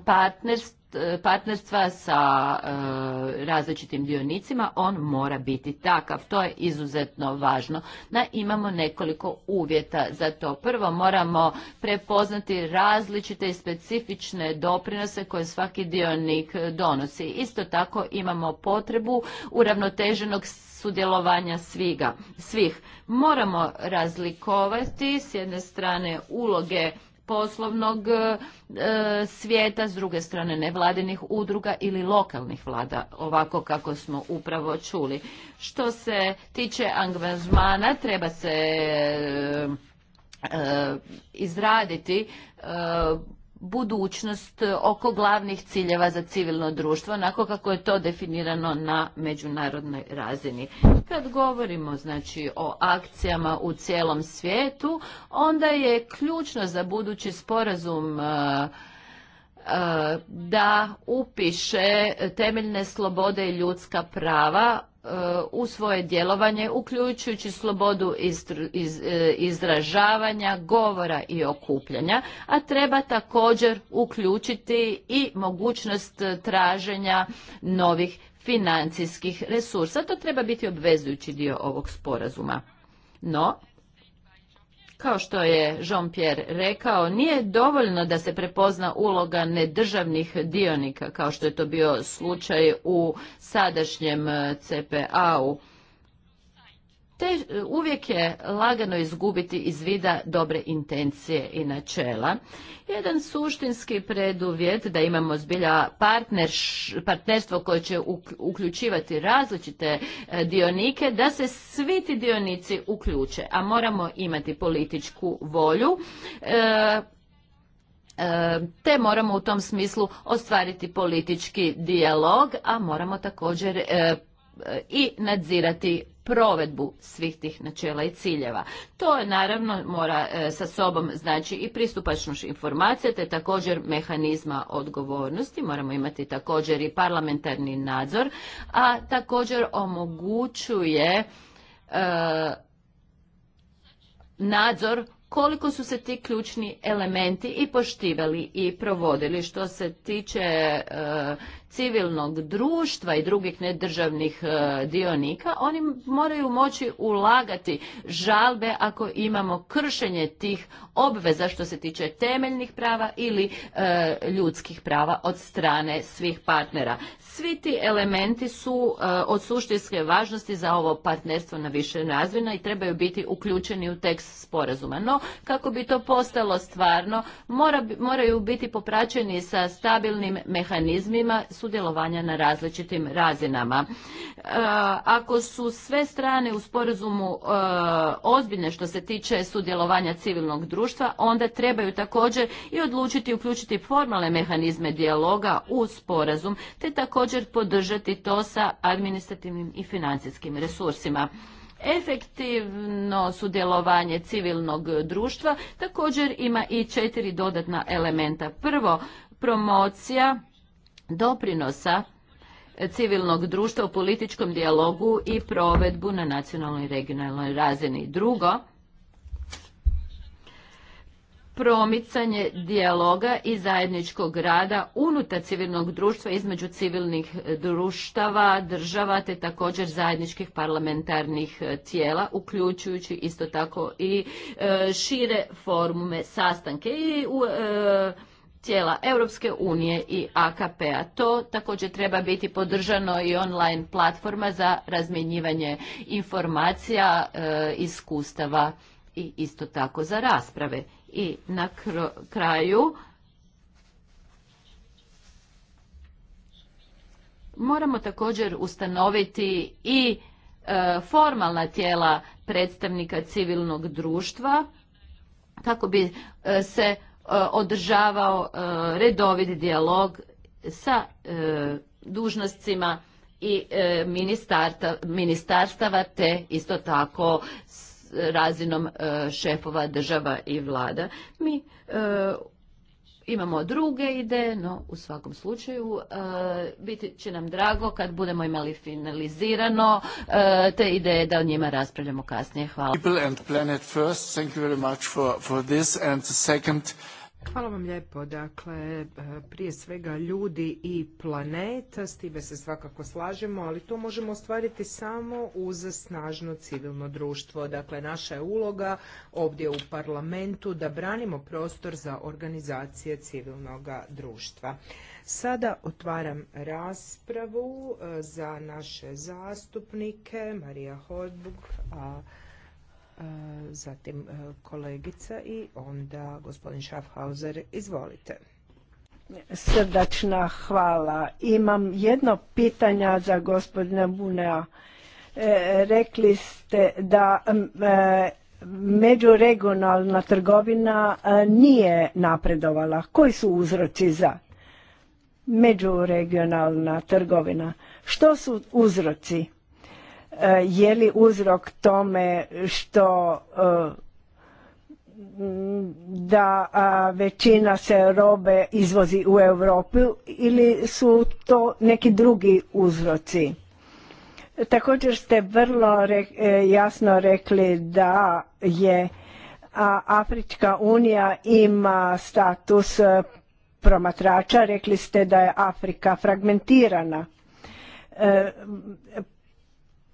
partnerstva, partnerstva sa e, različitim dionicima, on mora biti takav. To je izuzetno važno. Na, imamo nekoliko uvjeta za to. Prvo moramo prepoznati različite i specifične doprinose koje svaki dionik donosi. Isto tako imamo potrebu uravnoteženog sudjelovanja svih. Moramo razlikovati s jedne strane uloge poslovnog e, e, svijeta, s druge strane nevladinih udruga ili lokalnih vlada, ovako kako smo upravo čuli. Što se tiče angažmana, treba se e, izraditi budućnost oko glavnih ciljeva za civilno društvo, onako kako je to definirano na međunarodnoj razini. Kad govorimo znači, o akcijama u cijelom svijetu, onda je ključno za budući sporazum e, e, da upiše temeljne slobode i ljudska prava u svoje djelovanje, uključujući slobodu e, izražavanja, govora i okupljanja, a treba također uključiti i mogućnost traženja novih financijskih resursa. To treba biti obvezujući dio ovog sporazuma. No, kao što je Jean-Pierre rekao, nije dovoljno da se prepozna uloga nedržavnih dionika, kao što je to bio slučaj u sadašnjem eh, CPA-u. E, uvijek je lagano izgubiti iz vida dobre intencije i načela. Jedan suštinski preduvjet da imamo zbilja partner, partnerstvo koje će uključivati različite e, dionike, da se svi ti dionici uključe, a moramo imati političku volju. E, te moramo u tom smislu ostvariti politički dijalog, a moramo također i nadzirati provedbu svih tih načela i ciljeva. To je naravno mora e, sa sobom znači i pristupačnost informacija te također mehanizma odgovornosti, moramo imati također i parlamentarni nadzor, a također omogućuje e, nadzor koliko su se ti ključni elementi i poštivali i provodili. Što se tiče e, civilnog društva i drugih nedržavnih e, dionika, oni moraju moći ulagati žalbe ako imamo kršenje tih obveza što se tiče temeljnih prava ili e, ljudskih prava od strane svih partnera. Svi ti elementi su e, od suštinske važnosti za ovo partnerstvo na više razvina i trebaju biti uključeni u tekst sporazuma. No, kako bi to postalo stvarno, moraju biti popraćeni sa stabilnim mehanizmima sudjelovanja na različitim razinama. E, ako su sve strane u sporazumu e, ozbiljne što se tiče sudjelovanja civilnog društva, onda trebaju također i odlučiti uključiti formalne mehanizme dijaloga u sporazum, te također podržati to sa administrativnim i financijskim resursima efektivno sudjelovanje civilnog društva također ima i četiri dodatna elementa. Prvo, promocija doprinosa civilnog društva u političkom dijalogu i provedbu na nacionalnoj i regionalnoj razini. Drugo, promicanje dijaloga i zajedničkog rada unutar civilnog društva između civilnih društava, država te također zajedničkih parlamentarnih e, tijela, uključujući isto tako i e, šire formume sastanke i u e, tijela Europske unije i AKP-a. To također treba biti podržano i online platforma za razmjenjivanje informacija, e, iskustava i isto tako za rasprave. I na kraju moramo također ustanoviti i e, formalna tijela predstavnika civilnog društva kako bi e, se E, održavao e, redovit dijalog sa e, dužnoscima i ministarstava te isto tako razinom šefova država i vlada. Mi imamo druge ideje, no u svakom slučaju biti će nam drago kad budemo imali finalizirano te ideje da o njima raspravljamo kasnije. Hvala. Hvala vam lijepo. Dakle, e, prije svega ljudi i planeta, s time se svakako slažemo, ali to možemo ostvariti samo uz snažno civilno društvo. Dakle, naša je uloga ovdje u parlamentu da branimo prostor za organizacije civilnog društva. Sada otvaram raspravu e, za naše zastupnike, Marija Hodbuk, a E, zatim e, kolegica i onda gospodin Schaffhauser. Izvolite. Srdačna hvala. Imam jedno pitanja za gospodina Bunea. E, rekli ste da međuregionalna trgovina nije napredovala. Koji su uzroci za međuregionalna trgovina? Što su uzroci? Eh, je li uzrok tome što eh, da većina se robe izvozi u Europu ili su to neki drugi uzroci? Također ste vrlo eh, jasno rekli da je Afrička unija ima status promatrača. Rekli ste da je Afrika fragmentirana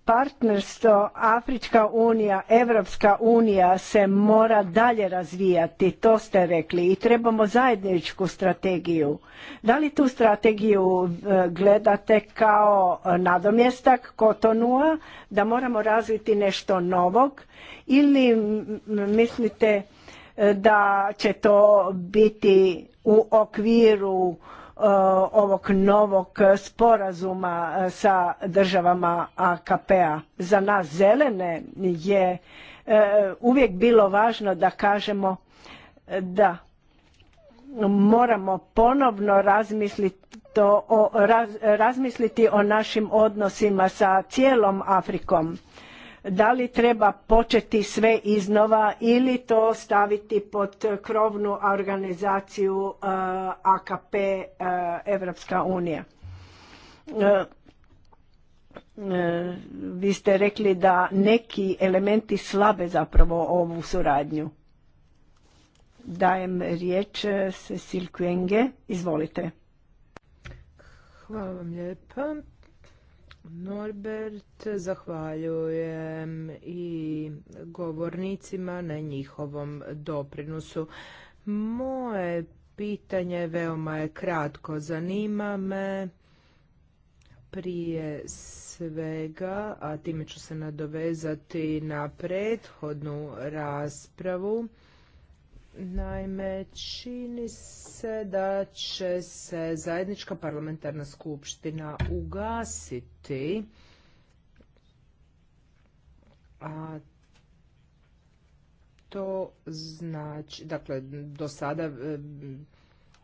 partnerstvo Afrička unija, Evropska unija se mora dalje razvijati, to ste rekli, i trebamo zajedničku strategiju. Da li tu strategiju e, gledate kao nadomjestak Kotonua, da moramo razviti nešto novog, ili mislite e, da će to biti u okviru Eh, ovog novog sporazuma eh, sa državama AKP-a. Za nas zelene je eh, uvijek bilo važno da kažemo da moramo ponovno razmisliti o, razmisliti o našim odnosima sa cijelom Afrikom da li treba početi sve iznova ili to staviti pod krovnu organizaciju uh, AKP uh, Evropska unija. Uh, vi ste rekli da neki elementi slabe zapravo ovu suradnju. Dajem riječ Cecil Kuenge. Izvolite. Hvala vam lijepa. Norbert, zahvaljujem i govornicima na njihovom doprinosu. Moje pitanje veoma je kratko. Zanima me prije svega, a time ću se nadovezati na prethodnu raspravu, Naime, čini se da će se zajednička parlamentarna skupština ugasiti, a to znači, dakle, do sada e,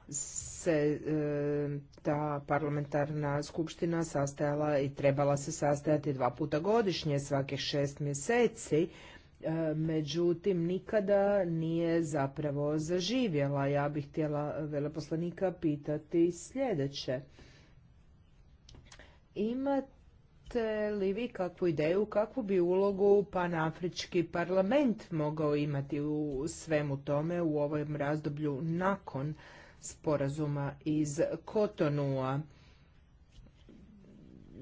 se e, ta parlamentarna skupština sastajala i trebala se sastajati dva puta godišnje, svake šest mjeseci, E, međutim nikada nije zapravo zaživjela. Ja bih htjela veleposlanika pitati sljedeće. Imate li vi kakvu ideju, kakvu bi ulogu panafrički parlament mogao imati u svemu tome u ovom razdoblju nakon sporazuma iz Kotonua?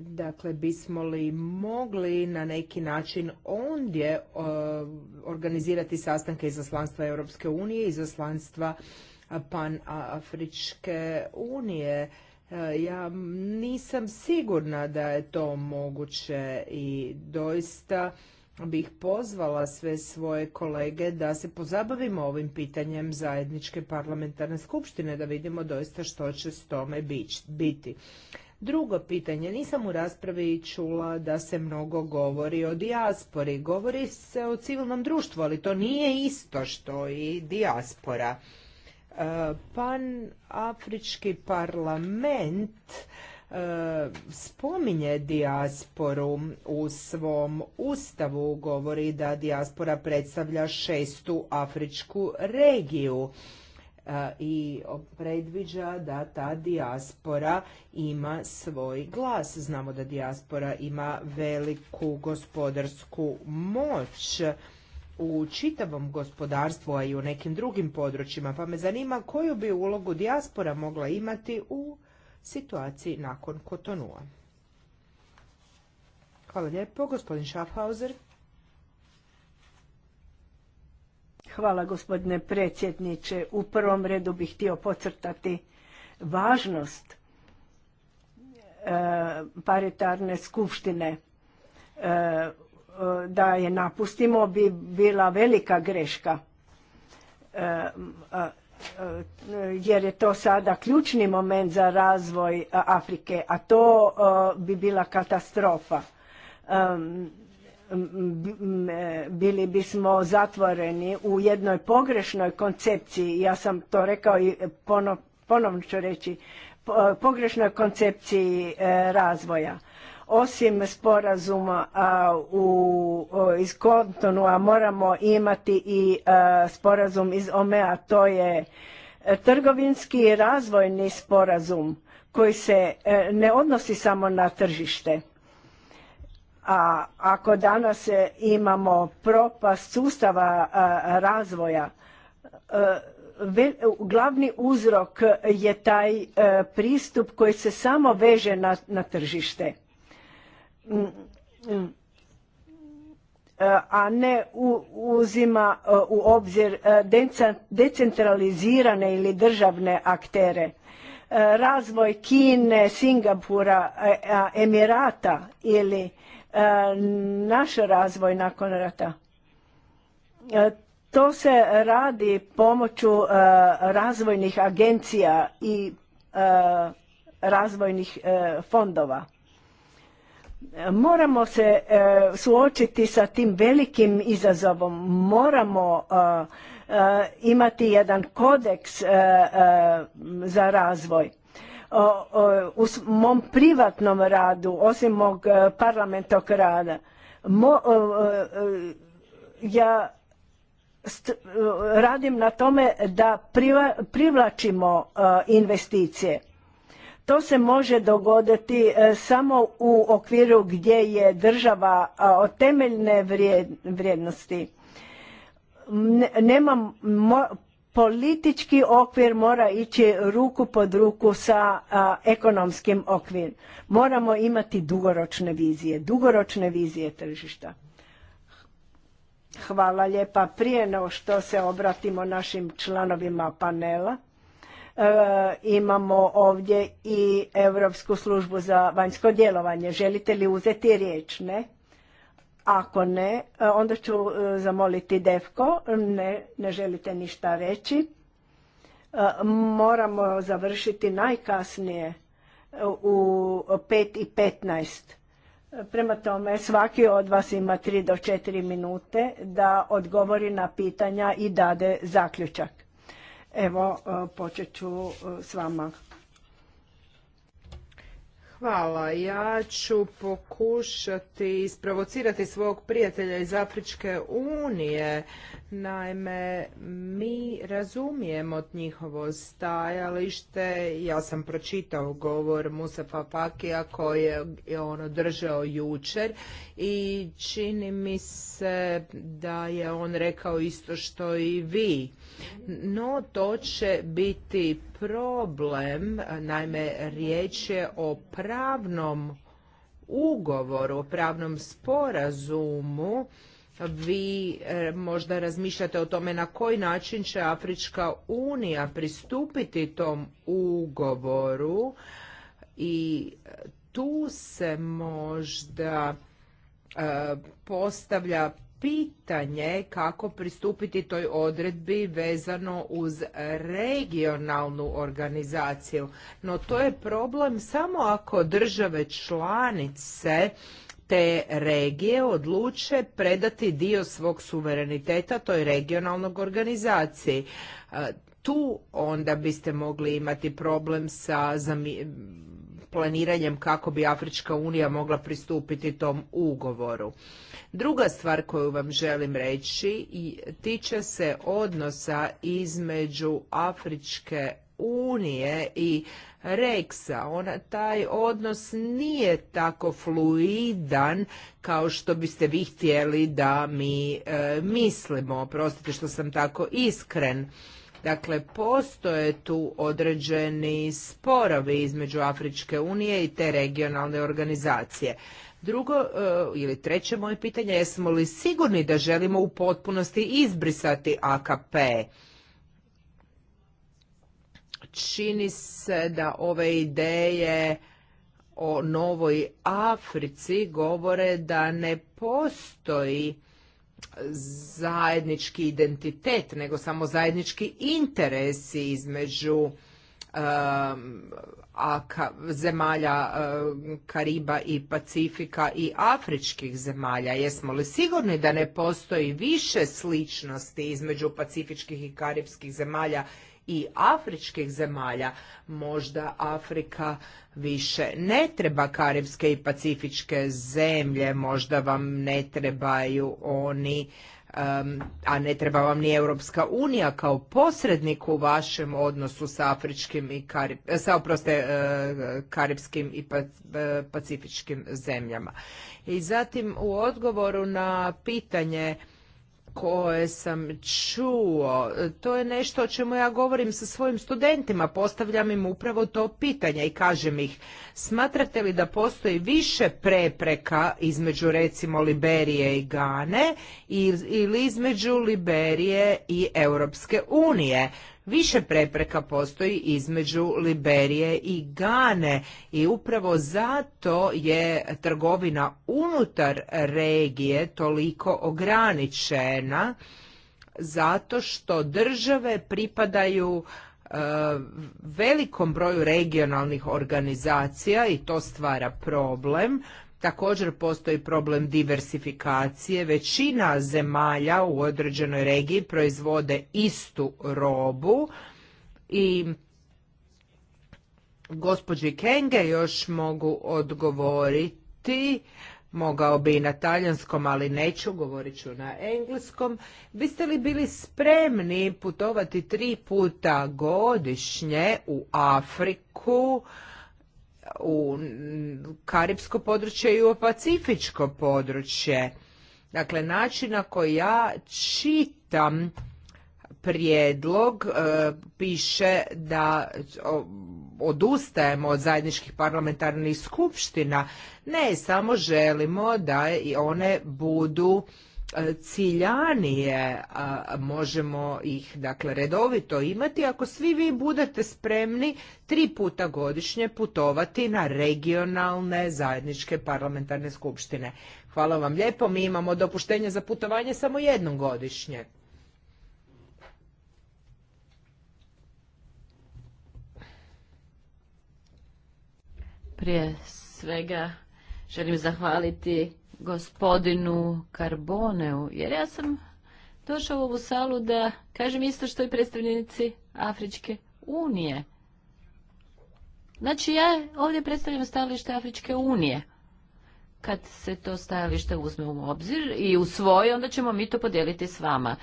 Dakle, bismo li mogli na neki način ondje e, organizirati sastanke izaslanstva Europske unije, izaslanstva pan unije? E, ja nisam sigurna da je to moguće i doista bih pozvala sve svoje kolege da se pozabavimo ovim pitanjem zajedničke parlamentarne skupštine, da vidimo doista što će s tome biti. Drugo pitanje, nisam u raspravi čula da se mnogo govori o dijaspori. Govori se o civilnom društvu, ali to nije isto što i dijaspora. E, pan Afrički parlament e, spominje dijasporu u svom ustavu, govori da dijaspora predstavlja šestu afričku regiju. E, i predviđa da ta dijaspora ima svoj glas. Znamo da dijaspora ima veliku gospodarsku moć u čitavom gospodarstvu, a i u nekim drugim područjima, pa me zanima koju bi ulogu dijaspora mogla imati u situaciji nakon Kotonua. Hvala lijepo, gospodin Schaffhauser. Hvala gospodine predsjedniče. U prvom redu bih htio pocrtati važnost e, paritarne skupštine e, da je napustimo bi bila velika greška e, jer je to sada ključni moment za razvoj Afrike, a to bi bila katastrofa. E, bili bismo zatvoreni u jednoj pogrešnoj koncepciji, ja sam to rekao i ponovno ću reći, pogrešnoj koncepciji e, razvoja. Osim sporazuma u, iz Kontonua moramo imati i e, sporazum iz Omea, to je trgovinski razvojni sporazum koji se ne odnosi samo na tržište a ako danas imamo propast sustava razvoja, glavni uzrok je taj pristup koji se samo veže na, na tržište mm, mm. a ne uzima u obzir decentralizirane ili državne aktere. Razvoj Kine, Singapura, Emirata ili E, naš razvoj nakon rata. E, to se radi pomoću e, razvojnih agencija i razvojnih fondova. Moramo se suočiti sa tim velikim izazovom. Moramo imati jedan kodeks za razvoj u mom privatnom radu, osim mog e, parlamentog rada, e, e, ja radim na tome da privlačimo investicije. To se može dogoditi samo u okviru gdje je država od temeljne vrijednosti. Nemam politički okvir mora ići ruku pod ruku sa ekonomskim okvirom. Moramo imati dugoročne vizije, dugoročne vizije tržišta. Hvala lijepa. Prije nego što se obratimo našim članovima panela, e, imamo ovdje i Europsku službu za vanjsko djelovanje. Želite li uzeti riječ? Ne? Ako ne, e, onda ću e, zamoliti Devko, ne, ne želite ništa reći. E, moramo završiti najkasnije u 5 i 15. Prema tome, svaki od vas ima 3 do 4 minute da odgovori na pitanja i dade zaključak. Evo, počet ću s vama, Hvala. Ja ću pokušati isprovocirati svog prijatelja iz Afričke unije. Naime, mi razumijemo njihovo stajalište. Ja sam pročitao govor Musa Papakija koji je on održao jučer i čini mi se da je on rekao isto što i vi no, to će biti problem, naime, riječ je o pravnom ugovoru, o pravnom sporazumu. Vi e, možda razmišljate o tome na koji način će Afrička unija pristupiti tom ugovoru i tu se možda e, postavlja pitanje kako pristupiti toj odredbi vezano uz regionalnu organizaciju. No to je problem samo ako države članice te regije odluče predati dio svog suvereniteta toj regionalnog organizaciji. E, tu onda biste mogli imati problem sa planiranjem kako bi Afrička unija mogla pristupiti tom ugovoru. Druga stvar koju vam želim reći tiče se odnosa između Afričke unije i Reksa. Ona, taj odnos nije tako fluidan kao što biste vi htjeli da mi e, mislimo. Prostite što sam tako iskren. Dakle, postoje tu određeni sporovi između Afričke unije i te regionalne organizacije. Drugo e, ili treće moje pitanje, jesmo li sigurni da želimo u potpunosti izbrisati AKP? Čini se da ove ideje o novoj Africi govore da ne postoji zajednički identitet, nego samo zajednički interesi između a zemalja Kariba i Pacifika i afričkih zemalja. Jesmo li sigurni da ne postoji više sličnosti između pacifičkih i karibskih zemalja i afričkih zemalja. Možda Afrika više ne treba karibske i pacifičke zemlje, možda vam ne trebaju oni a ne treba vam ni Europska unija kao posrednik u vašem odnosu sa afričkim i karib, e, e, karibskim i pa, e, pacifičkim zemljama. I zatim u odgovoru na pitanje koje sam čuo, to je nešto o čemu ja govorim sa svojim studentima, postavljam im upravo to pitanje i kažem ih, smatrate li da postoji više prepreka između recimo Liberije i Gane ili između Liberije i Europske unije? Više prepreka postoji između Liberije i Gane i upravo zato je trgovina unutar regije toliko ograničena zato što države pripadaju e, velikom broju regionalnih organizacija i to stvara problem Također postoji problem diversifikacije. Većina zemalja u određenoj regiji proizvode istu robu i gospođi Kenge još mogu odgovoriti. Mogao bi i na talijanskom, ali neću, govorit ću na engleskom. Biste li bili spremni putovati tri puta godišnje u Afriku? u karibsko područje i u pacifičko područje. Dakle, način na koji ja čitam prijedlog e, piše da odustajemo od zajedničkih parlamentarnih skupština. Ne, samo želimo da i one budu ciljanije, možemo ih dakle redovito imati ako svi vi budete spremni tri puta godišnje putovati na regionalne zajedničke parlamentarne skupštine. Hvala vam lijepo, mi imamo dopuštenje za putovanje samo jednom godišnje. Prije svega želim zahvaliti gospodinu Karboneu, jer ja sam došao u ovu salu da kažem isto što i predstavnici Afričke unije. Znači ja ovdje predstavljam stajalište Afričke unije. Kad se to stajalište uzme u obzir i u svoje, onda ćemo mi to podijeliti s vama.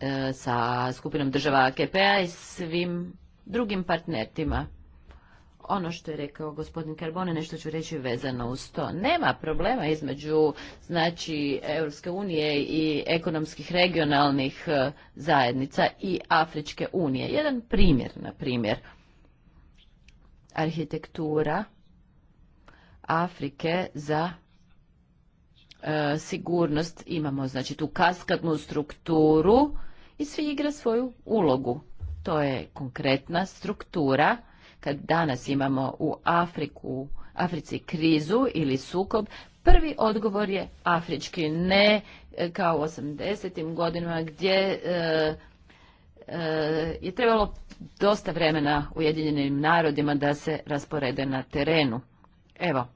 E, sa skupinom država AKP-a i svim drugim partnerima ono što je rekao gospodin Carbone, nešto ću reći vezano uz to. Nema problema između znači Europske unije i ekonomskih regionalnih e, zajednica i Afričke unije. Jedan primjer, na primjer, arhitektura Afrike za e, sigurnost. Imamo znači tu kaskadnu strukturu i svi igra svoju ulogu. To je konkretna struktura kad danas imamo u Afriku, Africi krizu ili sukob, prvi odgovor je afrički, ne e, kao u 80. godinama gdje e, e, je trebalo dosta vremena Ujedinjenim narodima da se rasporede na terenu. Evo,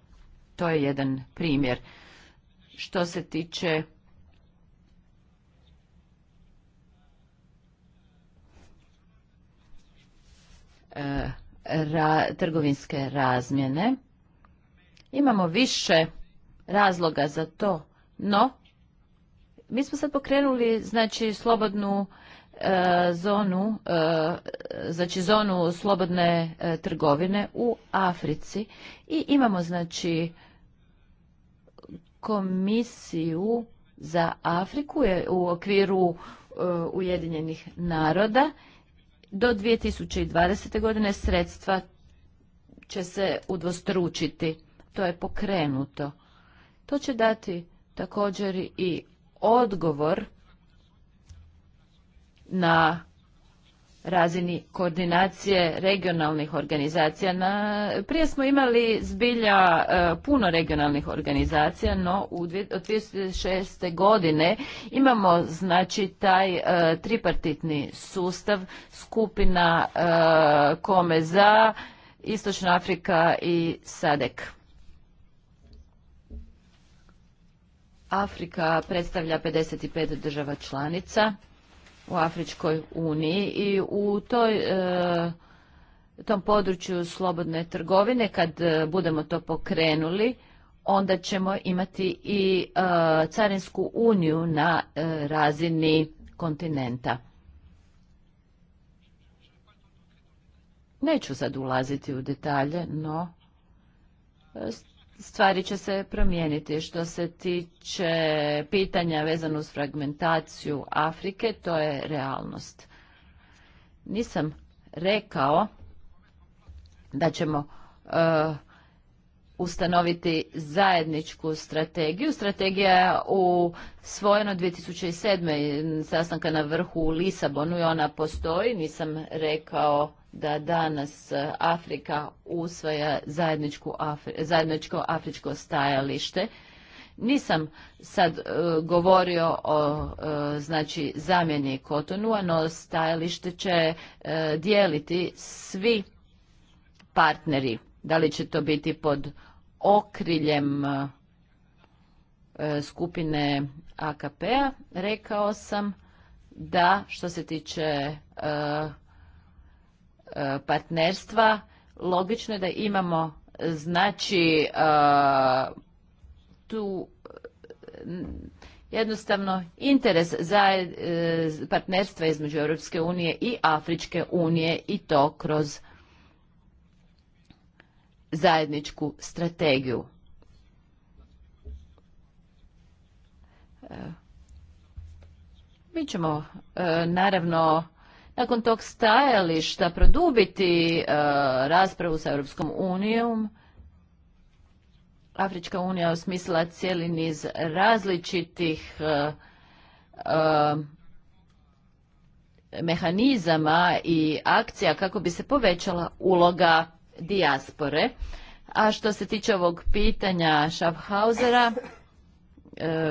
to je jedan primjer. Što se tiče e, trgovinske razmjene. Imamo više razloga za to, no mi smo sad pokrenuli znači slobodnu e, zonu, e, znači zonu slobodne e, trgovine u Africi i imamo znači komisiju za Afriku u okviru Ujedinjenih naroda do 2020. godine sredstva će se udvostručiti. To je pokrenuto. To će dati također i odgovor na razini koordinacije regionalnih organizacija. prije smo imali zbilja e, puno regionalnih organizacija, no u dvije, od 2006. godine imamo znači taj e, tripartitni sustav skupina e, kome Komeza, Istočna Afrika i Sadek. Afrika predstavlja 55 država članica u Afričkoj uniji i u toj e, tom području slobodne trgovine kad e, budemo to pokrenuli onda ćemo imati i e, carinsku uniju na razini kontinenta. Neću sad ulaziti u detalje, no stvari će se promijeniti. Što se tiče pitanja vezano uz fragmentaciju Afrike, to je realnost. Nisam rekao da ćemo uh, ustanoviti zajedničku strategiju. Strategija je usvojena 2007. sastanka na vrhu u Lisabonu i ona postoji. Nisam rekao da danas e, Afrika usvaja zajedničko, afričko stajalište. Nisam sad e, govorio o e, znači zamjeni kotonua, no stajalište će dijeliti svi partneri. Da li će to biti pod okriljem skupine AKP-a, rekao sam da što se tiče E, partnerstva, logično je da imamo znači e, tu e, jednostavno interes za partnerstva između Europske unije i Afričke unije i to kroz zajedničku strategiju. Mi ćemo naravno nakon tog stajališta produbiti e, raspravu sa Europskom unijom. Afrička unija osmislila cijeli niz različitih e, e, mehanizama i akcija kako bi se povećala uloga dijaspore. A što se tiče ovog pitanja Schaffhausera,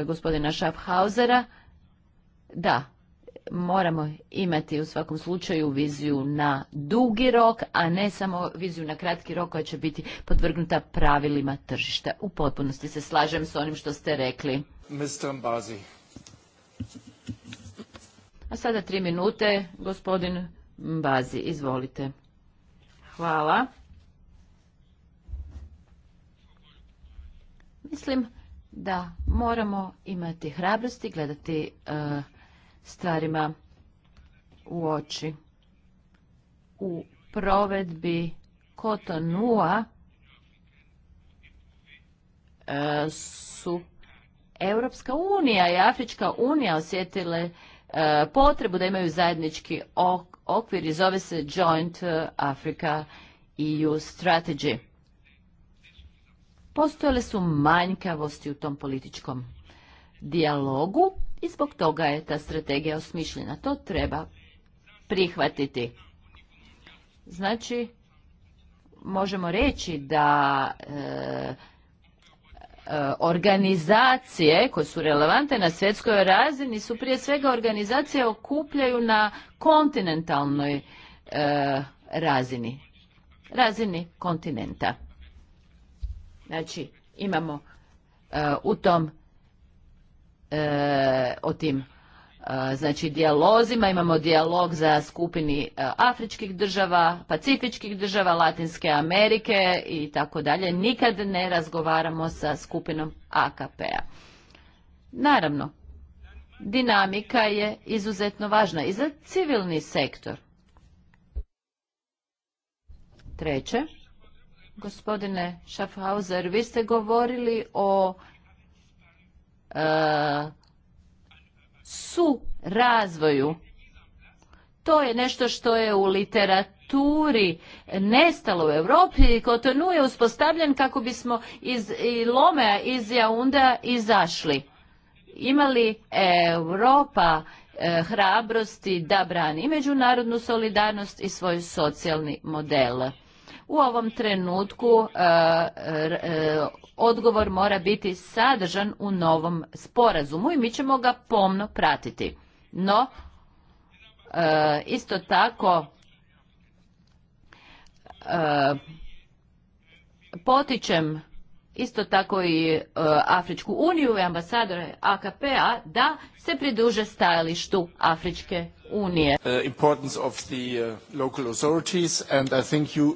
gospodina Schaffhausera, da, moramo imati u svakom slučaju viziju na dugi rok, a ne samo viziju na kratki rok koja će biti podvrgnuta pravilima tržišta. U potpunosti se slažem s onim što ste rekli. Mr. A sada tri minute, gospodin Bazi, izvolite. Hvala. Mislim da moramo imati hrabrosti, gledati eh, stvarima u oči. U provedbi Kotonua e, su Europska unija i Afrička unija osjetile e, potrebu da imaju zajednički okvir i zove se Joint Africa EU Strategy. Postojale su manjkavosti u tom političkom dijalogu i zbog toga je ta strategija osmišljena. To treba prihvatiti. Znači, možemo reći da e, e, organizacije koje su relevante na svjetskoj razini su prije svega organizacije okupljaju na kontinentalnoj e, razini. Razini kontinenta. Znači, imamo u tom e, o tim e, znači dijalozima, imamo dijalog za skupini e, afričkih država, pacifičkih država, Latinske Amerike i tako dalje. Nikad ne razgovaramo sa skupinom AKP-a. Naravno, dinamika je izuzetno važna i za civilni sektor. Treće, gospodine Schaffhauser, vi ste govorili o E, su razvoju. To je nešto što je u literaturi nestalo u Europi. Kotonu je uspostavljen kako bismo iz Lomea, iz Jaunda izašli. Imali Europa e, hrabrosti da brani međunarodnu solidarnost i svoj socijalni model. U ovom trenutku e, e, odgovor mora biti sadržan u novom sporazumu i mi ćemo ga pomno pratiti. No, e, isto tako potičem isto tako i Afričku uniju i ambasadore AKP-a da se priduže stajalištu Afričke unije. Uh, importance of the uh, local authorities and I think you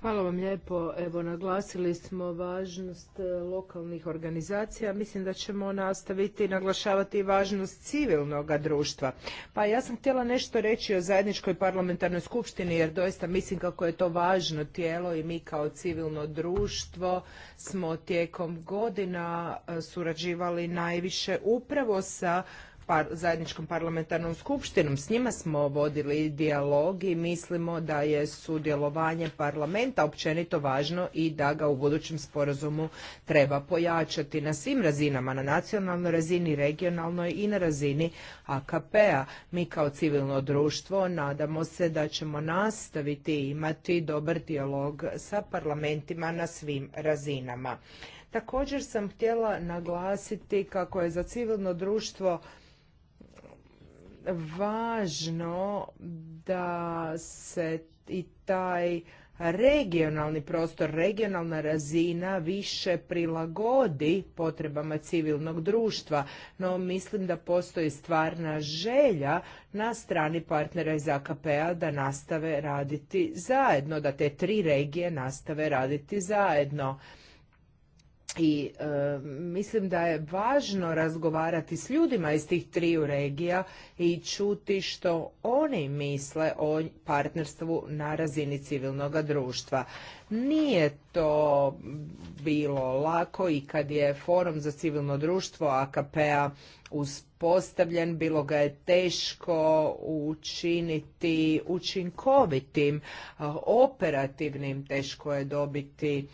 Hvala vam lijepo. Evo, naglasili smo važnost e, lokalnih organizacija. Mislim da ćemo nastaviti naglašavati važnost civilnog društva. Pa ja sam htjela nešto reći o zajedničkoj parlamentarnoj skupštini, jer doista mislim kako je to važno tijelo i mi kao civilno društvo smo tijekom godina e, surađivali najviše upravo sa par, zajedničkom parlamentarnom skupštinom. S njima smo vodili dijalog i mislimo da je sudjelovanje parlamenta općenito važno i da ga u budućem sporazumu treba pojačati na svim razinama, na nacionalnoj razini, regionalnoj i na razini AKP-a. Mi kao civilno društvo nadamo se da ćemo nastaviti imati dobar dijalog sa parlamentima na svim razinama. Također sam htjela naglasiti kako je za civilno društvo važno da se i taj regionalni prostor, regionalna razina više prilagodi potrebama civilnog društva, no mislim da postoji stvarna želja na strani partnera iz AKP-a da nastave raditi zajedno, da te tri regije nastave raditi zajedno i e, mislim da je važno razgovarati s ljudima iz tih triju regija i čuti što oni misle o partnerstvu na razini civilnog društva nije to bilo lako i kad je forum za civilno društvo AKP-a uspostavljen bilo ga je teško učiniti učinkovitim operativnim teško je dobiti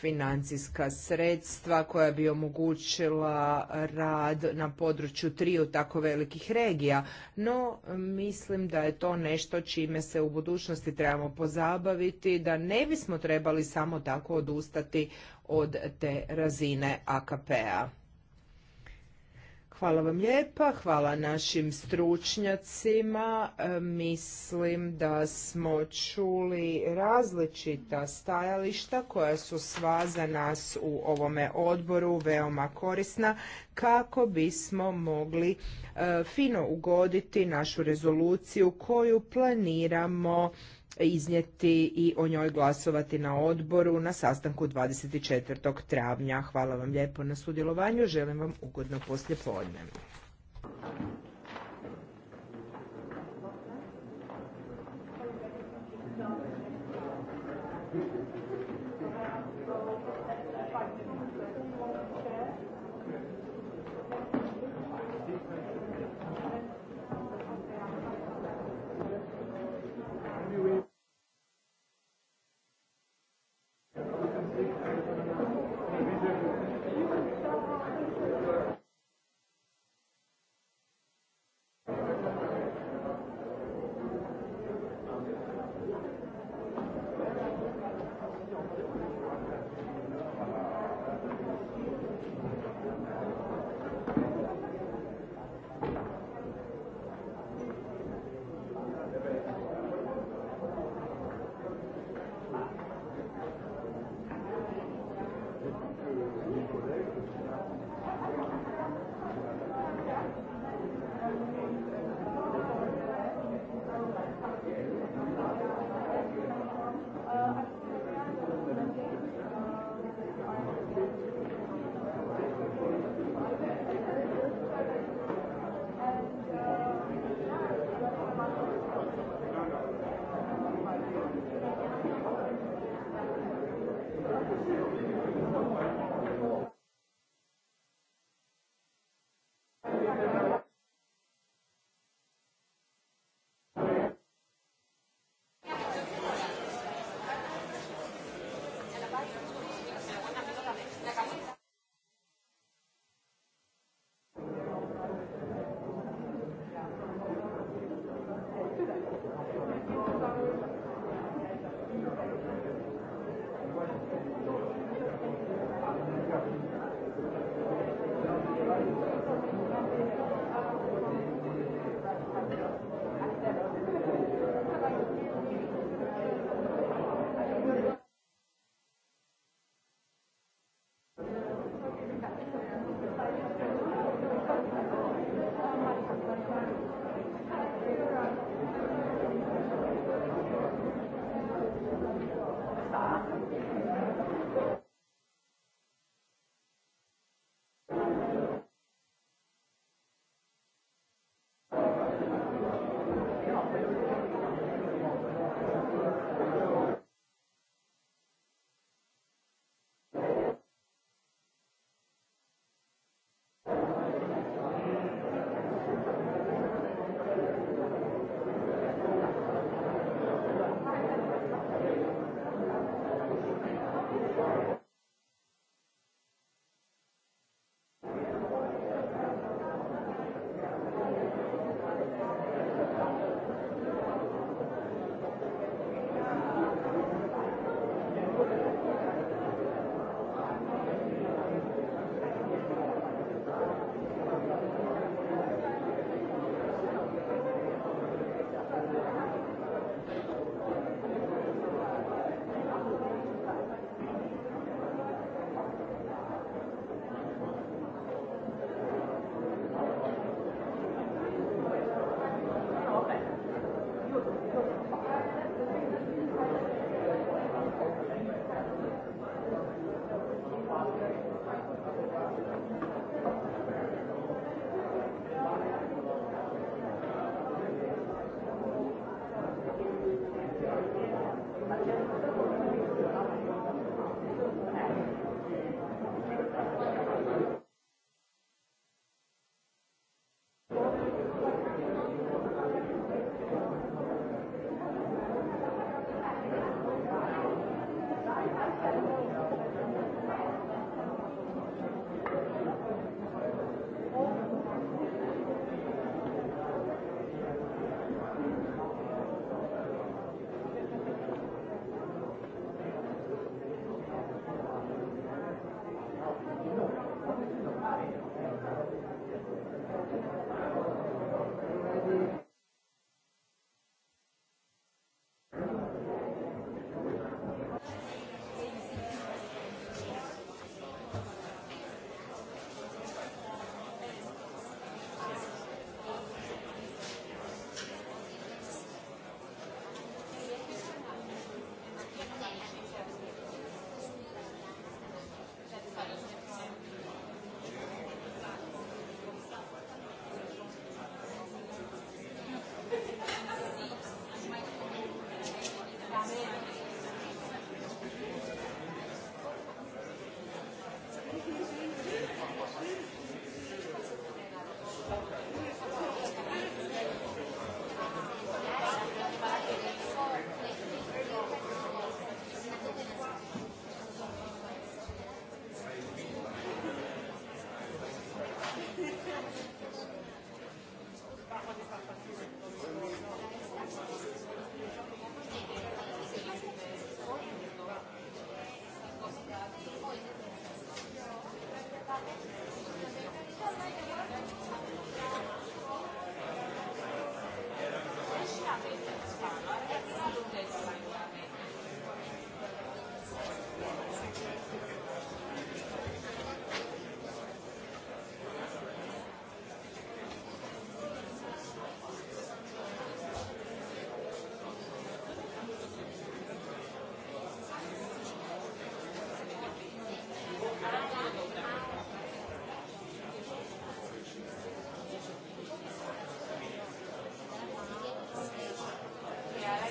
financijska sredstva koja bi omogućila rad na području triju tako velikih regija, no mislim da je to nešto čime se u budućnosti trebamo pozabaviti, da ne bismo trebali samo tako odustati od te razine AKP-a. Hvala vam lijepa, hvala našim stručnjacima. E, mislim da smo čuli različita stajališta koja su sva za nas u ovome odboru veoma korisna kako bismo mogli e, fino ugoditi našu rezoluciju koju planiramo iznijeti i o njoj glasovati na odboru na sastanku 24. travnja. Hvala vam lijepo na sudjelovanju, želim vam ugodno poslje podne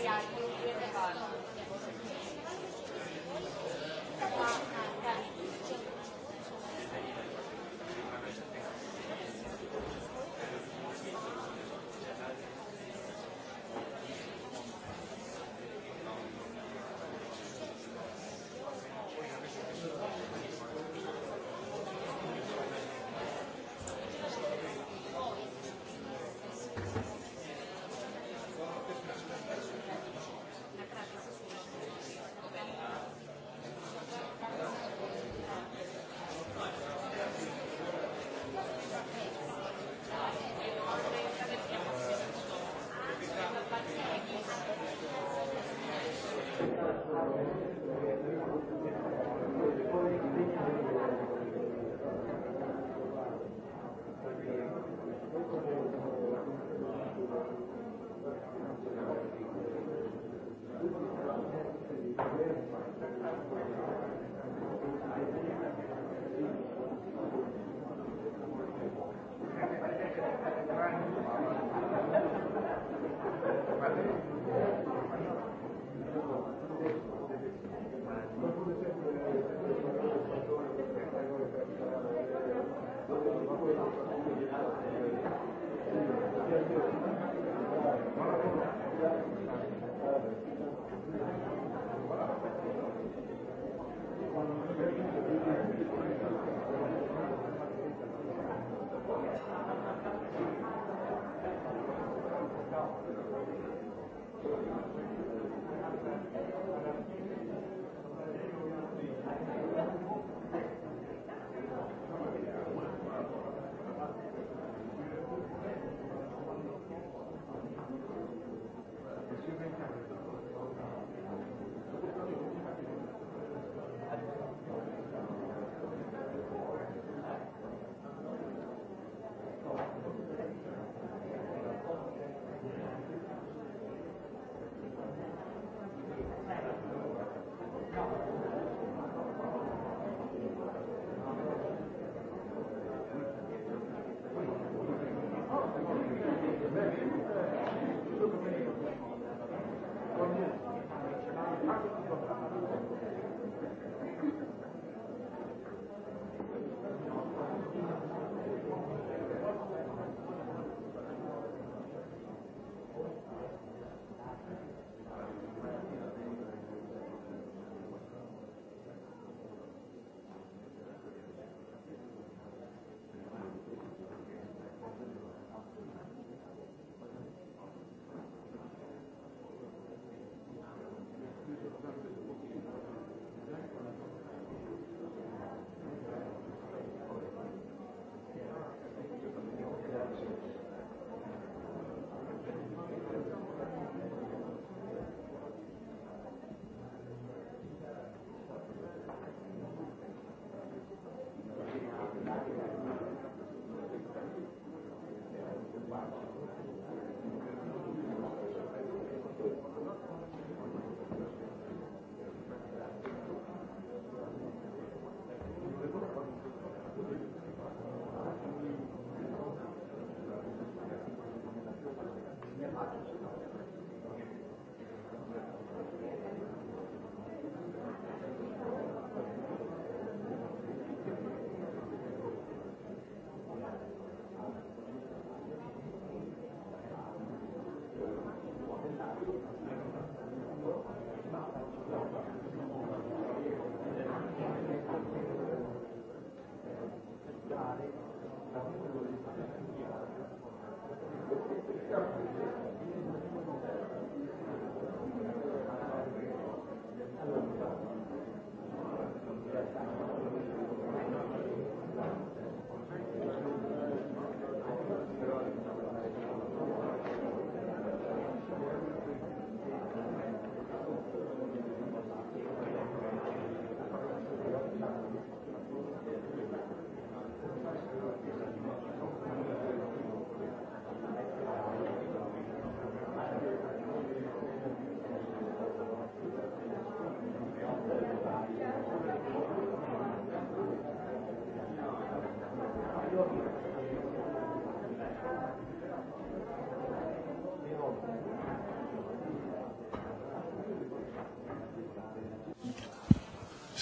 ja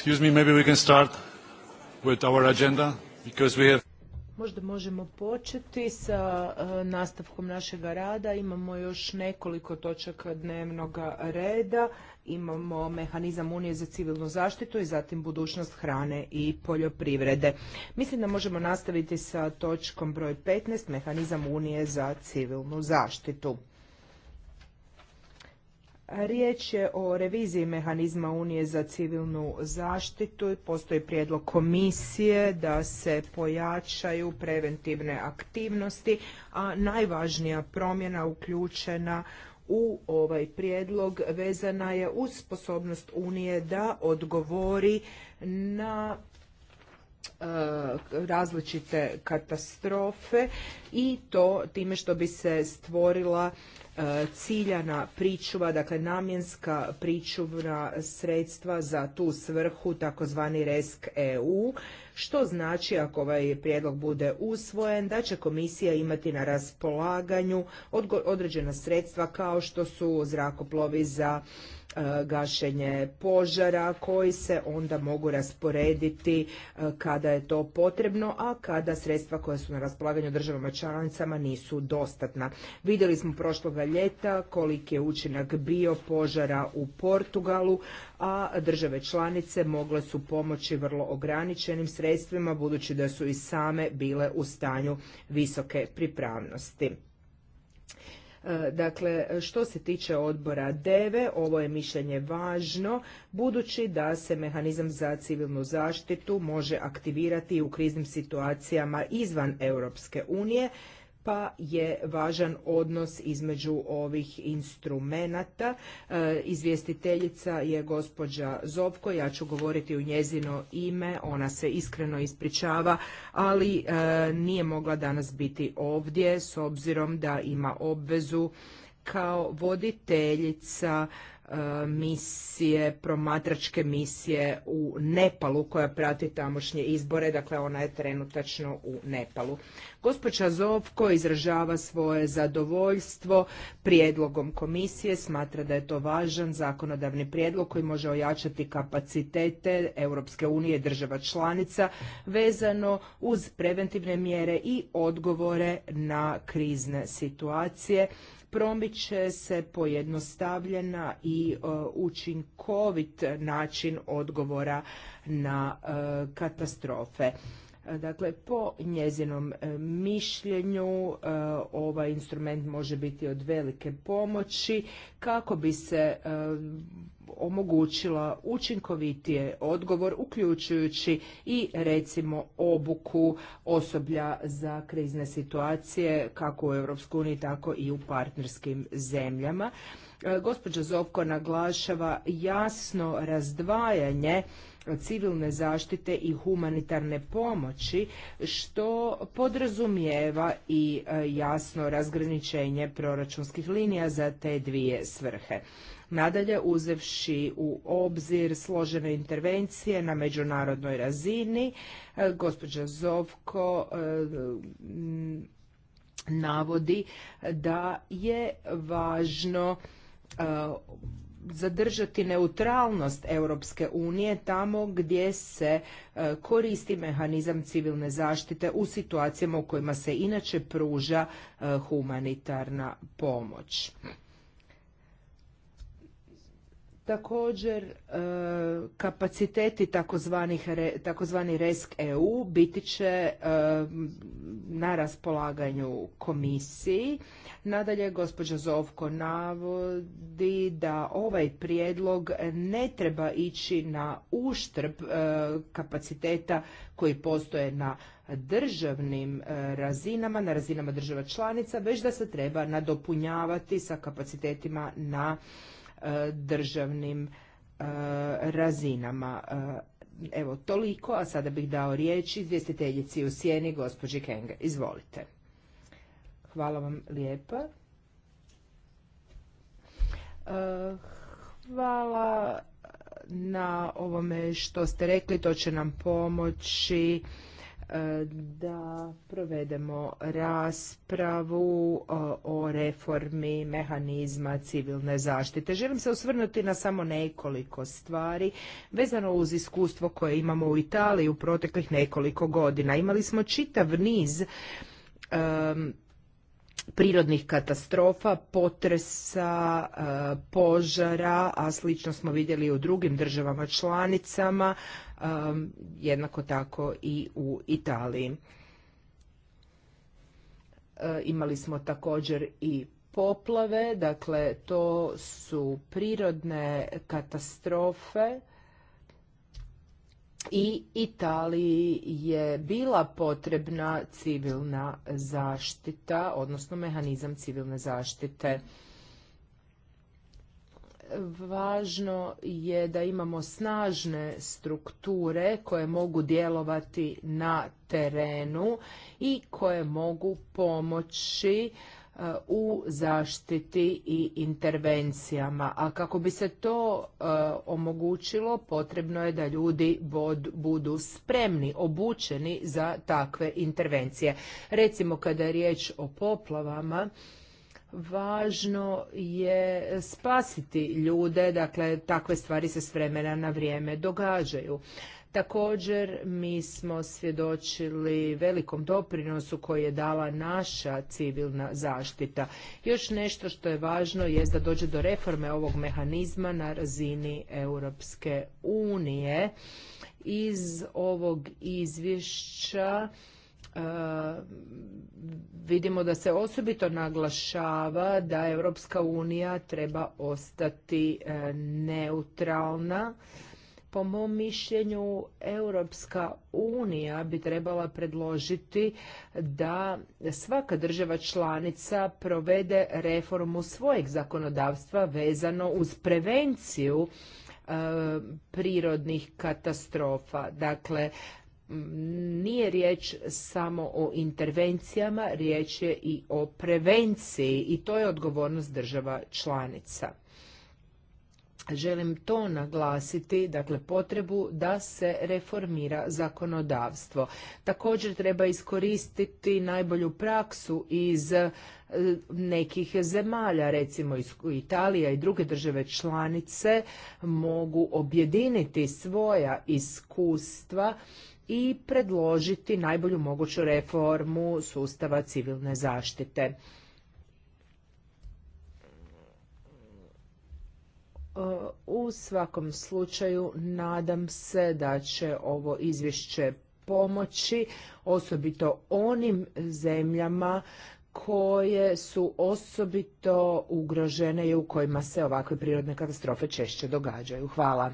Excuse me, maybe we can start with our agenda because we have Možda možemo početi sa e, nastavkom našega rada. Imamo još nekoliko točaka dnevnog reda. Imamo mehanizam Unije za civilnu zaštitu i zatim budućnost hrane i poljoprivrede. Mislim da možemo nastaviti sa točkom broj 15, mehanizam Unije za civilnu zaštitu. Riječ je o reviziji mehanizma Unije za civilnu zaštitu. Postoji prijedlog komisije da se pojačaju preventivne aktivnosti, a najvažnija promjena uključena u ovaj prijedlog vezana je uz sposobnost Unije da odgovori na e, različite katastrofe i to time što bi se stvorila E, ciljana pričuva, dakle namjenska pričuvna sredstva za tu svrhu, takozvani RESK EU, što znači ako ovaj prijedlog bude usvojen da će komisija imati na raspolaganju određena sredstva kao što su zrakoplovi za E, gašenje požara koji se onda mogu rasporediti e, kada je to potrebno, a kada sredstva koja su na raspolaganju državama članicama nisu dostatna. Vidjeli smo prošloga ljeta koliki je učinak bio požara u Portugalu, a države članice mogle su pomoći vrlo ograničenim sredstvima budući da su i same bile u stanju visoke pripravnosti. E, dakle, što se tiče odbora DEVE, ovo je mišljenje važno, budući da se mehanizam za civilnu zaštitu može aktivirati u kriznim situacijama izvan Europske unije, pa je važan odnos između ovih instrumenata. E, izvjestiteljica je gospođa Zovko, ja ću govoriti u njezino ime, ona se iskreno ispričava, ali e, nije mogla danas biti ovdje s obzirom da ima obvezu kao voditeljica E, misije, promatračke misije u Nepalu koja prati tamošnje izbore, dakle ona je trenutačno u Nepalu. Gospođa Zovko izražava svoje zadovoljstvo prijedlogom komisije, smatra da je to važan zakonodavni prijedlog koji može ojačati kapacitete Europske unije država članica vezano uz preventivne mjere i odgovore na krizne situacije promiče se pojednostavljena i e, učinkovit način odgovora na e, katastrofe. E, dakle, po njezinom mišljenju ovaj instrument može biti od velike pomoći kako bi se omogućila učinkovitije odgovor uključujući i recimo obuku osoblja za krizne situacije kako u EU tako i u partnerskim zemljama. E, gospođa Zovko naglašava jasno razdvajanje civilne zaštite i humanitarne pomoći, što podrazumijeva i e, jasno razgraničenje proračunskih linija za te dvije svrhe. Nadalje, uzevši u obzir složene intervencije na međunarodnoj razini, e, gospođa Zovko e, navodi da je važno e, zadržati neutralnost Europske unije tamo gdje se koristi mehanizam civilne zaštite u situacijama u kojima se inače pruža humanitarna pomoć. Također, e, kapaciteti takozvani RESK EU biti će e, na raspolaganju komisiji. Nadalje, gospođa Zovko navodi da ovaj prijedlog ne treba ići na uštrb e, kapaciteta koji postoje na državnim razinama, na razinama država članica, već da se treba nadopunjavati sa kapacitetima na E, državnim e, razinama. E, evo, toliko, a sada bih dao riječ izvjestiteljici u sjeni, gospođi Kenga. Izvolite. Hvala vam lijepa. Hvala na ovome što ste rekli, to će nam pomoći da provedemo raspravu e, o reformi mehanizma civilne zaštite. Želim se osvrnuti na samo nekoliko stvari vezano uz iskustvo koje imamo u Italiji u proteklih nekoliko godina. Imali smo čitav niz prirodnih katastrofa, potresa, e, požara, a slično smo vidjeli u drugim državama članicama, e, jednako tako i u Italiji. E, imali smo također i poplave, dakle to su prirodne katastrofe i Italiji je bila potrebna civilna zaštita, odnosno mehanizam civilne zaštite. Važno je da imamo snažne strukture koje mogu djelovati na terenu i koje mogu pomoći E, u zaštiti i intervencijama. A kako bi se to e, omogućilo, potrebno je da ljudi budu spremni, obučeni za takve intervencije. Recimo kada je riječ o poplavama, važno je spasiti ljude, dakle takve stvari se s vremena na vrijeme događaju. Također mi smo svjedočili velikom doprinosu koji je dala naša civilna zaštita. Još nešto što je važno je da dođe do reforme ovog mehanizma na razini Europske unije. Iz ovog izvješća e, vidimo da se osobito naglašava da Europska unija treba ostati e, neutralna po mom mišljenju, Europska unija bi trebala predložiti da svaka država članica provede reformu svojeg zakonodavstva vezano uz prevenciju e, prirodnih katastrofa. Dakle, nije riječ samo o intervencijama, riječ je i o prevenciji i to je odgovornost država članica želim to naglasiti, dakle potrebu da se reformira zakonodavstvo. Također treba iskoristiti najbolju praksu iz e, nekih zemalja, recimo Italija i druge države članice mogu objediniti svoja iskustva i predložiti najbolju moguću reformu sustava civilne zaštite. U svakom slučaju nadam se da će ovo izvješće pomoći osobito onim zemljama koje su osobito ugrožene i u kojima se ovakve prirodne katastrofe češće događaju. Hvala.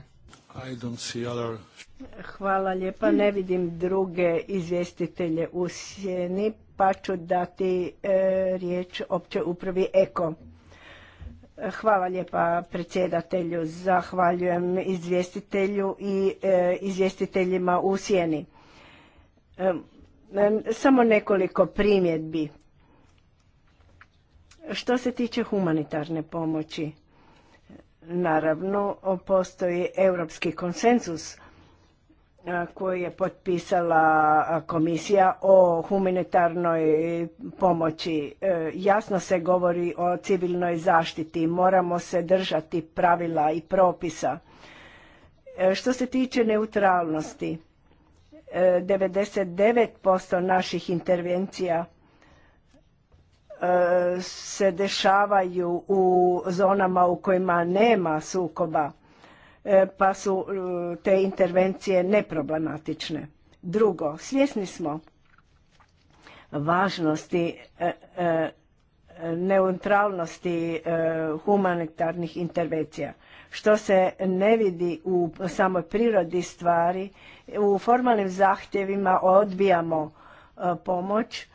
Hvala lijepa. Ne vidim druge izvjestitelje u sjeni, pa ću dati e, riječ opće upravi EKO. Hvala lijepa predsjedatelju, zahvaljujem izvjestitelju i e, izvjestiteljima u sjeni. samo nekoliko primjedbi. Što se tiče humanitarne pomoći, naravno postoji europski konsenzus koji je potpisala komisija o humanitarnoj pomoći. E, jasno se govori o civilnoj zaštiti, moramo se držati pravila i propisa. E, što se tiče neutralnosti, 99% e, naših intervencija se dešavaju u zonama u kojima nema sukoba E, pa su e, te intervencije neproblematične. Drugo, svjesni smo važnosti e, neutralnosti humanitarnih intervencija. Što se ne vidi u samoj prirodi stvari, u formalnim zahtjevima odbijamo pomoć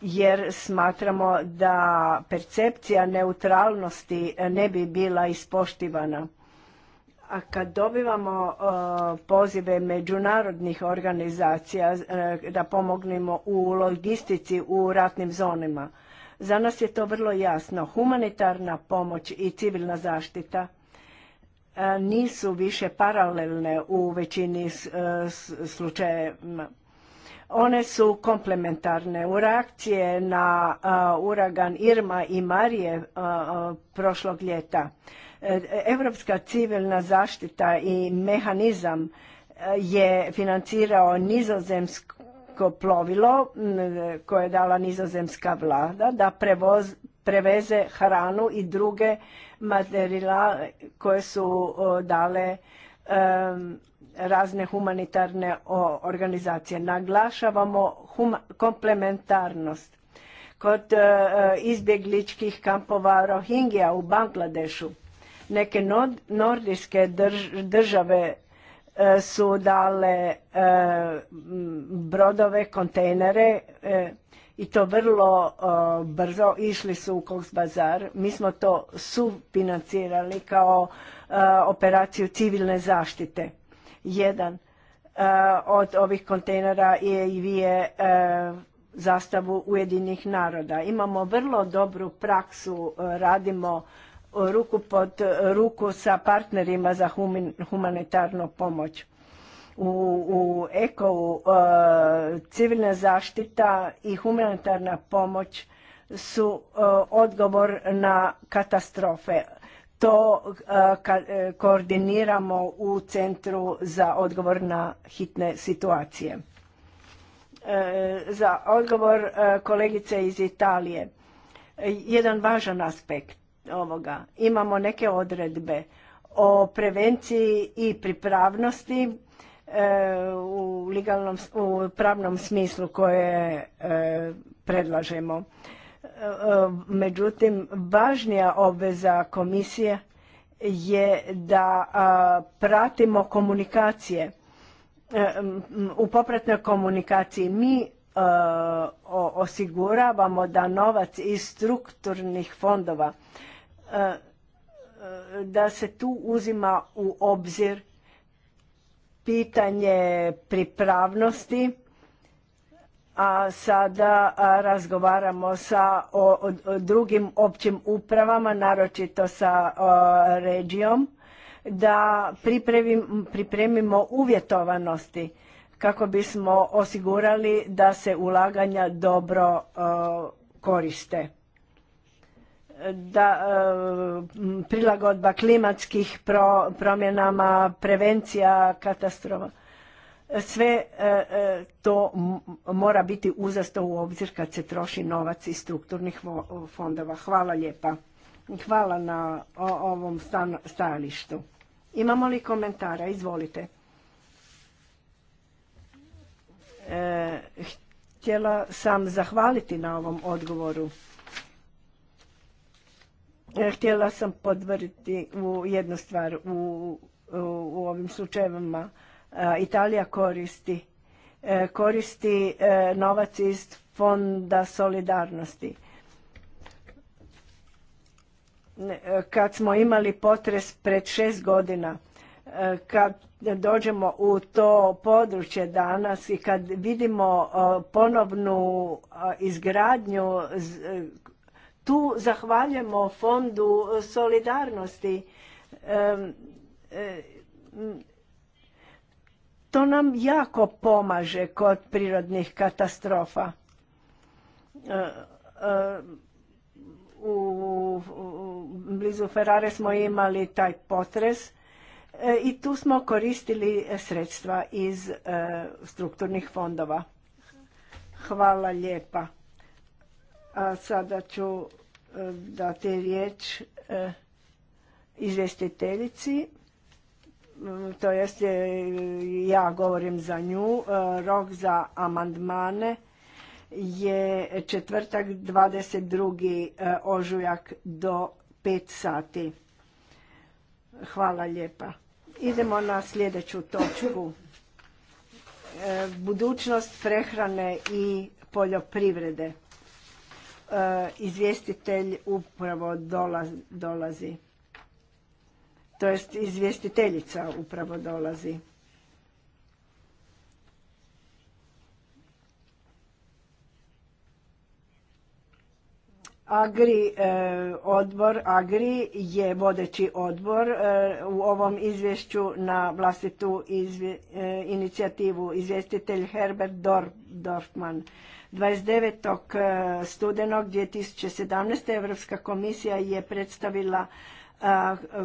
jer smatramo da percepcija neutralnosti ne bi bila ispoštivana a kad dobivamo e, pozive međunarodnih organizacija e, da pomognemo u logistici u ratnim zonima, za nas je to vrlo jasno. Humanitarna pomoć i civilna zaštita e, nisu više paralelne u većini slučajeva. One su komplementarne. U reakcije na uragan Irma i Marije prošlog ljeta Europska civilna zaštita i mehanizam e, je financirao nizozemsko plovilo koje je dala nizozemska vlada da prevoz, preveze hranu i druge materijale koje su dale razne humanitarne organizacije. Naglašavamo komplementarnost. Kod e, e, izbjegličkih kampova Rohingya u Bangladešu Neke nordijske države e, su dale e, brodove, kontejnere e, i to vrlo brzo. Išli su u bazar. Mi smo to sufinancirali kao operaciju civilne zaštite. Jedan od ovih kontejnera je i vije zastavu Ujedinih naroda. Imamo vrlo dobru praksu, radimo ruku pod ruku sa partnerima za humanitarnu pomoć. U, u eko e, civilna zaštita i humanitarna pomoć su e, odgovor na katastrofe. To e, koordiniramo u Centru za odgovor na hitne situacije. Za odgovor kolegice iz Italije. Jedan važan aspekt ovoga. Imamo neke odredbe o prevenciji i pripravnosti e, u, legalnom, u pravnom smislu koje e, predlažemo. E, međutim, važnija obveza komisije je da pratimo komunikacije. U popratnoj komunikaciji mi osiguravamo da novac iz strukturnih fondova da se tu uzima u obzir pitanje pripravnosti, a sada razgovaramo sa drugim općim upravama, naročito sa regijom, da pripremimo uvjetovanosti kako bismo osigurali da se ulaganja dobro koriste da e, prilagodba klimatskih promjenama, prevencija katastrofa, sve e, e, to mora biti uzasto u obzir kad se troši novac iz strukturnih fondova. Hvala lijepa. Hvala na ovom stajalištu. Imamo li komentara? Izvolite. htjela sam zahvaliti na ovom odgovoru. E, htjela sam potvrditi u jednu stvar u, u, ovim slučajevima. E, Italija koristi e, koristi novac iz fonda solidarnosti. Kad smo imali potres pred šest godina, kad dođemo u to područje danas i kad vidimo ponovnu izgradnju tu zahvaljujemo fondu solidarnosti to nam jako pomaže kod prirodnih katastrofa e, e, u blizu Ferrare smo imali taj potres e, i tu smo koristili sredstva iz strukturnih fondova. Hvala lijepa. A sada ću e, dati riječ e, izvjestiteljici, mm, to jest e, ja govorim za nju, rok za amandmane je četvrtak 22. ožujak do 5 sati. Hvala lijepa. Idemo na sljedeću točku. Budućnost prehrane i poljoprivrede. Eh, izvjestitelj upravo dolazi. To jest izvjestiteljica upravo dolazi. Agri eh, odbor, Agri je vodeći odbor eh, u ovom izvješću na vlastitu inicijativu izvjestitelj Herbert Dorfman. 29. studenog 2017. Europska komisija je predstavila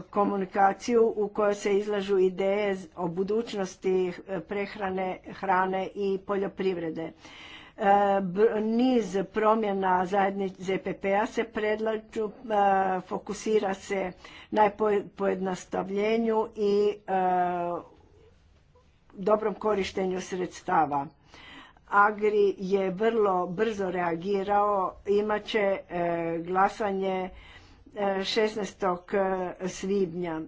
komunikaciju u kojoj se izlažu ideje o budućnosti e, prehrane, hrane i poljoprivrede. E, niz promjena zajednice ZPP-a se predlažu, e, fokusira se na pojednostavljenju i dobrom korištenju sredstava. Agri je vrlo brzo reagirao, imat će e, glasanje 16. E, e, svibnja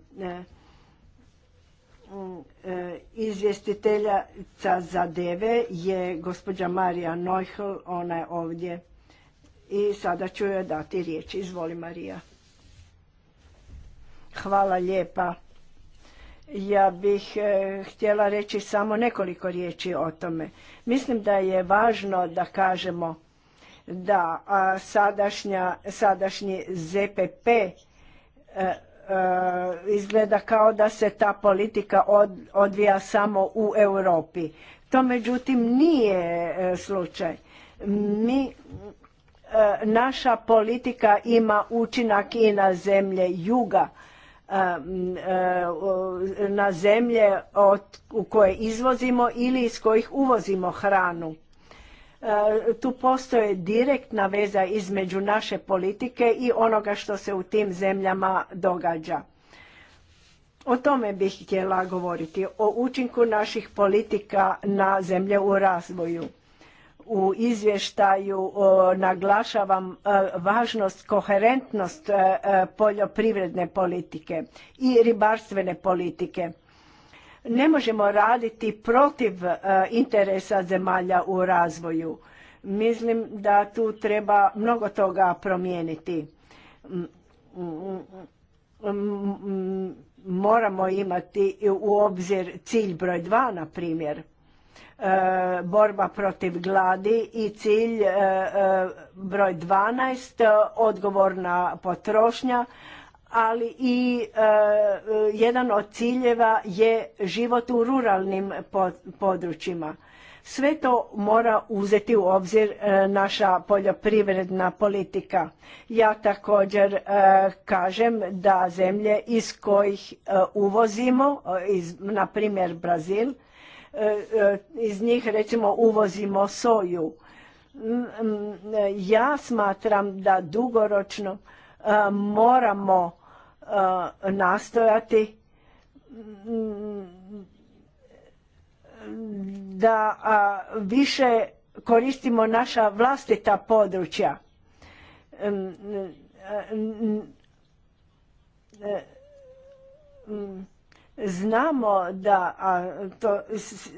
izvjestiteljica za deve je gospođa Marija Neuhl, ona je ovdje. I sada ću joj dati riječ. Izvoli Marija. Hvala lijepa. Ja bih e, htjela reći samo nekoliko riječi o tome. Mislim da je važno da kažemo da a, sadašnja, sadašnji ZPP e, e, izgleda kao da se ta politika odvija samo u Europi. To međutim nije slučaj. Mi naša politika ima učinak i na zemlje juga Um, uh, na zemlje u koje izvozimo ili iz kojih uvozimo hranu. Uh, tu postoje direktna veza između naše politike i onoga što se u tim zemljama događa. O tome bih htjela govoriti, o učinku naših politika na zemlje u razvoju u izvještaju naglašavam e, važnost, koherentnost e, e, poljoprivredne politike i ribarstvene politike. Ne možemo raditi protiv interesa zemalja u razvoju. Mislim da tu treba mnogo toga promijeniti. Moramo imati u obzir cilj broj dva, na primjer E, borba protiv gladi i cilj e, e, broj 12 odgovorna potrošnja ali i jedan od ciljeva je život u ruralnim područjima sve to mora uzeti u obzir naša poljoprivredna politika. Ja također kažem da zemlje iz kojih uvozimo, na primjer Brazil, E, e, iz njih recimo uvozimo soju. E, ja smatram da dugoročno moramo nastojati da više koristimo naša vlastita područja. Znamo da, to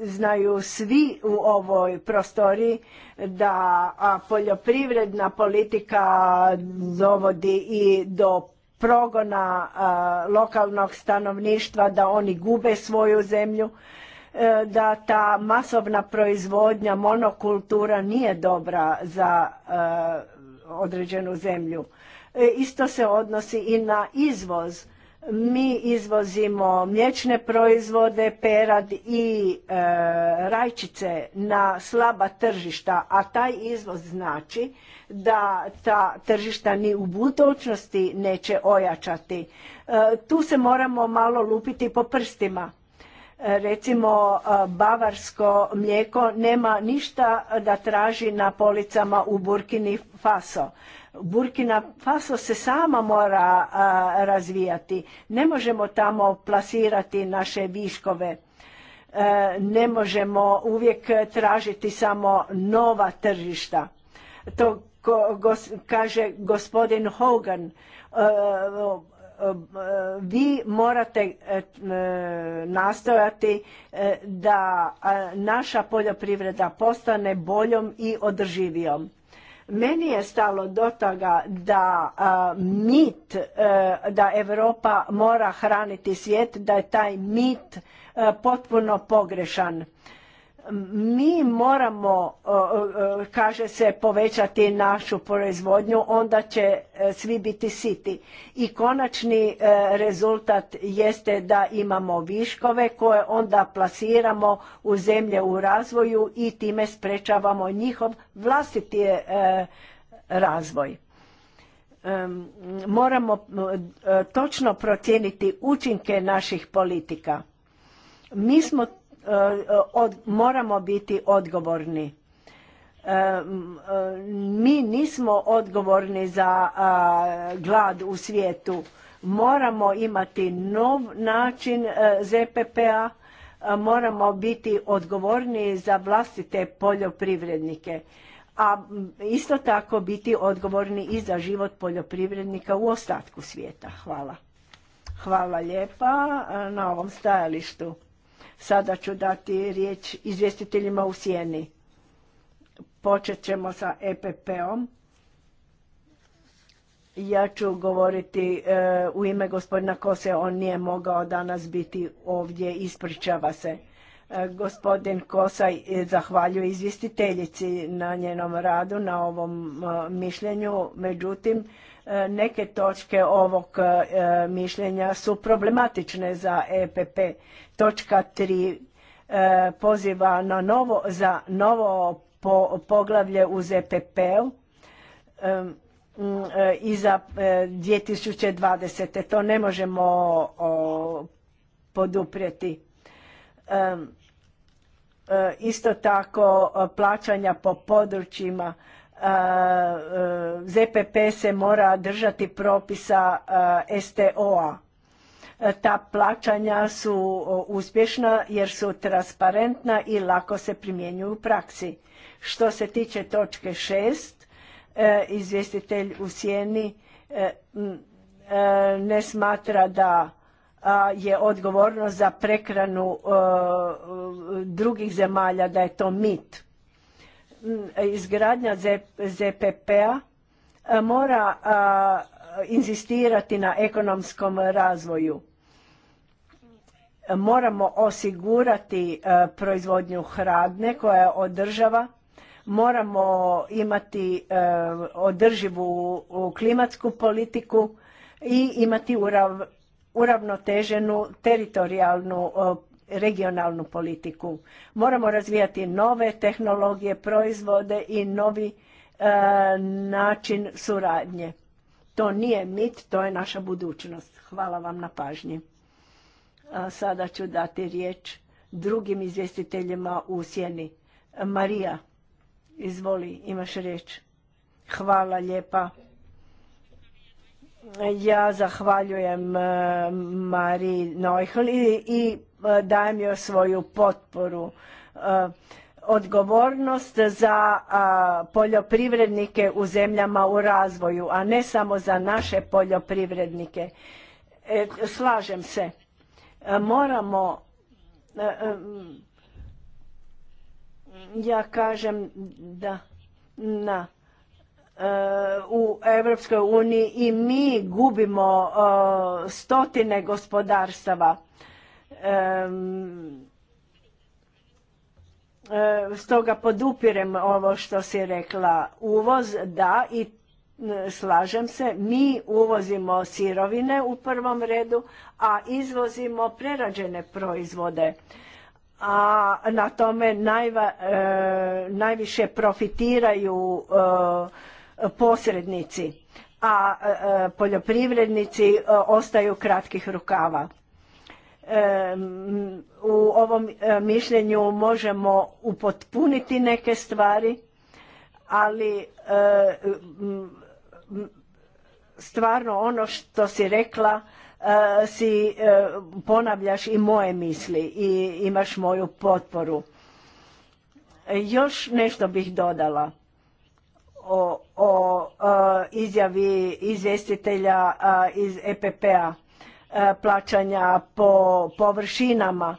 znaju svi u ovoj prostoriji, da poljoprivredna politika dovodi i do progona lokalnog stanovništva, da oni gube svoju zemlju, e, da ta masovna proizvodnja monokultura nije dobra za e, određenu zemlju. E, isto se odnosi i na izvoz mi izvozimo mliječne proizvode, perad i e, rajčice na slaba tržišta, a taj izvoz znači da ta tržišta ni u budućnosti neće ojačati. E, tu se moramo malo lupiti po prstima. E, recimo, bavarsko mlijeko nema ništa da traži na policama u Burkini Faso Burkina Faso se sama mora razvijati. Ne možemo tamo plasirati naše viškove. E, ne možemo uvijek tražiti samo nova tržišta. To ko, kaže gospodin Hogan. E, e, vi morate nastojati da naša poljoprivreda postane boljom i održivijom. Meni je stalo do toga da mit, e, da Europa mora hraniti svijet, da je taj mit e, potpuno pogrešan mi moramo, kaže se, povećati našu proizvodnju, onda će e, svi biti siti. I konačni e, rezultat jeste da imamo viškove koje onda plasiramo u zemlje u razvoju i time sprečavamo njihov vlastiti e, razvoj. Moramo točno procijeniti učinke naših politika. Mi smo Eh, moramo biti odgovorni. Eh, eh, mi nismo odgovorni za glad u svijetu. Moramo imati nov način ZPP-a, moramo biti odgovorni za vlastite poljoprivrednike, a isto tako biti odgovorni i za život poljoprivrednika u ostatku svijeta. Hvala. Hvala lijepa na ovom stajalištu. Sada ću dati riječ izvjestiteljima u sjeni. Počet ćemo sa EPP-om. Ja ću govoriti e, u ime gospodina Kose, on nije mogao danas biti ovdje, ispričava se. E, gospodin Kosa e, zahvaljuje izvjestiteljici na njenom radu, na ovom mišljenju, međutim E, neke točke ovog e, mišljenja su problematične za EPP. Točka 3 e, poziva na novo, za novo poglavlje u epp u i za 2020. To ne možemo poduprijeti. Isto tako plaćanja po područjima ZPP se mora držati propisa STO-a. E, ta plaćanja su uspješna jer su transparentna i lako se primjenjuju u praksi. Što se tiče točke šest e, izvjestitelj u sjeni e, ne smatra da je odgovornost za prekranu drugih zemalja, da je to mit izgradnja ZPP-a e, mora inzistirati na ekonomskom razvoju. Moramo osigurati e, proizvodnju hradne koja je održava, moramo imati e, održivu klimatsku politiku i imati uravnoteženu teritorijalnu regionalnu politiku. Moramo razvijati nove tehnologije, proizvode i novi e, način suradnje. To nije mit, to je naša budućnost. Hvala vam na pažnji. sada ću dati riječ drugim izvjestiteljima u sjeni. Marija, izvoli, imaš riječ. Hvala lijepa. Ja zahvaljujem e, mari Neuhl i, i e, dajem joj svoju potporu. E, odgovornost za poljoprivrednike u zemljama u razvoju, a ne samo za naše poljoprivrednike. Slažem se. Moramo ja kažem da na u Europskoj uniji i mi gubimo e, stotine gospodarstava. E, stoga podupirem ovo što si rekla. Uvoz, da, i e, slažem se, mi uvozimo sirovine u prvom redu, a izvozimo prerađene proizvode. A na tome najviše profitiraju posrednici, a e, poljoprivrednici e, ostaju kratkih rukava. E, u ovom mišljenju možemo upotpuniti neke stvari, ali stvarno ono što si rekla si ponavljaš i moje misli i imaš moju potporu. Još nešto bih dodala o, o e, izjavi izvjestitelja e, iz EPP-a e, plaćanja po površinama,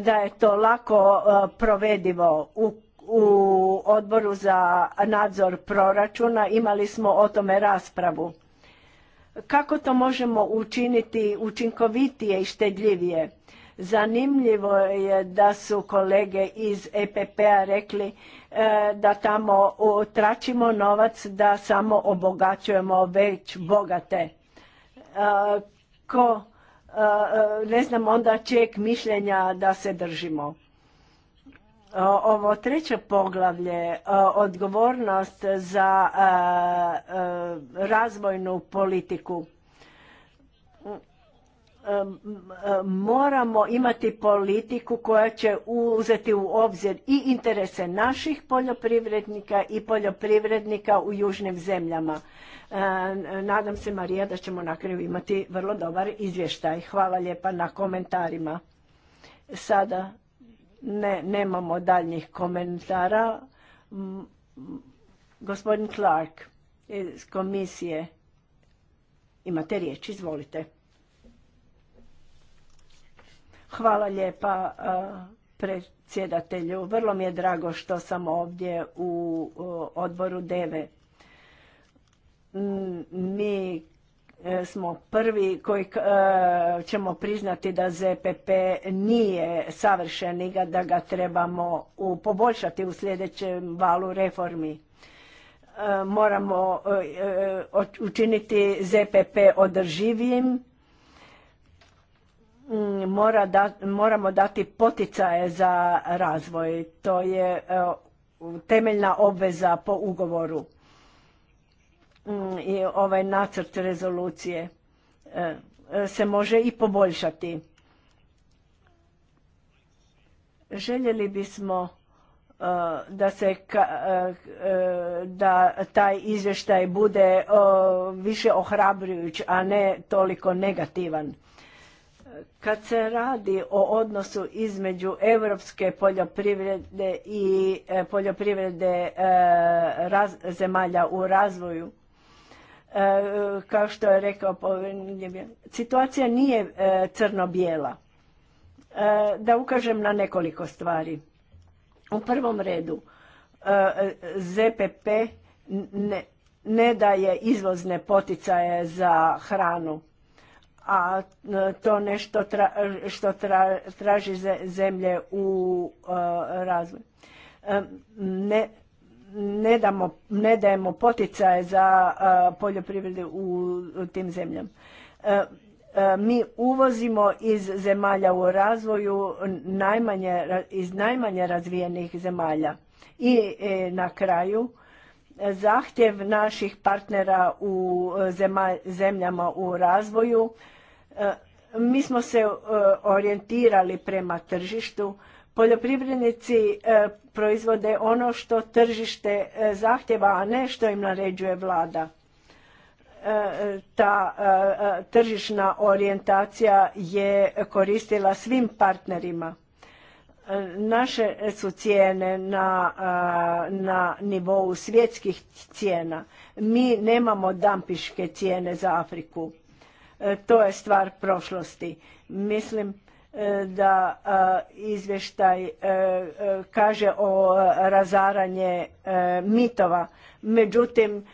da je to lako provedivo u u odboru za nadzor proračuna imali smo o tome raspravu. Kako to možemo učiniti učinkovitije i štedljivije? Zanimljivo je da su kolege iz EPP-a rekli E, da tamo tračimo novac da samo obogaćujemo već bogate. E, ko e, ne znam onda čijeg mišljenja da se držimo. Ovo treće poglavlje, odgovornost za razvojnu politiku moramo imati politiku koja će uzeti u obzir i interese naših poljoprivrednika i poljoprivrednika u južnim zemljama. E, nadam se, Marija, da ćemo na kraju imati vrlo dobar izvještaj. Hvala lijepa na komentarima. Sada ne, nemamo daljnjih komentara. Gospodin Clark iz komisije, imate riječ, izvolite. Hvala lijepa predsjedatelju. Vrlo mi je drago što sam ovdje u odboru DEVE. Mi e, smo prvi koji e, ćemo priznati da ZPP nije savršen i da ga trebamo poboljšati u sljedećem valu reformi. E, moramo učiniti ZPP održivijim mora da, moramo dati poticaje za razvoj. To je e, temeljna obveza po ugovoru i ovaj nacrt rezolucije e, se može i poboljšati. Željeli bismo e, da se da taj izvještaj bude više ohrabrujuć, a ne toliko negativan. Kad se radi o odnosu između europske poljoprivrede i e, poljoprivrede e, zemalja u razvoju, e, kao što je rekao situacija nije crno-bijela. Da ukažem na nekoliko stvari. U prvom redu, ZPP ne daje izvozne poticaje za hranu a e, to nešto što tra, traži zemlje u e, razvoju. E, ne, ne, damo, ne dajemo poticaje za poljoprivredu u tim zemljama. Mi uvozimo iz zemalja u razvoju najmanje, iz najmanje razvijenih zemalja. I na kraju zahtjev naših partnera u zemljama u razvoju E, mi smo se e, orijentirali prema tržištu. Poljoprivrednici e, proizvode ono što tržište zahtjeva, a ne što im naređuje vlada. Ta tržišna orijentacija je koristila svim partnerima. Naše su cijene na, na nivou svjetskih cijena. Mi nemamo dampiške cijene za Afriku E, to je stvar prošlosti. Mislim e, da e, izvještaj kaže o razaranje mitova. Međutim,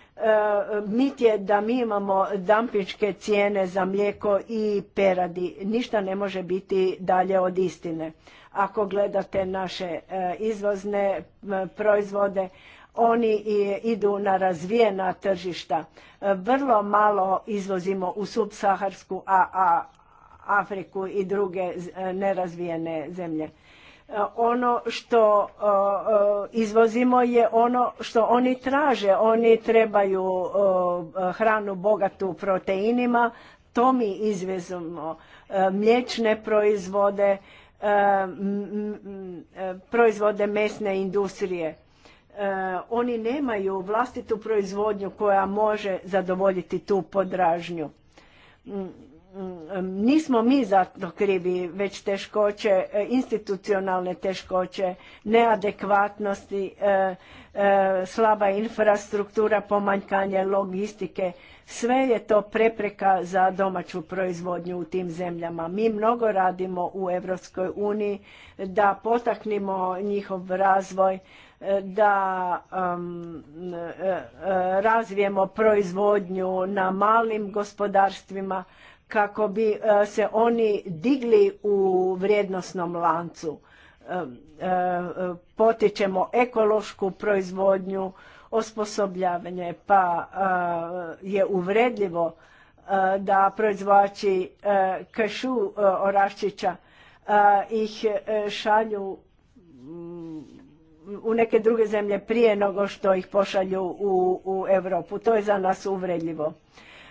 mit je da mi imamo dampičke cijene za mlijeko i peradi. Ništa ne može biti dalje od istine. Ako gledate naše izvozne proizvode, oni idu na razvijena tržišta. E, vrlo malo izvozimo u subsaharsku Afriku i druge e, nerazvijene zemlje. E, ono što izvozimo je ono što oni traže. Oni trebaju hranu bogatu proteinima, to mi izvezujemo Mliječne proizvode, proizvode mesne industrije Eh, oni nemaju vlastitu proizvodnju koja može zadovoljiti tu podražnju. Mm, mm, nismo mi zato krivi, već teškoće, eh, institucionalne teškoće, neadekvatnosti, eh, slaba infrastruktura, pomanjkanje logistike. Sve je to prepreka za domaću proizvodnju u tim zemljama. Mi mnogo radimo u EU uniji da potaknemo njihov razvoj, da um, e, e, razvijemo proizvodnju na malim gospodarstvima kako bi e, se oni digli u vrijednosnom lancu. potičemo ekološku proizvodnju, osposobljavanje pa je uvredljivo da proizvođači kašu oraščića ih šalju u neke druge zemlje prije nego što ih pošalju u, u Europu. To je za nas uvredljivo.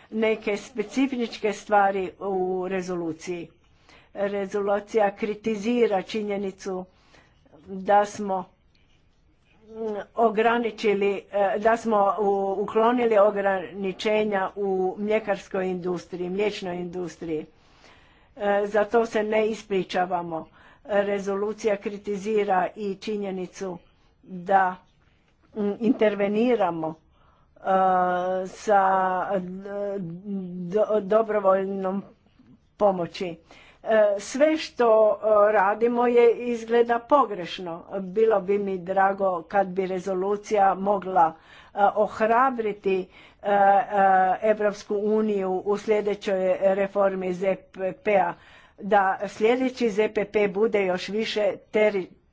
Neke specifičke stvari u rezoluciji. Rezolucija kritizira činjenicu da smo ograničili, da smo uklonili ograničenja u mljekarskoj industriji, mliječnoj industriji. E, za to se ne ispričavamo. Rezolucija kritizira i činjenicu da mm, interveniramo uh, sa dobrovoljnom pomoći. Uh, sve što uh, radimo je izgleda pogrešno. Bilo bi mi drago kad bi rezolucija mogla ohrabriti Evropsku uniju u sljedećoj reformi ZPP-a, da sljedeći ZPP bude još više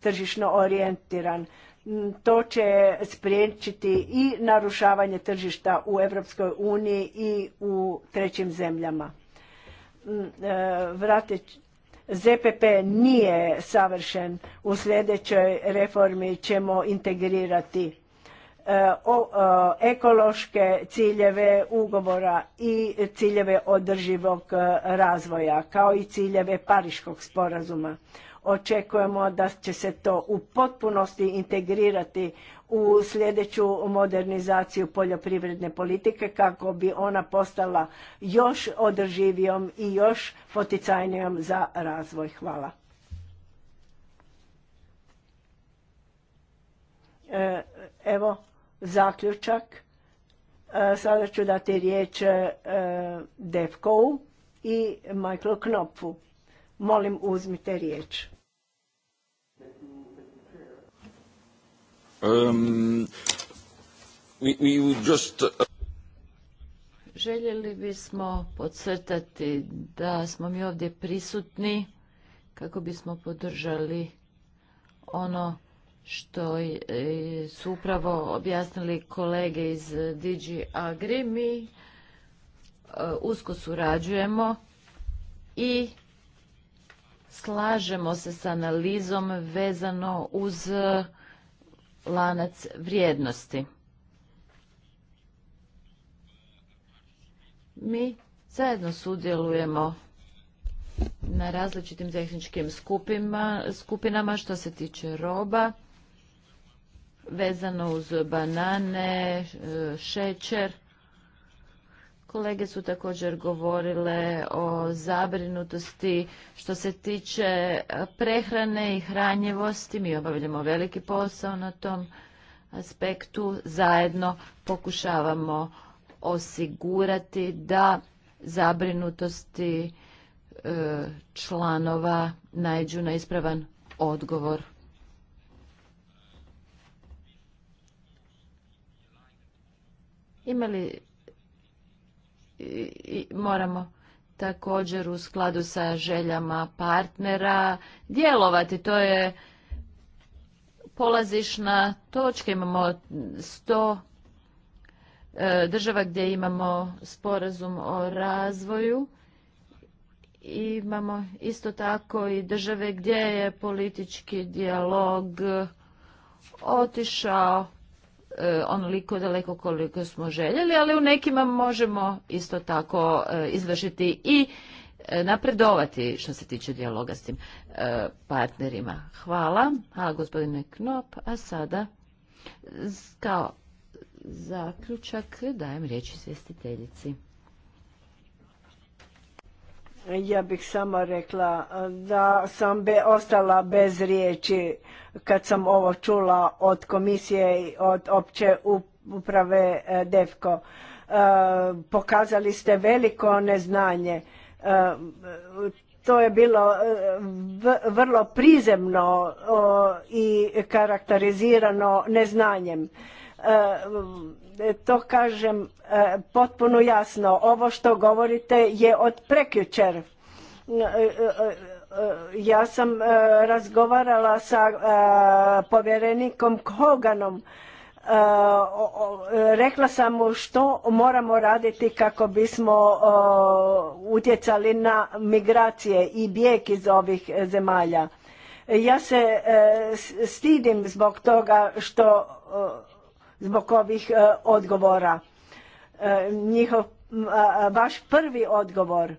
tržišno orijentiran Mm, to će spriječiti i narušavanje tržišta u Europskoj uniji i u trećim zemljama. Mm, e, ZPP nije savršen. U sljedećoj reformi ćemo integrirati e, e, ekološke ciljeve ugovora i ciljeve održivog razvoja, kao i ciljeve Pariškog sporazuma. Očekujemo da će se to u potpunosti integrirati u sljedeću modernizaciju poljoprivredne politike kako bi ona postala još održivijom i još poticajnijom za razvoj. Hvala. E, evo, zaključak. E, sada ću dati riječ e, Devkovu i Michael Knopfu. Molim, uzmite riječ. Um, uh, Željeli bismo podcrtati da smo mi ovdje prisutni kako bismo podržali ono što su upravo objasnili kolege iz DG Agri. Mi uh, usko surađujemo i slažemo se s analizom vezano uz eh, lanac vrijednosti. Mi zajedno sudjelujemo na različitim tehničkim skupima, skupinama što se tiče roba, vezano uz banane, eh, šećer. Kolege su također govorile o zabrinutosti što se tiče prehrane i hranjivosti. Mi obavljamo veliki posao na tom aspektu. Zajedno pokušavamo osigurati da zabrinutosti e, članova najđu na ispravan odgovor. Imali i moramo također u skladu sa željama partnera djelovati. To je polazišna točka. Imamo sto e, država gdje imamo sporazum o razvoju. Imamo isto tako i države gdje je politički dijalog otišao E, onoliko daleko koliko smo željeli, ali u nekima možemo isto tako e, izvršiti i e, napredovati što se tiče dijaloga s tim partnerima. Hvala. Hvala gospodine Knop. A sada kao zaključak dajem riječ izvjestiteljici. Ja bih samo rekla e, da sam be ostala bez riječi kad sam ovo čula od komisije i od opće uprave e, DEFKO. E, pokazali ste veliko neznanje. to je bilo vrlo prizemno i karakterizirano neznanjem. E, to kažem e, potpuno jasno. Ovo što govorite je od prekjučer. E, ja sam razgovarala sa povjerenikom koganom Rekla sam mu što moramo raditi kako bismo utjecali na migracije i bijeg iz ovih zemalja. Ja se stidim zbog toga što zbog ovih e, odgovora. E, njihov vaš prvi odgovor. E,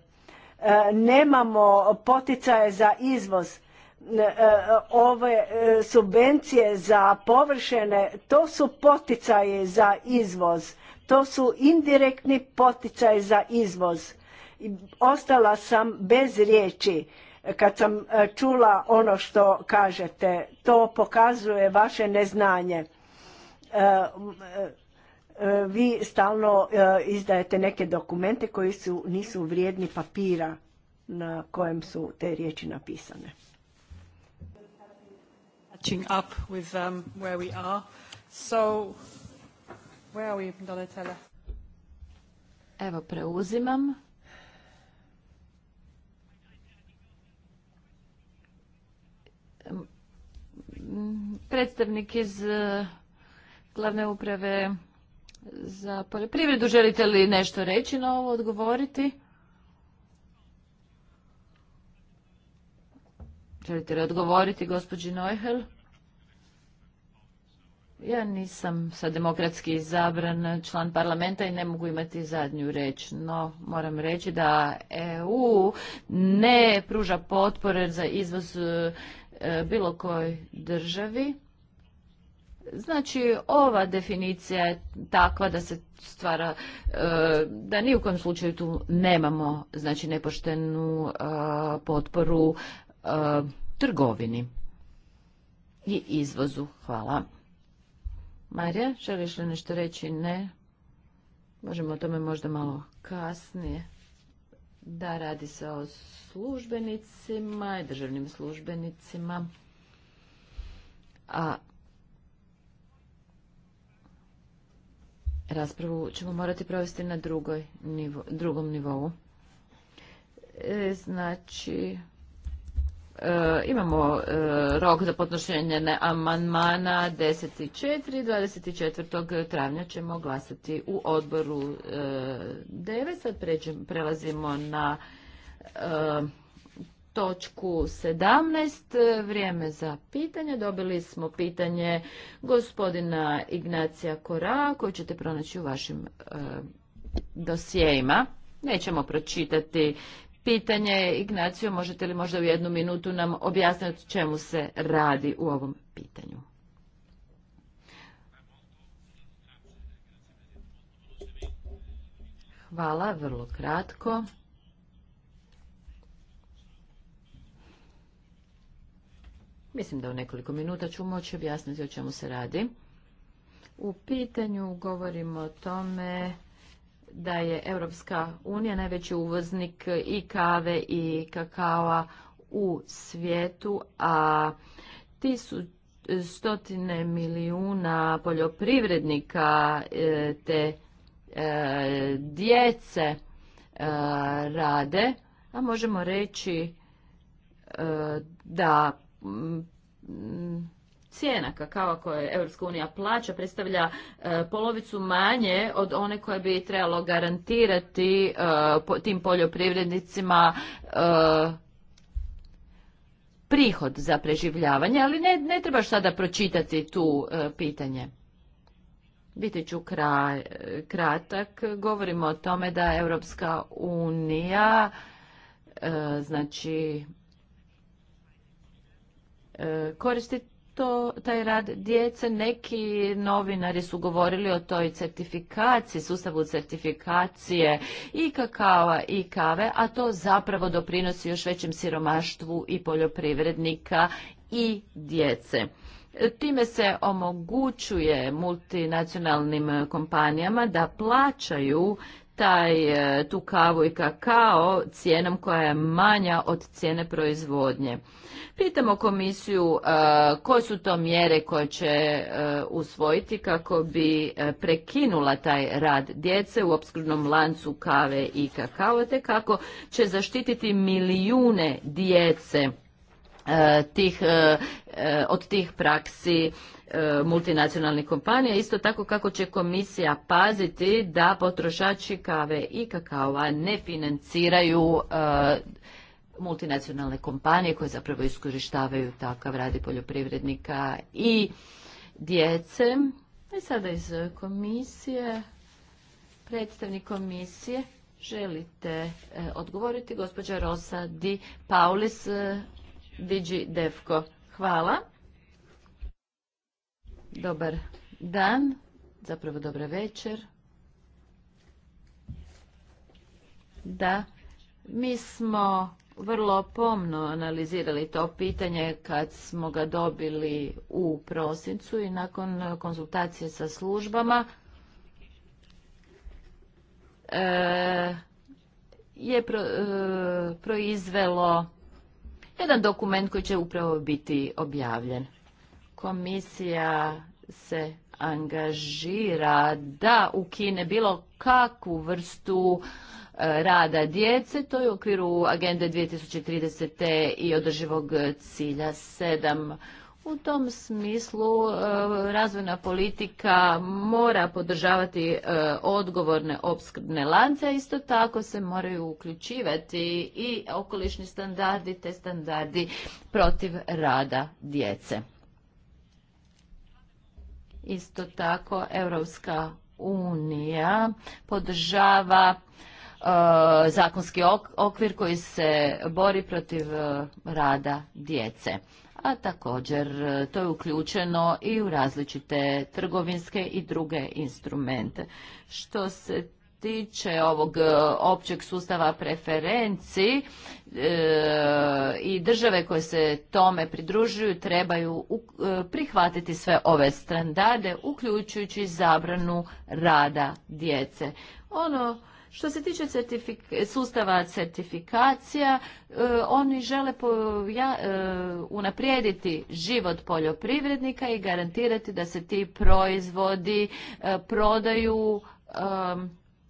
nemamo poticaje za izvoz. Ove subvencije za površene, to su poticaje za izvoz. To su indirektni poticaje za izvoz. Ostala sam bez riječi kad sam čula ono što kažete. To pokazuje vaše neznanje E, e, vi stalno e, izdajete neke dokumente koji su, nisu vrijedni papira na kojem su te riječi napisane. Catching up with um, where Evo, preuzimam. Predstavnik iz glavne uprave za poljoprivredu. Želite li nešto reći na ovo, odgovoriti? Želite li odgovoriti, gospođi Neuhel? Ja nisam sad demokratski izabran član parlamenta i ne mogu imati zadnju reč, no moram reći da EU ne pruža potpore za izvoz e, bilo kojoj državi. Znači, ova definicija je takva da se stvara, e, da ni u kojem slučaju tu nemamo znači, nepoštenu e, potporu e, trgovini i izvozu. Hvala. Marija, želiš li nešto reći? Ne. Možemo o tome možda malo kasnije. Da, radi se o službenicima i državnim službenicima. A raspravu ćemo morati provesti na drugom nivou. E, znači, e, imamo e, rok za podnošenje amandmana 10.4. 24. travnja ćemo glasati u odboru 9. Sad prelazimo na točku 17, vrijeme za pitanje. Dobili smo pitanje gospodina Ignacija Kora, koji ćete pronaći u vašim e, dosijejima. Nećemo pročitati pitanje. Ignacio, možete li možda u jednu minutu nam objasniti čemu se radi u ovom pitanju? Hvala, vrlo kratko. Mislim da u nekoliko minuta ću moći objasniti o čemu se radi. U pitanju govorimo o tome da je Europska unija najveći uvoznik i kave i kakava u svijetu, a tisu, stotine milijuna poljoprivrednika e, te e, djece e, rade, a možemo reći da Mm, cijena kakava koje Europska unija plaća predstavlja e, polovicu manje od one koje bi trebalo garantirati e, tim poljoprivrednicima e, prihod za preživljavanje, ali ne, ne trebaš sada pročitati tu pitanje. Biti ću kratak. Govorimo o tome da Europska unija znači E, koristi to, taj rad djece. Neki novinari su govorili o toj certifikaciji, sustavu certifikacije i kakava i kave, a to zapravo doprinosi još većem siromaštvu i poljoprivrednika i djece. Time se omogućuje multinacionalnim kompanijama da plaćaju taj, e, tu kavu i kakao cijenom koja je manja od cijene proizvodnje. Pitamo komisiju e, koje su to mjere koje će e, usvojiti kako bi prekinula taj rad djece u opskrbnom lancu kave i kakao, te kako će zaštititi milijune djece tih, od tih praksi E, multinacionalnih kompanija, isto tako kako će komisija paziti da potrošači kave i kakaova ne financiraju e, multinacionalne kompanije koje zapravo iskorištavaju takav radi poljoprivrednika i djece. I e, sada iz komisije, predstavnik komisije, želite odgovoriti, gospođa Rosa Di Paulis, Digi Defko. Hvala. Dobar dan, zapravo dobra večer. Da, mi smo vrlo pomno analizirali to pitanje kad smo ga dobili u prosincu i nakon konzultacije sa službama e, je e, proizvelo jedan dokument koji će upravo biti objavljen komisija se angažira da ukine bilo kakvu vrstu e, rada djece, to je u okviru agende 2030. i održivog cilja 7. U tom smislu e, razvojna politika mora podržavati e, odgovorne opskrbne lance, a isto tako se moraju uključivati i okolišni standardi te standardi protiv rada djece. Isto tako, Europska unija podržava e, zakonski okvir koji se bori protiv e, rada djece. A također e, to je uključeno i u različite trgovinske i druge instrumente. Što se tiče ovog e, općeg sustava preferenci e, i države koje se tome pridružuju trebaju e, prihvatiti sve ove standarde, uključujući zabranu rada djece. Ono što se tiče sustava certifikacija, oni žele unaprijediti život poljoprivrednika i garantirati da se ti proizvodi prodaju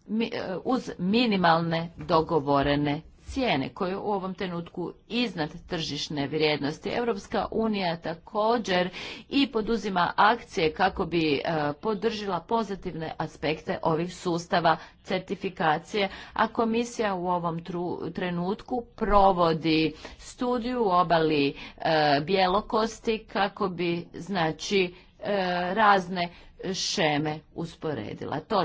E, uz minimalne dogovorene cijene koje u ovom trenutku iznad tržišne vrijednosti. Europska unija također i poduzima akcije kako bi e, podržila pozitivne aspekte ovih sustava certifikacije, a komisija u ovom trenutku provodi studiju u obali e, bjelokosti kako bi znači razne šeme usporedila. To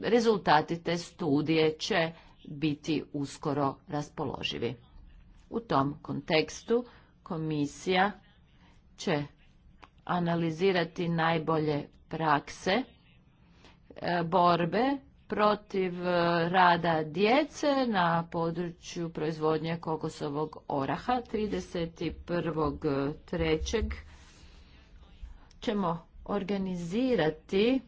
rezultati te studije će biti uskoro raspoloživi. U tom kontekstu komisija će analizirati najbolje prakse e, borbe protiv e, rada djece na području proizvodnje kokosovog oraha 31.3. ćemo organizirati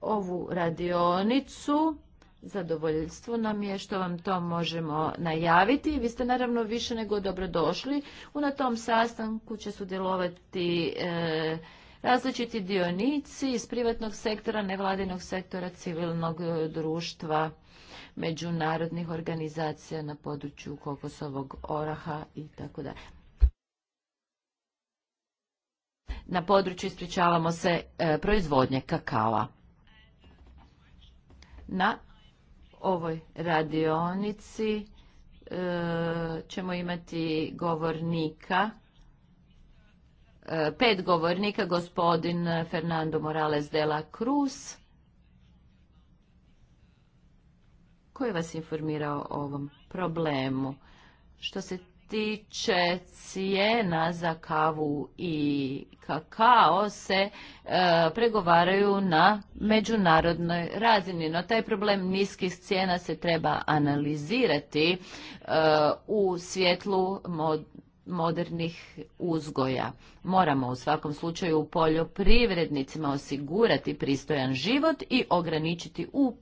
ovu radionicu. Zadovoljstvo nam je što vam to možemo najaviti. Vi ste naravno više nego dobrodošli. U na tom sastanku će sudjelovati e, različiti dionici iz privatnog sektora, nevladinog sektora, civilnog e, društva, međunarodnih organizacija na području Kokosovog oraha i tako dalje. Na području ispričavamo se e, proizvodnje kakava. Na ovoj radionici e, ćemo imati govornika, e, pet govornika, gospodin Fernando Morales de la Cruz, koji vas informirao o ovom problemu. Što se tiče cijena za kavu i kakao se e, pregovaraju na međunarodnoj razini. No taj problem niskih cijena se treba analizirati e, u svjetlu modernih uzgoja. Moramo u svakom slučaju poljoprivrednicima osigurati pristojan život i ograničiti u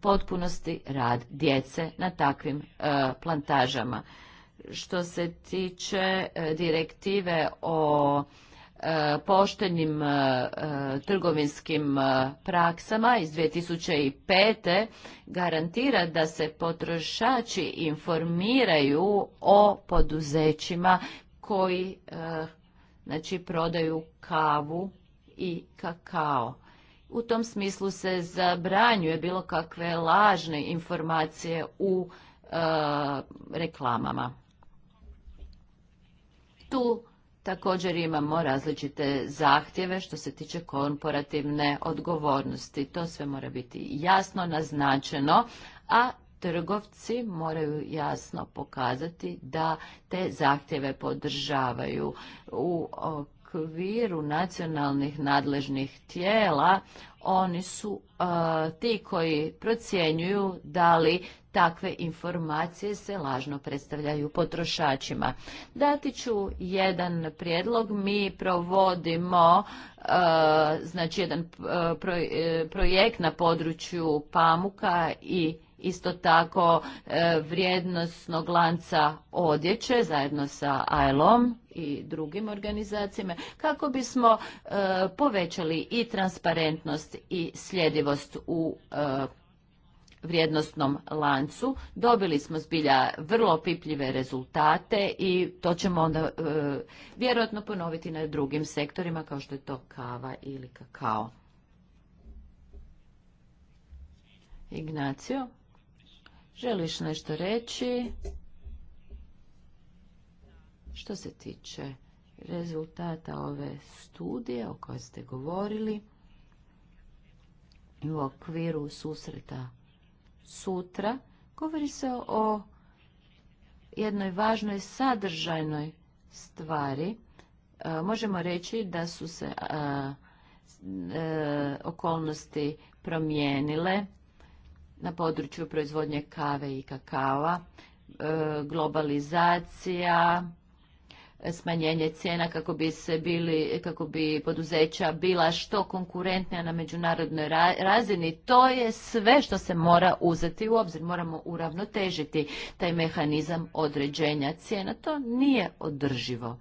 potpunosti rad djece na takvim e, plantažama što se tiče e, direktive o e, poštenim e, trgovinskim praksama iz 2005. garantira da se potrošači informiraju o poduzećima koji znači prodaju kavu i kakao. U tom smislu se zabranjuje bilo kakve lažne informacije u reklamama. Tu također imamo različite zahtjeve što se tiče korporativne odgovornosti. To sve mora biti jasno naznačeno, a trgovci moraju jasno pokazati da te zahtjeve podržavaju u okviru nacionalnih nadležnih tijela oni su ti koji procjenjuju da li takve informacije se lažno predstavljaju potrošačima. Dati ću jedan prijedlog. Mi provodimo e, znači jedan e, e, projekt na području pamuka i isto tako vrijednostnog lanca odjeće zajedno sa ALOM i drugim organizacijama kako bismo povećali i transparentnost i sljedivost u vrijednostnom lancu. Dobili smo zbilja vrlo pipljive rezultate i to ćemo onda e, vjerojatno ponoviti na drugim sektorima kao što je to kava ili kakao. Ignacio, želiš nešto reći? Što se tiče rezultata ove studije o kojoj ste govorili, u okviru susreta sutra, govori se o jednoj važnoj sadržajnoj stvari. E, možemo reći da su se e, e, okolnosti promijenile na području proizvodnje kave i kakava, globalizacija, smanjenje cijena kako bi se bili, kako bi poduzeća bila što konkurentnija na međunarodnoj razini. To je sve što se mora uzeti u obzir. Moramo uravnotežiti taj mehanizam određenja cijena. To nije održivo.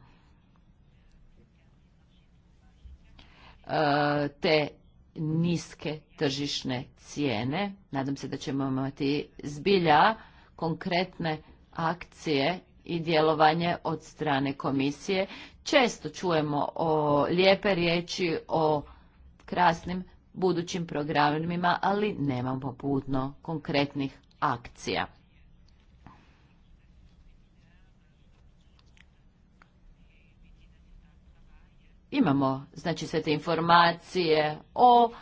E, te niske tržišne cijene. Nadam se da ćemo imati zbilja konkretne akcije i djelovanje od strane komisije. Često čujemo o lijepe riječi o krasnim budućim programima, ali nemamo poputno konkretnih akcija. Imamo znači sve te informacije o e,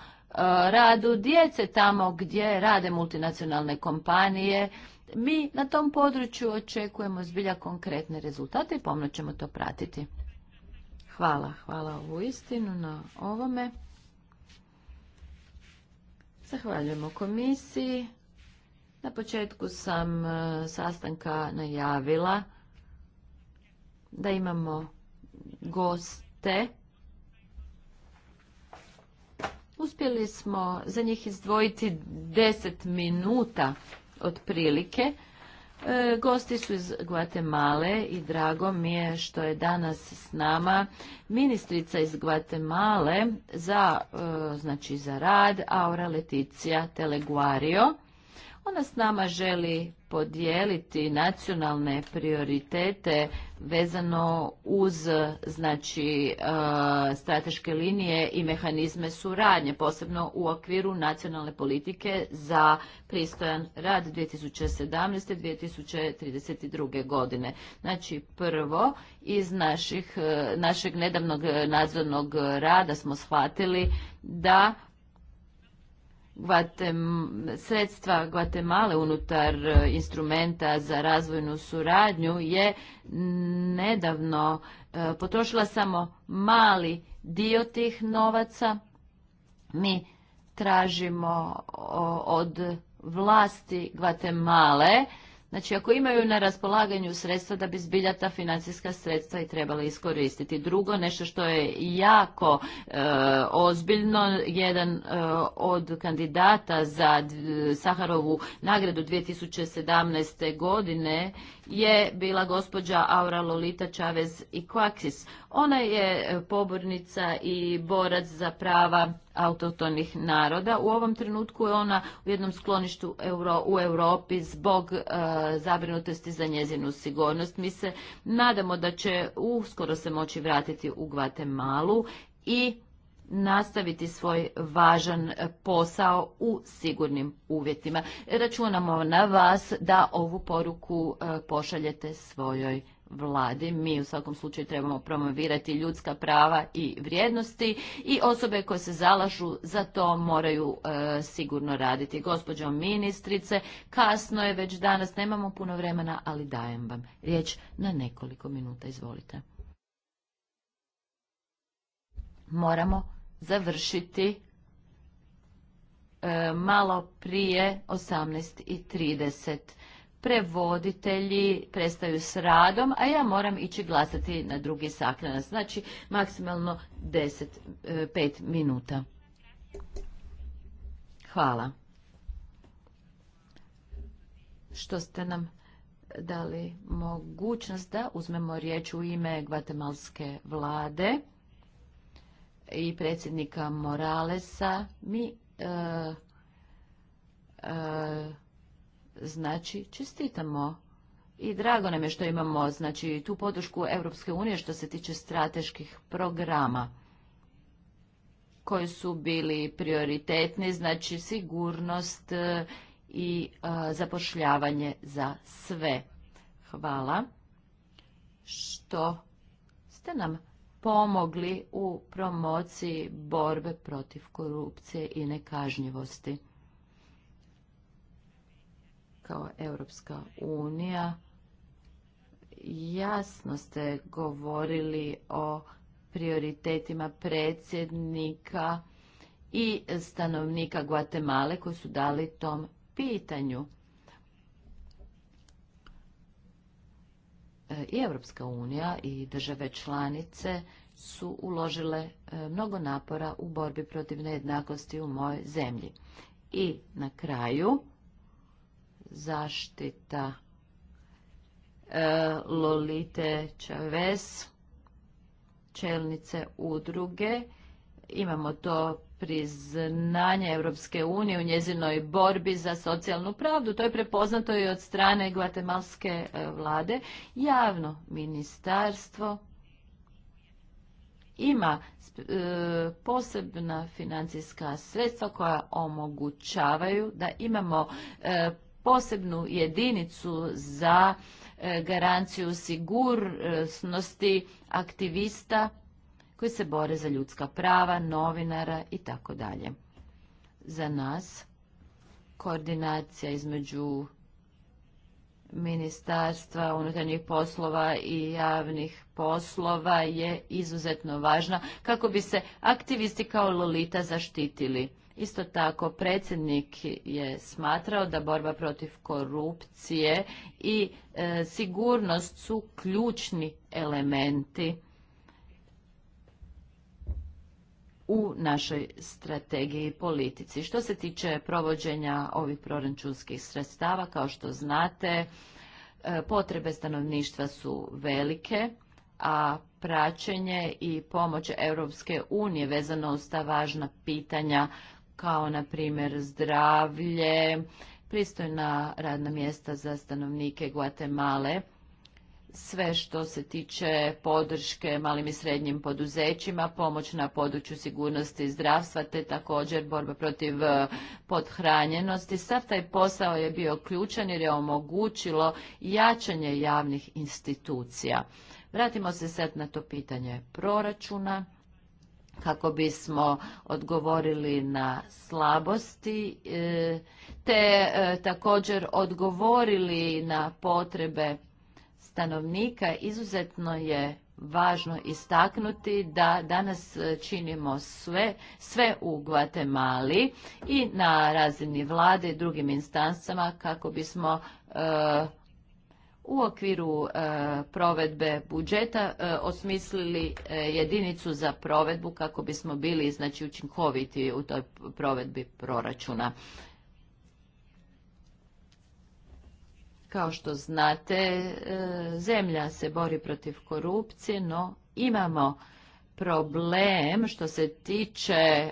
radu djece tamo gdje rade multinacionalne kompanije mi na tom području očekujemo zbilja konkretne rezultate i pomno ćemo to pratiti. Hvala, hvala u istinu na ovome. Zahvaljujemo komisiji. Na početku sam e, sastanka najavila da imamo goste. Uspjeli smo za njih izdvojiti 10 minuta otprilike. E, gosti su iz Guatemale i drago mi je što je danas s nama ministrica iz Guatemale za, e, znači za rad Aura Leticia Teleguario. Ona s nama želi podijeliti nacionalne prioritete vezano uz znači e, strateške linije i mehanizme suradnje, posebno u okviru nacionalne politike za pristojan rad 2017. 2032. godine. Znači prvo iz naših, e, našeg nedavnog nadzornog rada smo shvatili da sredstva Gvatemale unutar e, instrumenta za razvojnu suradnju je nedavno e, potrošila samo mali dio tih novaca. Mi tražimo od vlasti Gvatemale Znači, ako imaju na raspolaganju sredstva da bi zbilja ta financijska sredstva i trebali iskoristiti. Drugo, nešto što je jako e, ozbiljno, jedan e, od kandidata za Saharovu nagradu 2017. godine je bila gospođa Aura Lolita chavez i Kvaksis. Ona je e, pobornica i borac za prava autotonih naroda. U ovom trenutku je ona u jednom skloništu u Europi zbog e, zabrinutosti za njezinu sigurnost. Mi se nadamo da će uskoro se moći vratiti u Guatemala i nastaviti svoj važan posao u sigurnim uvjetima. Računamo na vas da ovu poruku e, pošaljete svojoj vladi. Mi u svakom slučaju trebamo promovirati ljudska prava i vrijednosti i osobe koje se zalažu za to moraju e, sigurno raditi. Gospođo ministrice, kasno je već danas, nemamo puno vremena, ali dajem vam riječ na nekoliko minuta. Izvolite. Moramo završiti e, malo prije 18.30 prevoditelji prestaju s radom, a ja moram ići glasati na drugi sakranac. Znači, maksimalno 10, 5 e, minuta. Hvala. Što ste nam dali mogućnost da uzmemo riječ u ime gvatemalske vlade i predsjednika Moralesa. Mi e, e, Znači, čestitamo i drago nam je što imamo znači, tu podršku Europske unije što se tiče strateških programa koji su bili prioritetni, znači sigurnost e, i e, zapošljavanje za sve. Hvala što ste nam pomogli u promociji borbe protiv korupcije i nekažnjivosti kao Europska unija jasno ste govorili o prioritetima predsjednika i stanovnika Guatemala koji su dali tom pitanju. E, I Europska unija i države članice su uložile e, mnogo napora u borbi protiv nejednakosti u mojoj zemlji. I na kraju zaštita e, Lolite Čaves čelnice udruge. Imamo to priznanje Europske unije u njezinoj borbi za socijalnu pravdu. To je prepoznato i od strane guatemalske e, vlade. Javno ministarstvo ima e, posebna financijska sredstva koja omogućavaju da imamo posebnu jedinicu za e, garanciju sigurnosti aktivista koji se bore za ljudska prava, novinara i tako dalje. Za nas koordinacija između ministarstva unutarnjih poslova i javnih poslova je izuzetno važna kako bi se aktivisti kao Lolita zaštitili. Isto tako, predsjednik je smatrao da borba protiv korupcije i e, sigurnost su ključni elementi u našoj strategiji i politici. Što se tiče provođenja ovih proračunskih sredstava, kao što znate, e, potrebe stanovništva su velike, a praćenje i pomoć Europske unije vezano uz ta važna pitanja kao na primjer zdravlje, pristojna radna mjesta za stanovnike Guatemala, sve što se tiče podrške malim i srednjim poduzećima, pomoć na području sigurnosti i zdravstva, te također borba protiv e, podhranjenosti. Sav taj posao je bio ključan jer je omogućilo jačanje javnih institucija. Vratimo se sad na to pitanje proračuna kako bismo odgovorili na slabosti e, te e, također odgovorili na potrebe stanovnika izuzetno je važno istaknuti da danas činimo sve, sve u Gvatemali i na razini vlade i drugim instancama kako bismo e, u okviru e, provedbe budžeta e, osmislili e, jedinicu za provedbu kako bismo bili znači učinkoviti u toj provedbi proračuna. Kao što znate, zemlja se bori protiv korupcije, no imamo problem što se tiče e,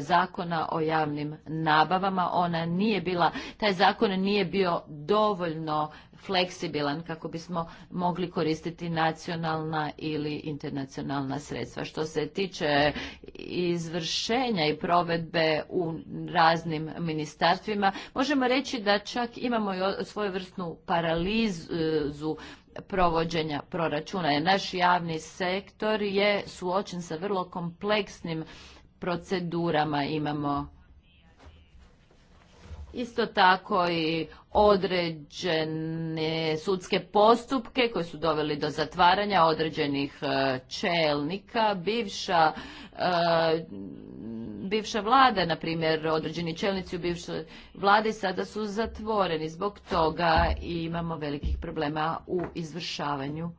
zakona o javnim nabavama ona nije bila taj zakon nije bio dovoljno fleksibilan kako bismo mogli koristiti nacionalna ili internacionalna sredstva što se tiče izvršenja i provedbe u raznim ministarstvima možemo reći da čak imamo i vrstnu paralizu e, provođenja proračuna. naš javni sektor je suočen sa vrlo kompleksnim procedurama. Imamo Isto tako i određene sudske postupke koji su doveli do zatvaranja određenih e, čelnika, bivša, e, bivša vlada, na primjer, određeni čelnici u bivšoj vladi sada su zatvoreni. Zbog toga imamo velikih problema u izvršavanju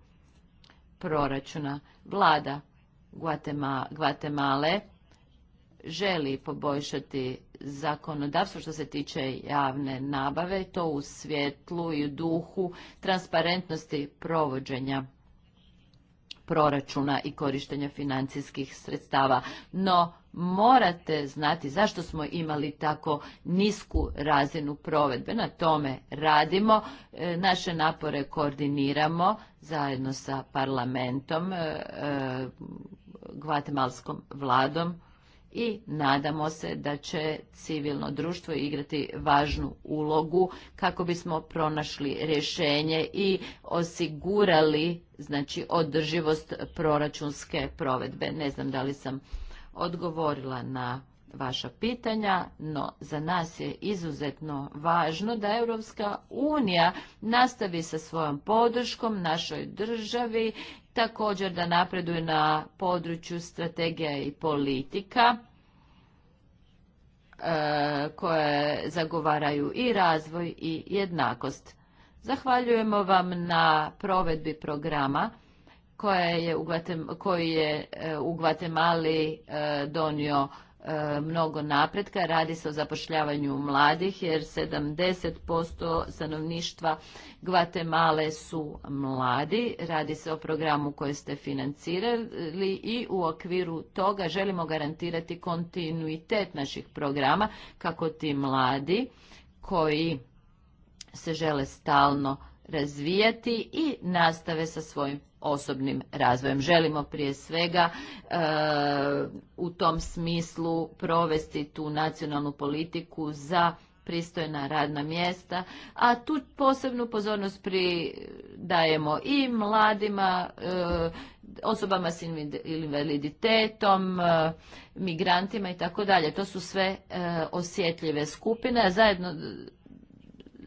proračuna. Vlada Guatemala, Guatemala želi poboljšati zakonodavstvo što se tiče javne nabave, to u svjetlu i u duhu transparentnosti provođenja proračuna i korištenja financijskih sredstava. No, morate znati zašto smo imali tako nisku razinu provedbe. Na tome radimo, e, naše napore koordiniramo zajedno sa parlamentom, e, e, gvatemalskom vladom, i nadamo se da će civilno društvo igrati važnu ulogu kako bismo pronašli rješenje i osigurali znači održivost proračunske provedbe. Ne znam da li sam odgovorila na vaša pitanja, no za nas je izuzetno važno da Europska unija nastavi sa svojom podrškom našoj državi također da napreduje na području strategija i politika e, koje zagovaraju i razvoj i jednakost. Zahvaljujemo vam na provedbi programa koji je e, u Guatemala e, donio E, mnogo napretka. Radi se o zapošljavanju mladih jer 70% stanovništva Gvatemale su mladi. Radi se o programu koji ste financirali i u okviru toga želimo garantirati kontinuitet naših programa kako ti mladi koji se žele stalno razvijati i nastave sa svojim osobnim razvojem. Želimo prije svega e, u tom smislu provesti tu nacionalnu politiku za pristojna radna mjesta, a tu posebnu pozornost dajemo i mladima, e, osobama s invaliditetom, e, migrantima i tako dalje. To su sve osjetljive skupine, a zajedno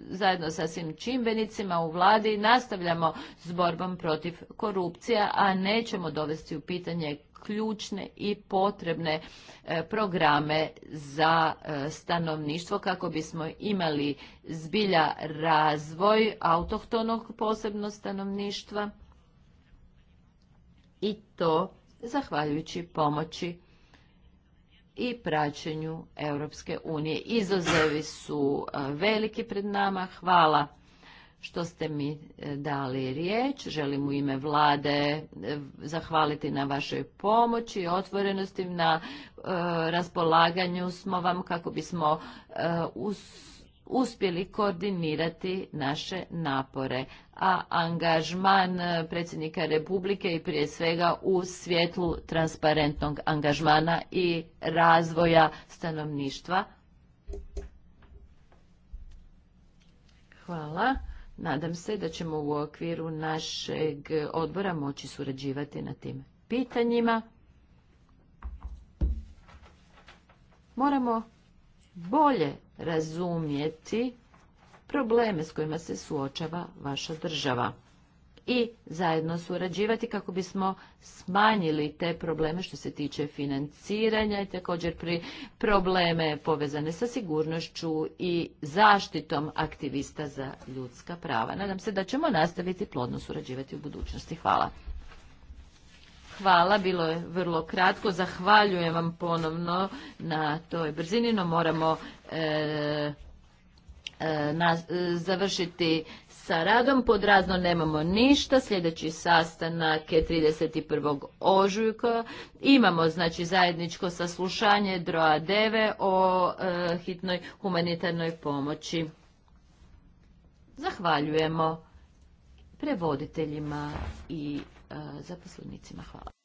zajedno sa svim čimbenicima u vladi nastavljamo s borbom protiv korupcija, a nećemo dovesti u pitanje ključne i potrebne e, programe za e, stanovništvo kako bismo imali zbilja razvoj autohtonog posebno stanovništva i to zahvaljujući pomoći i praćenju Europske unije. Izozevi su e, veliki pred nama. Hvala što ste mi e, dali riječ. Želim u ime vlade e, zahvaliti na vašoj pomoći i otvorenosti. Na raspolaganju smo vam kako bismo uspjeli koordinirati naše napore, a angažman eh, predsjednika Republike i prije svega u svjetlu transparentnog angažmana i razvoja stanovništva. Hvala. Nadam se da ćemo u okviru našeg odbora moći surađivati na tim pitanjima. Moramo bolje razumjeti probleme s kojima se suočava vaša država i zajedno surađivati kako bismo smanjili te probleme što se tiče financiranja i također pri probleme povezane sa sigurnošću i zaštitom aktivista za ljudska prava. Nadam se da ćemo nastaviti plodno surađivati u budućnosti. Hvala. Hvala, bilo je vrlo kratko. Zahvaljujem vam ponovno na toj brzini, no moramo e, e, e završiti sa radom. Pod razno nemamo ništa. Sljedeći sastanak je 31. ožujka. Imamo znači zajedničko saslušanje DROA 9 o e, hitnoj humanitarnoj pomoći. Zahvaljujemo prevoditeljima i zaposlenicima. Hvala.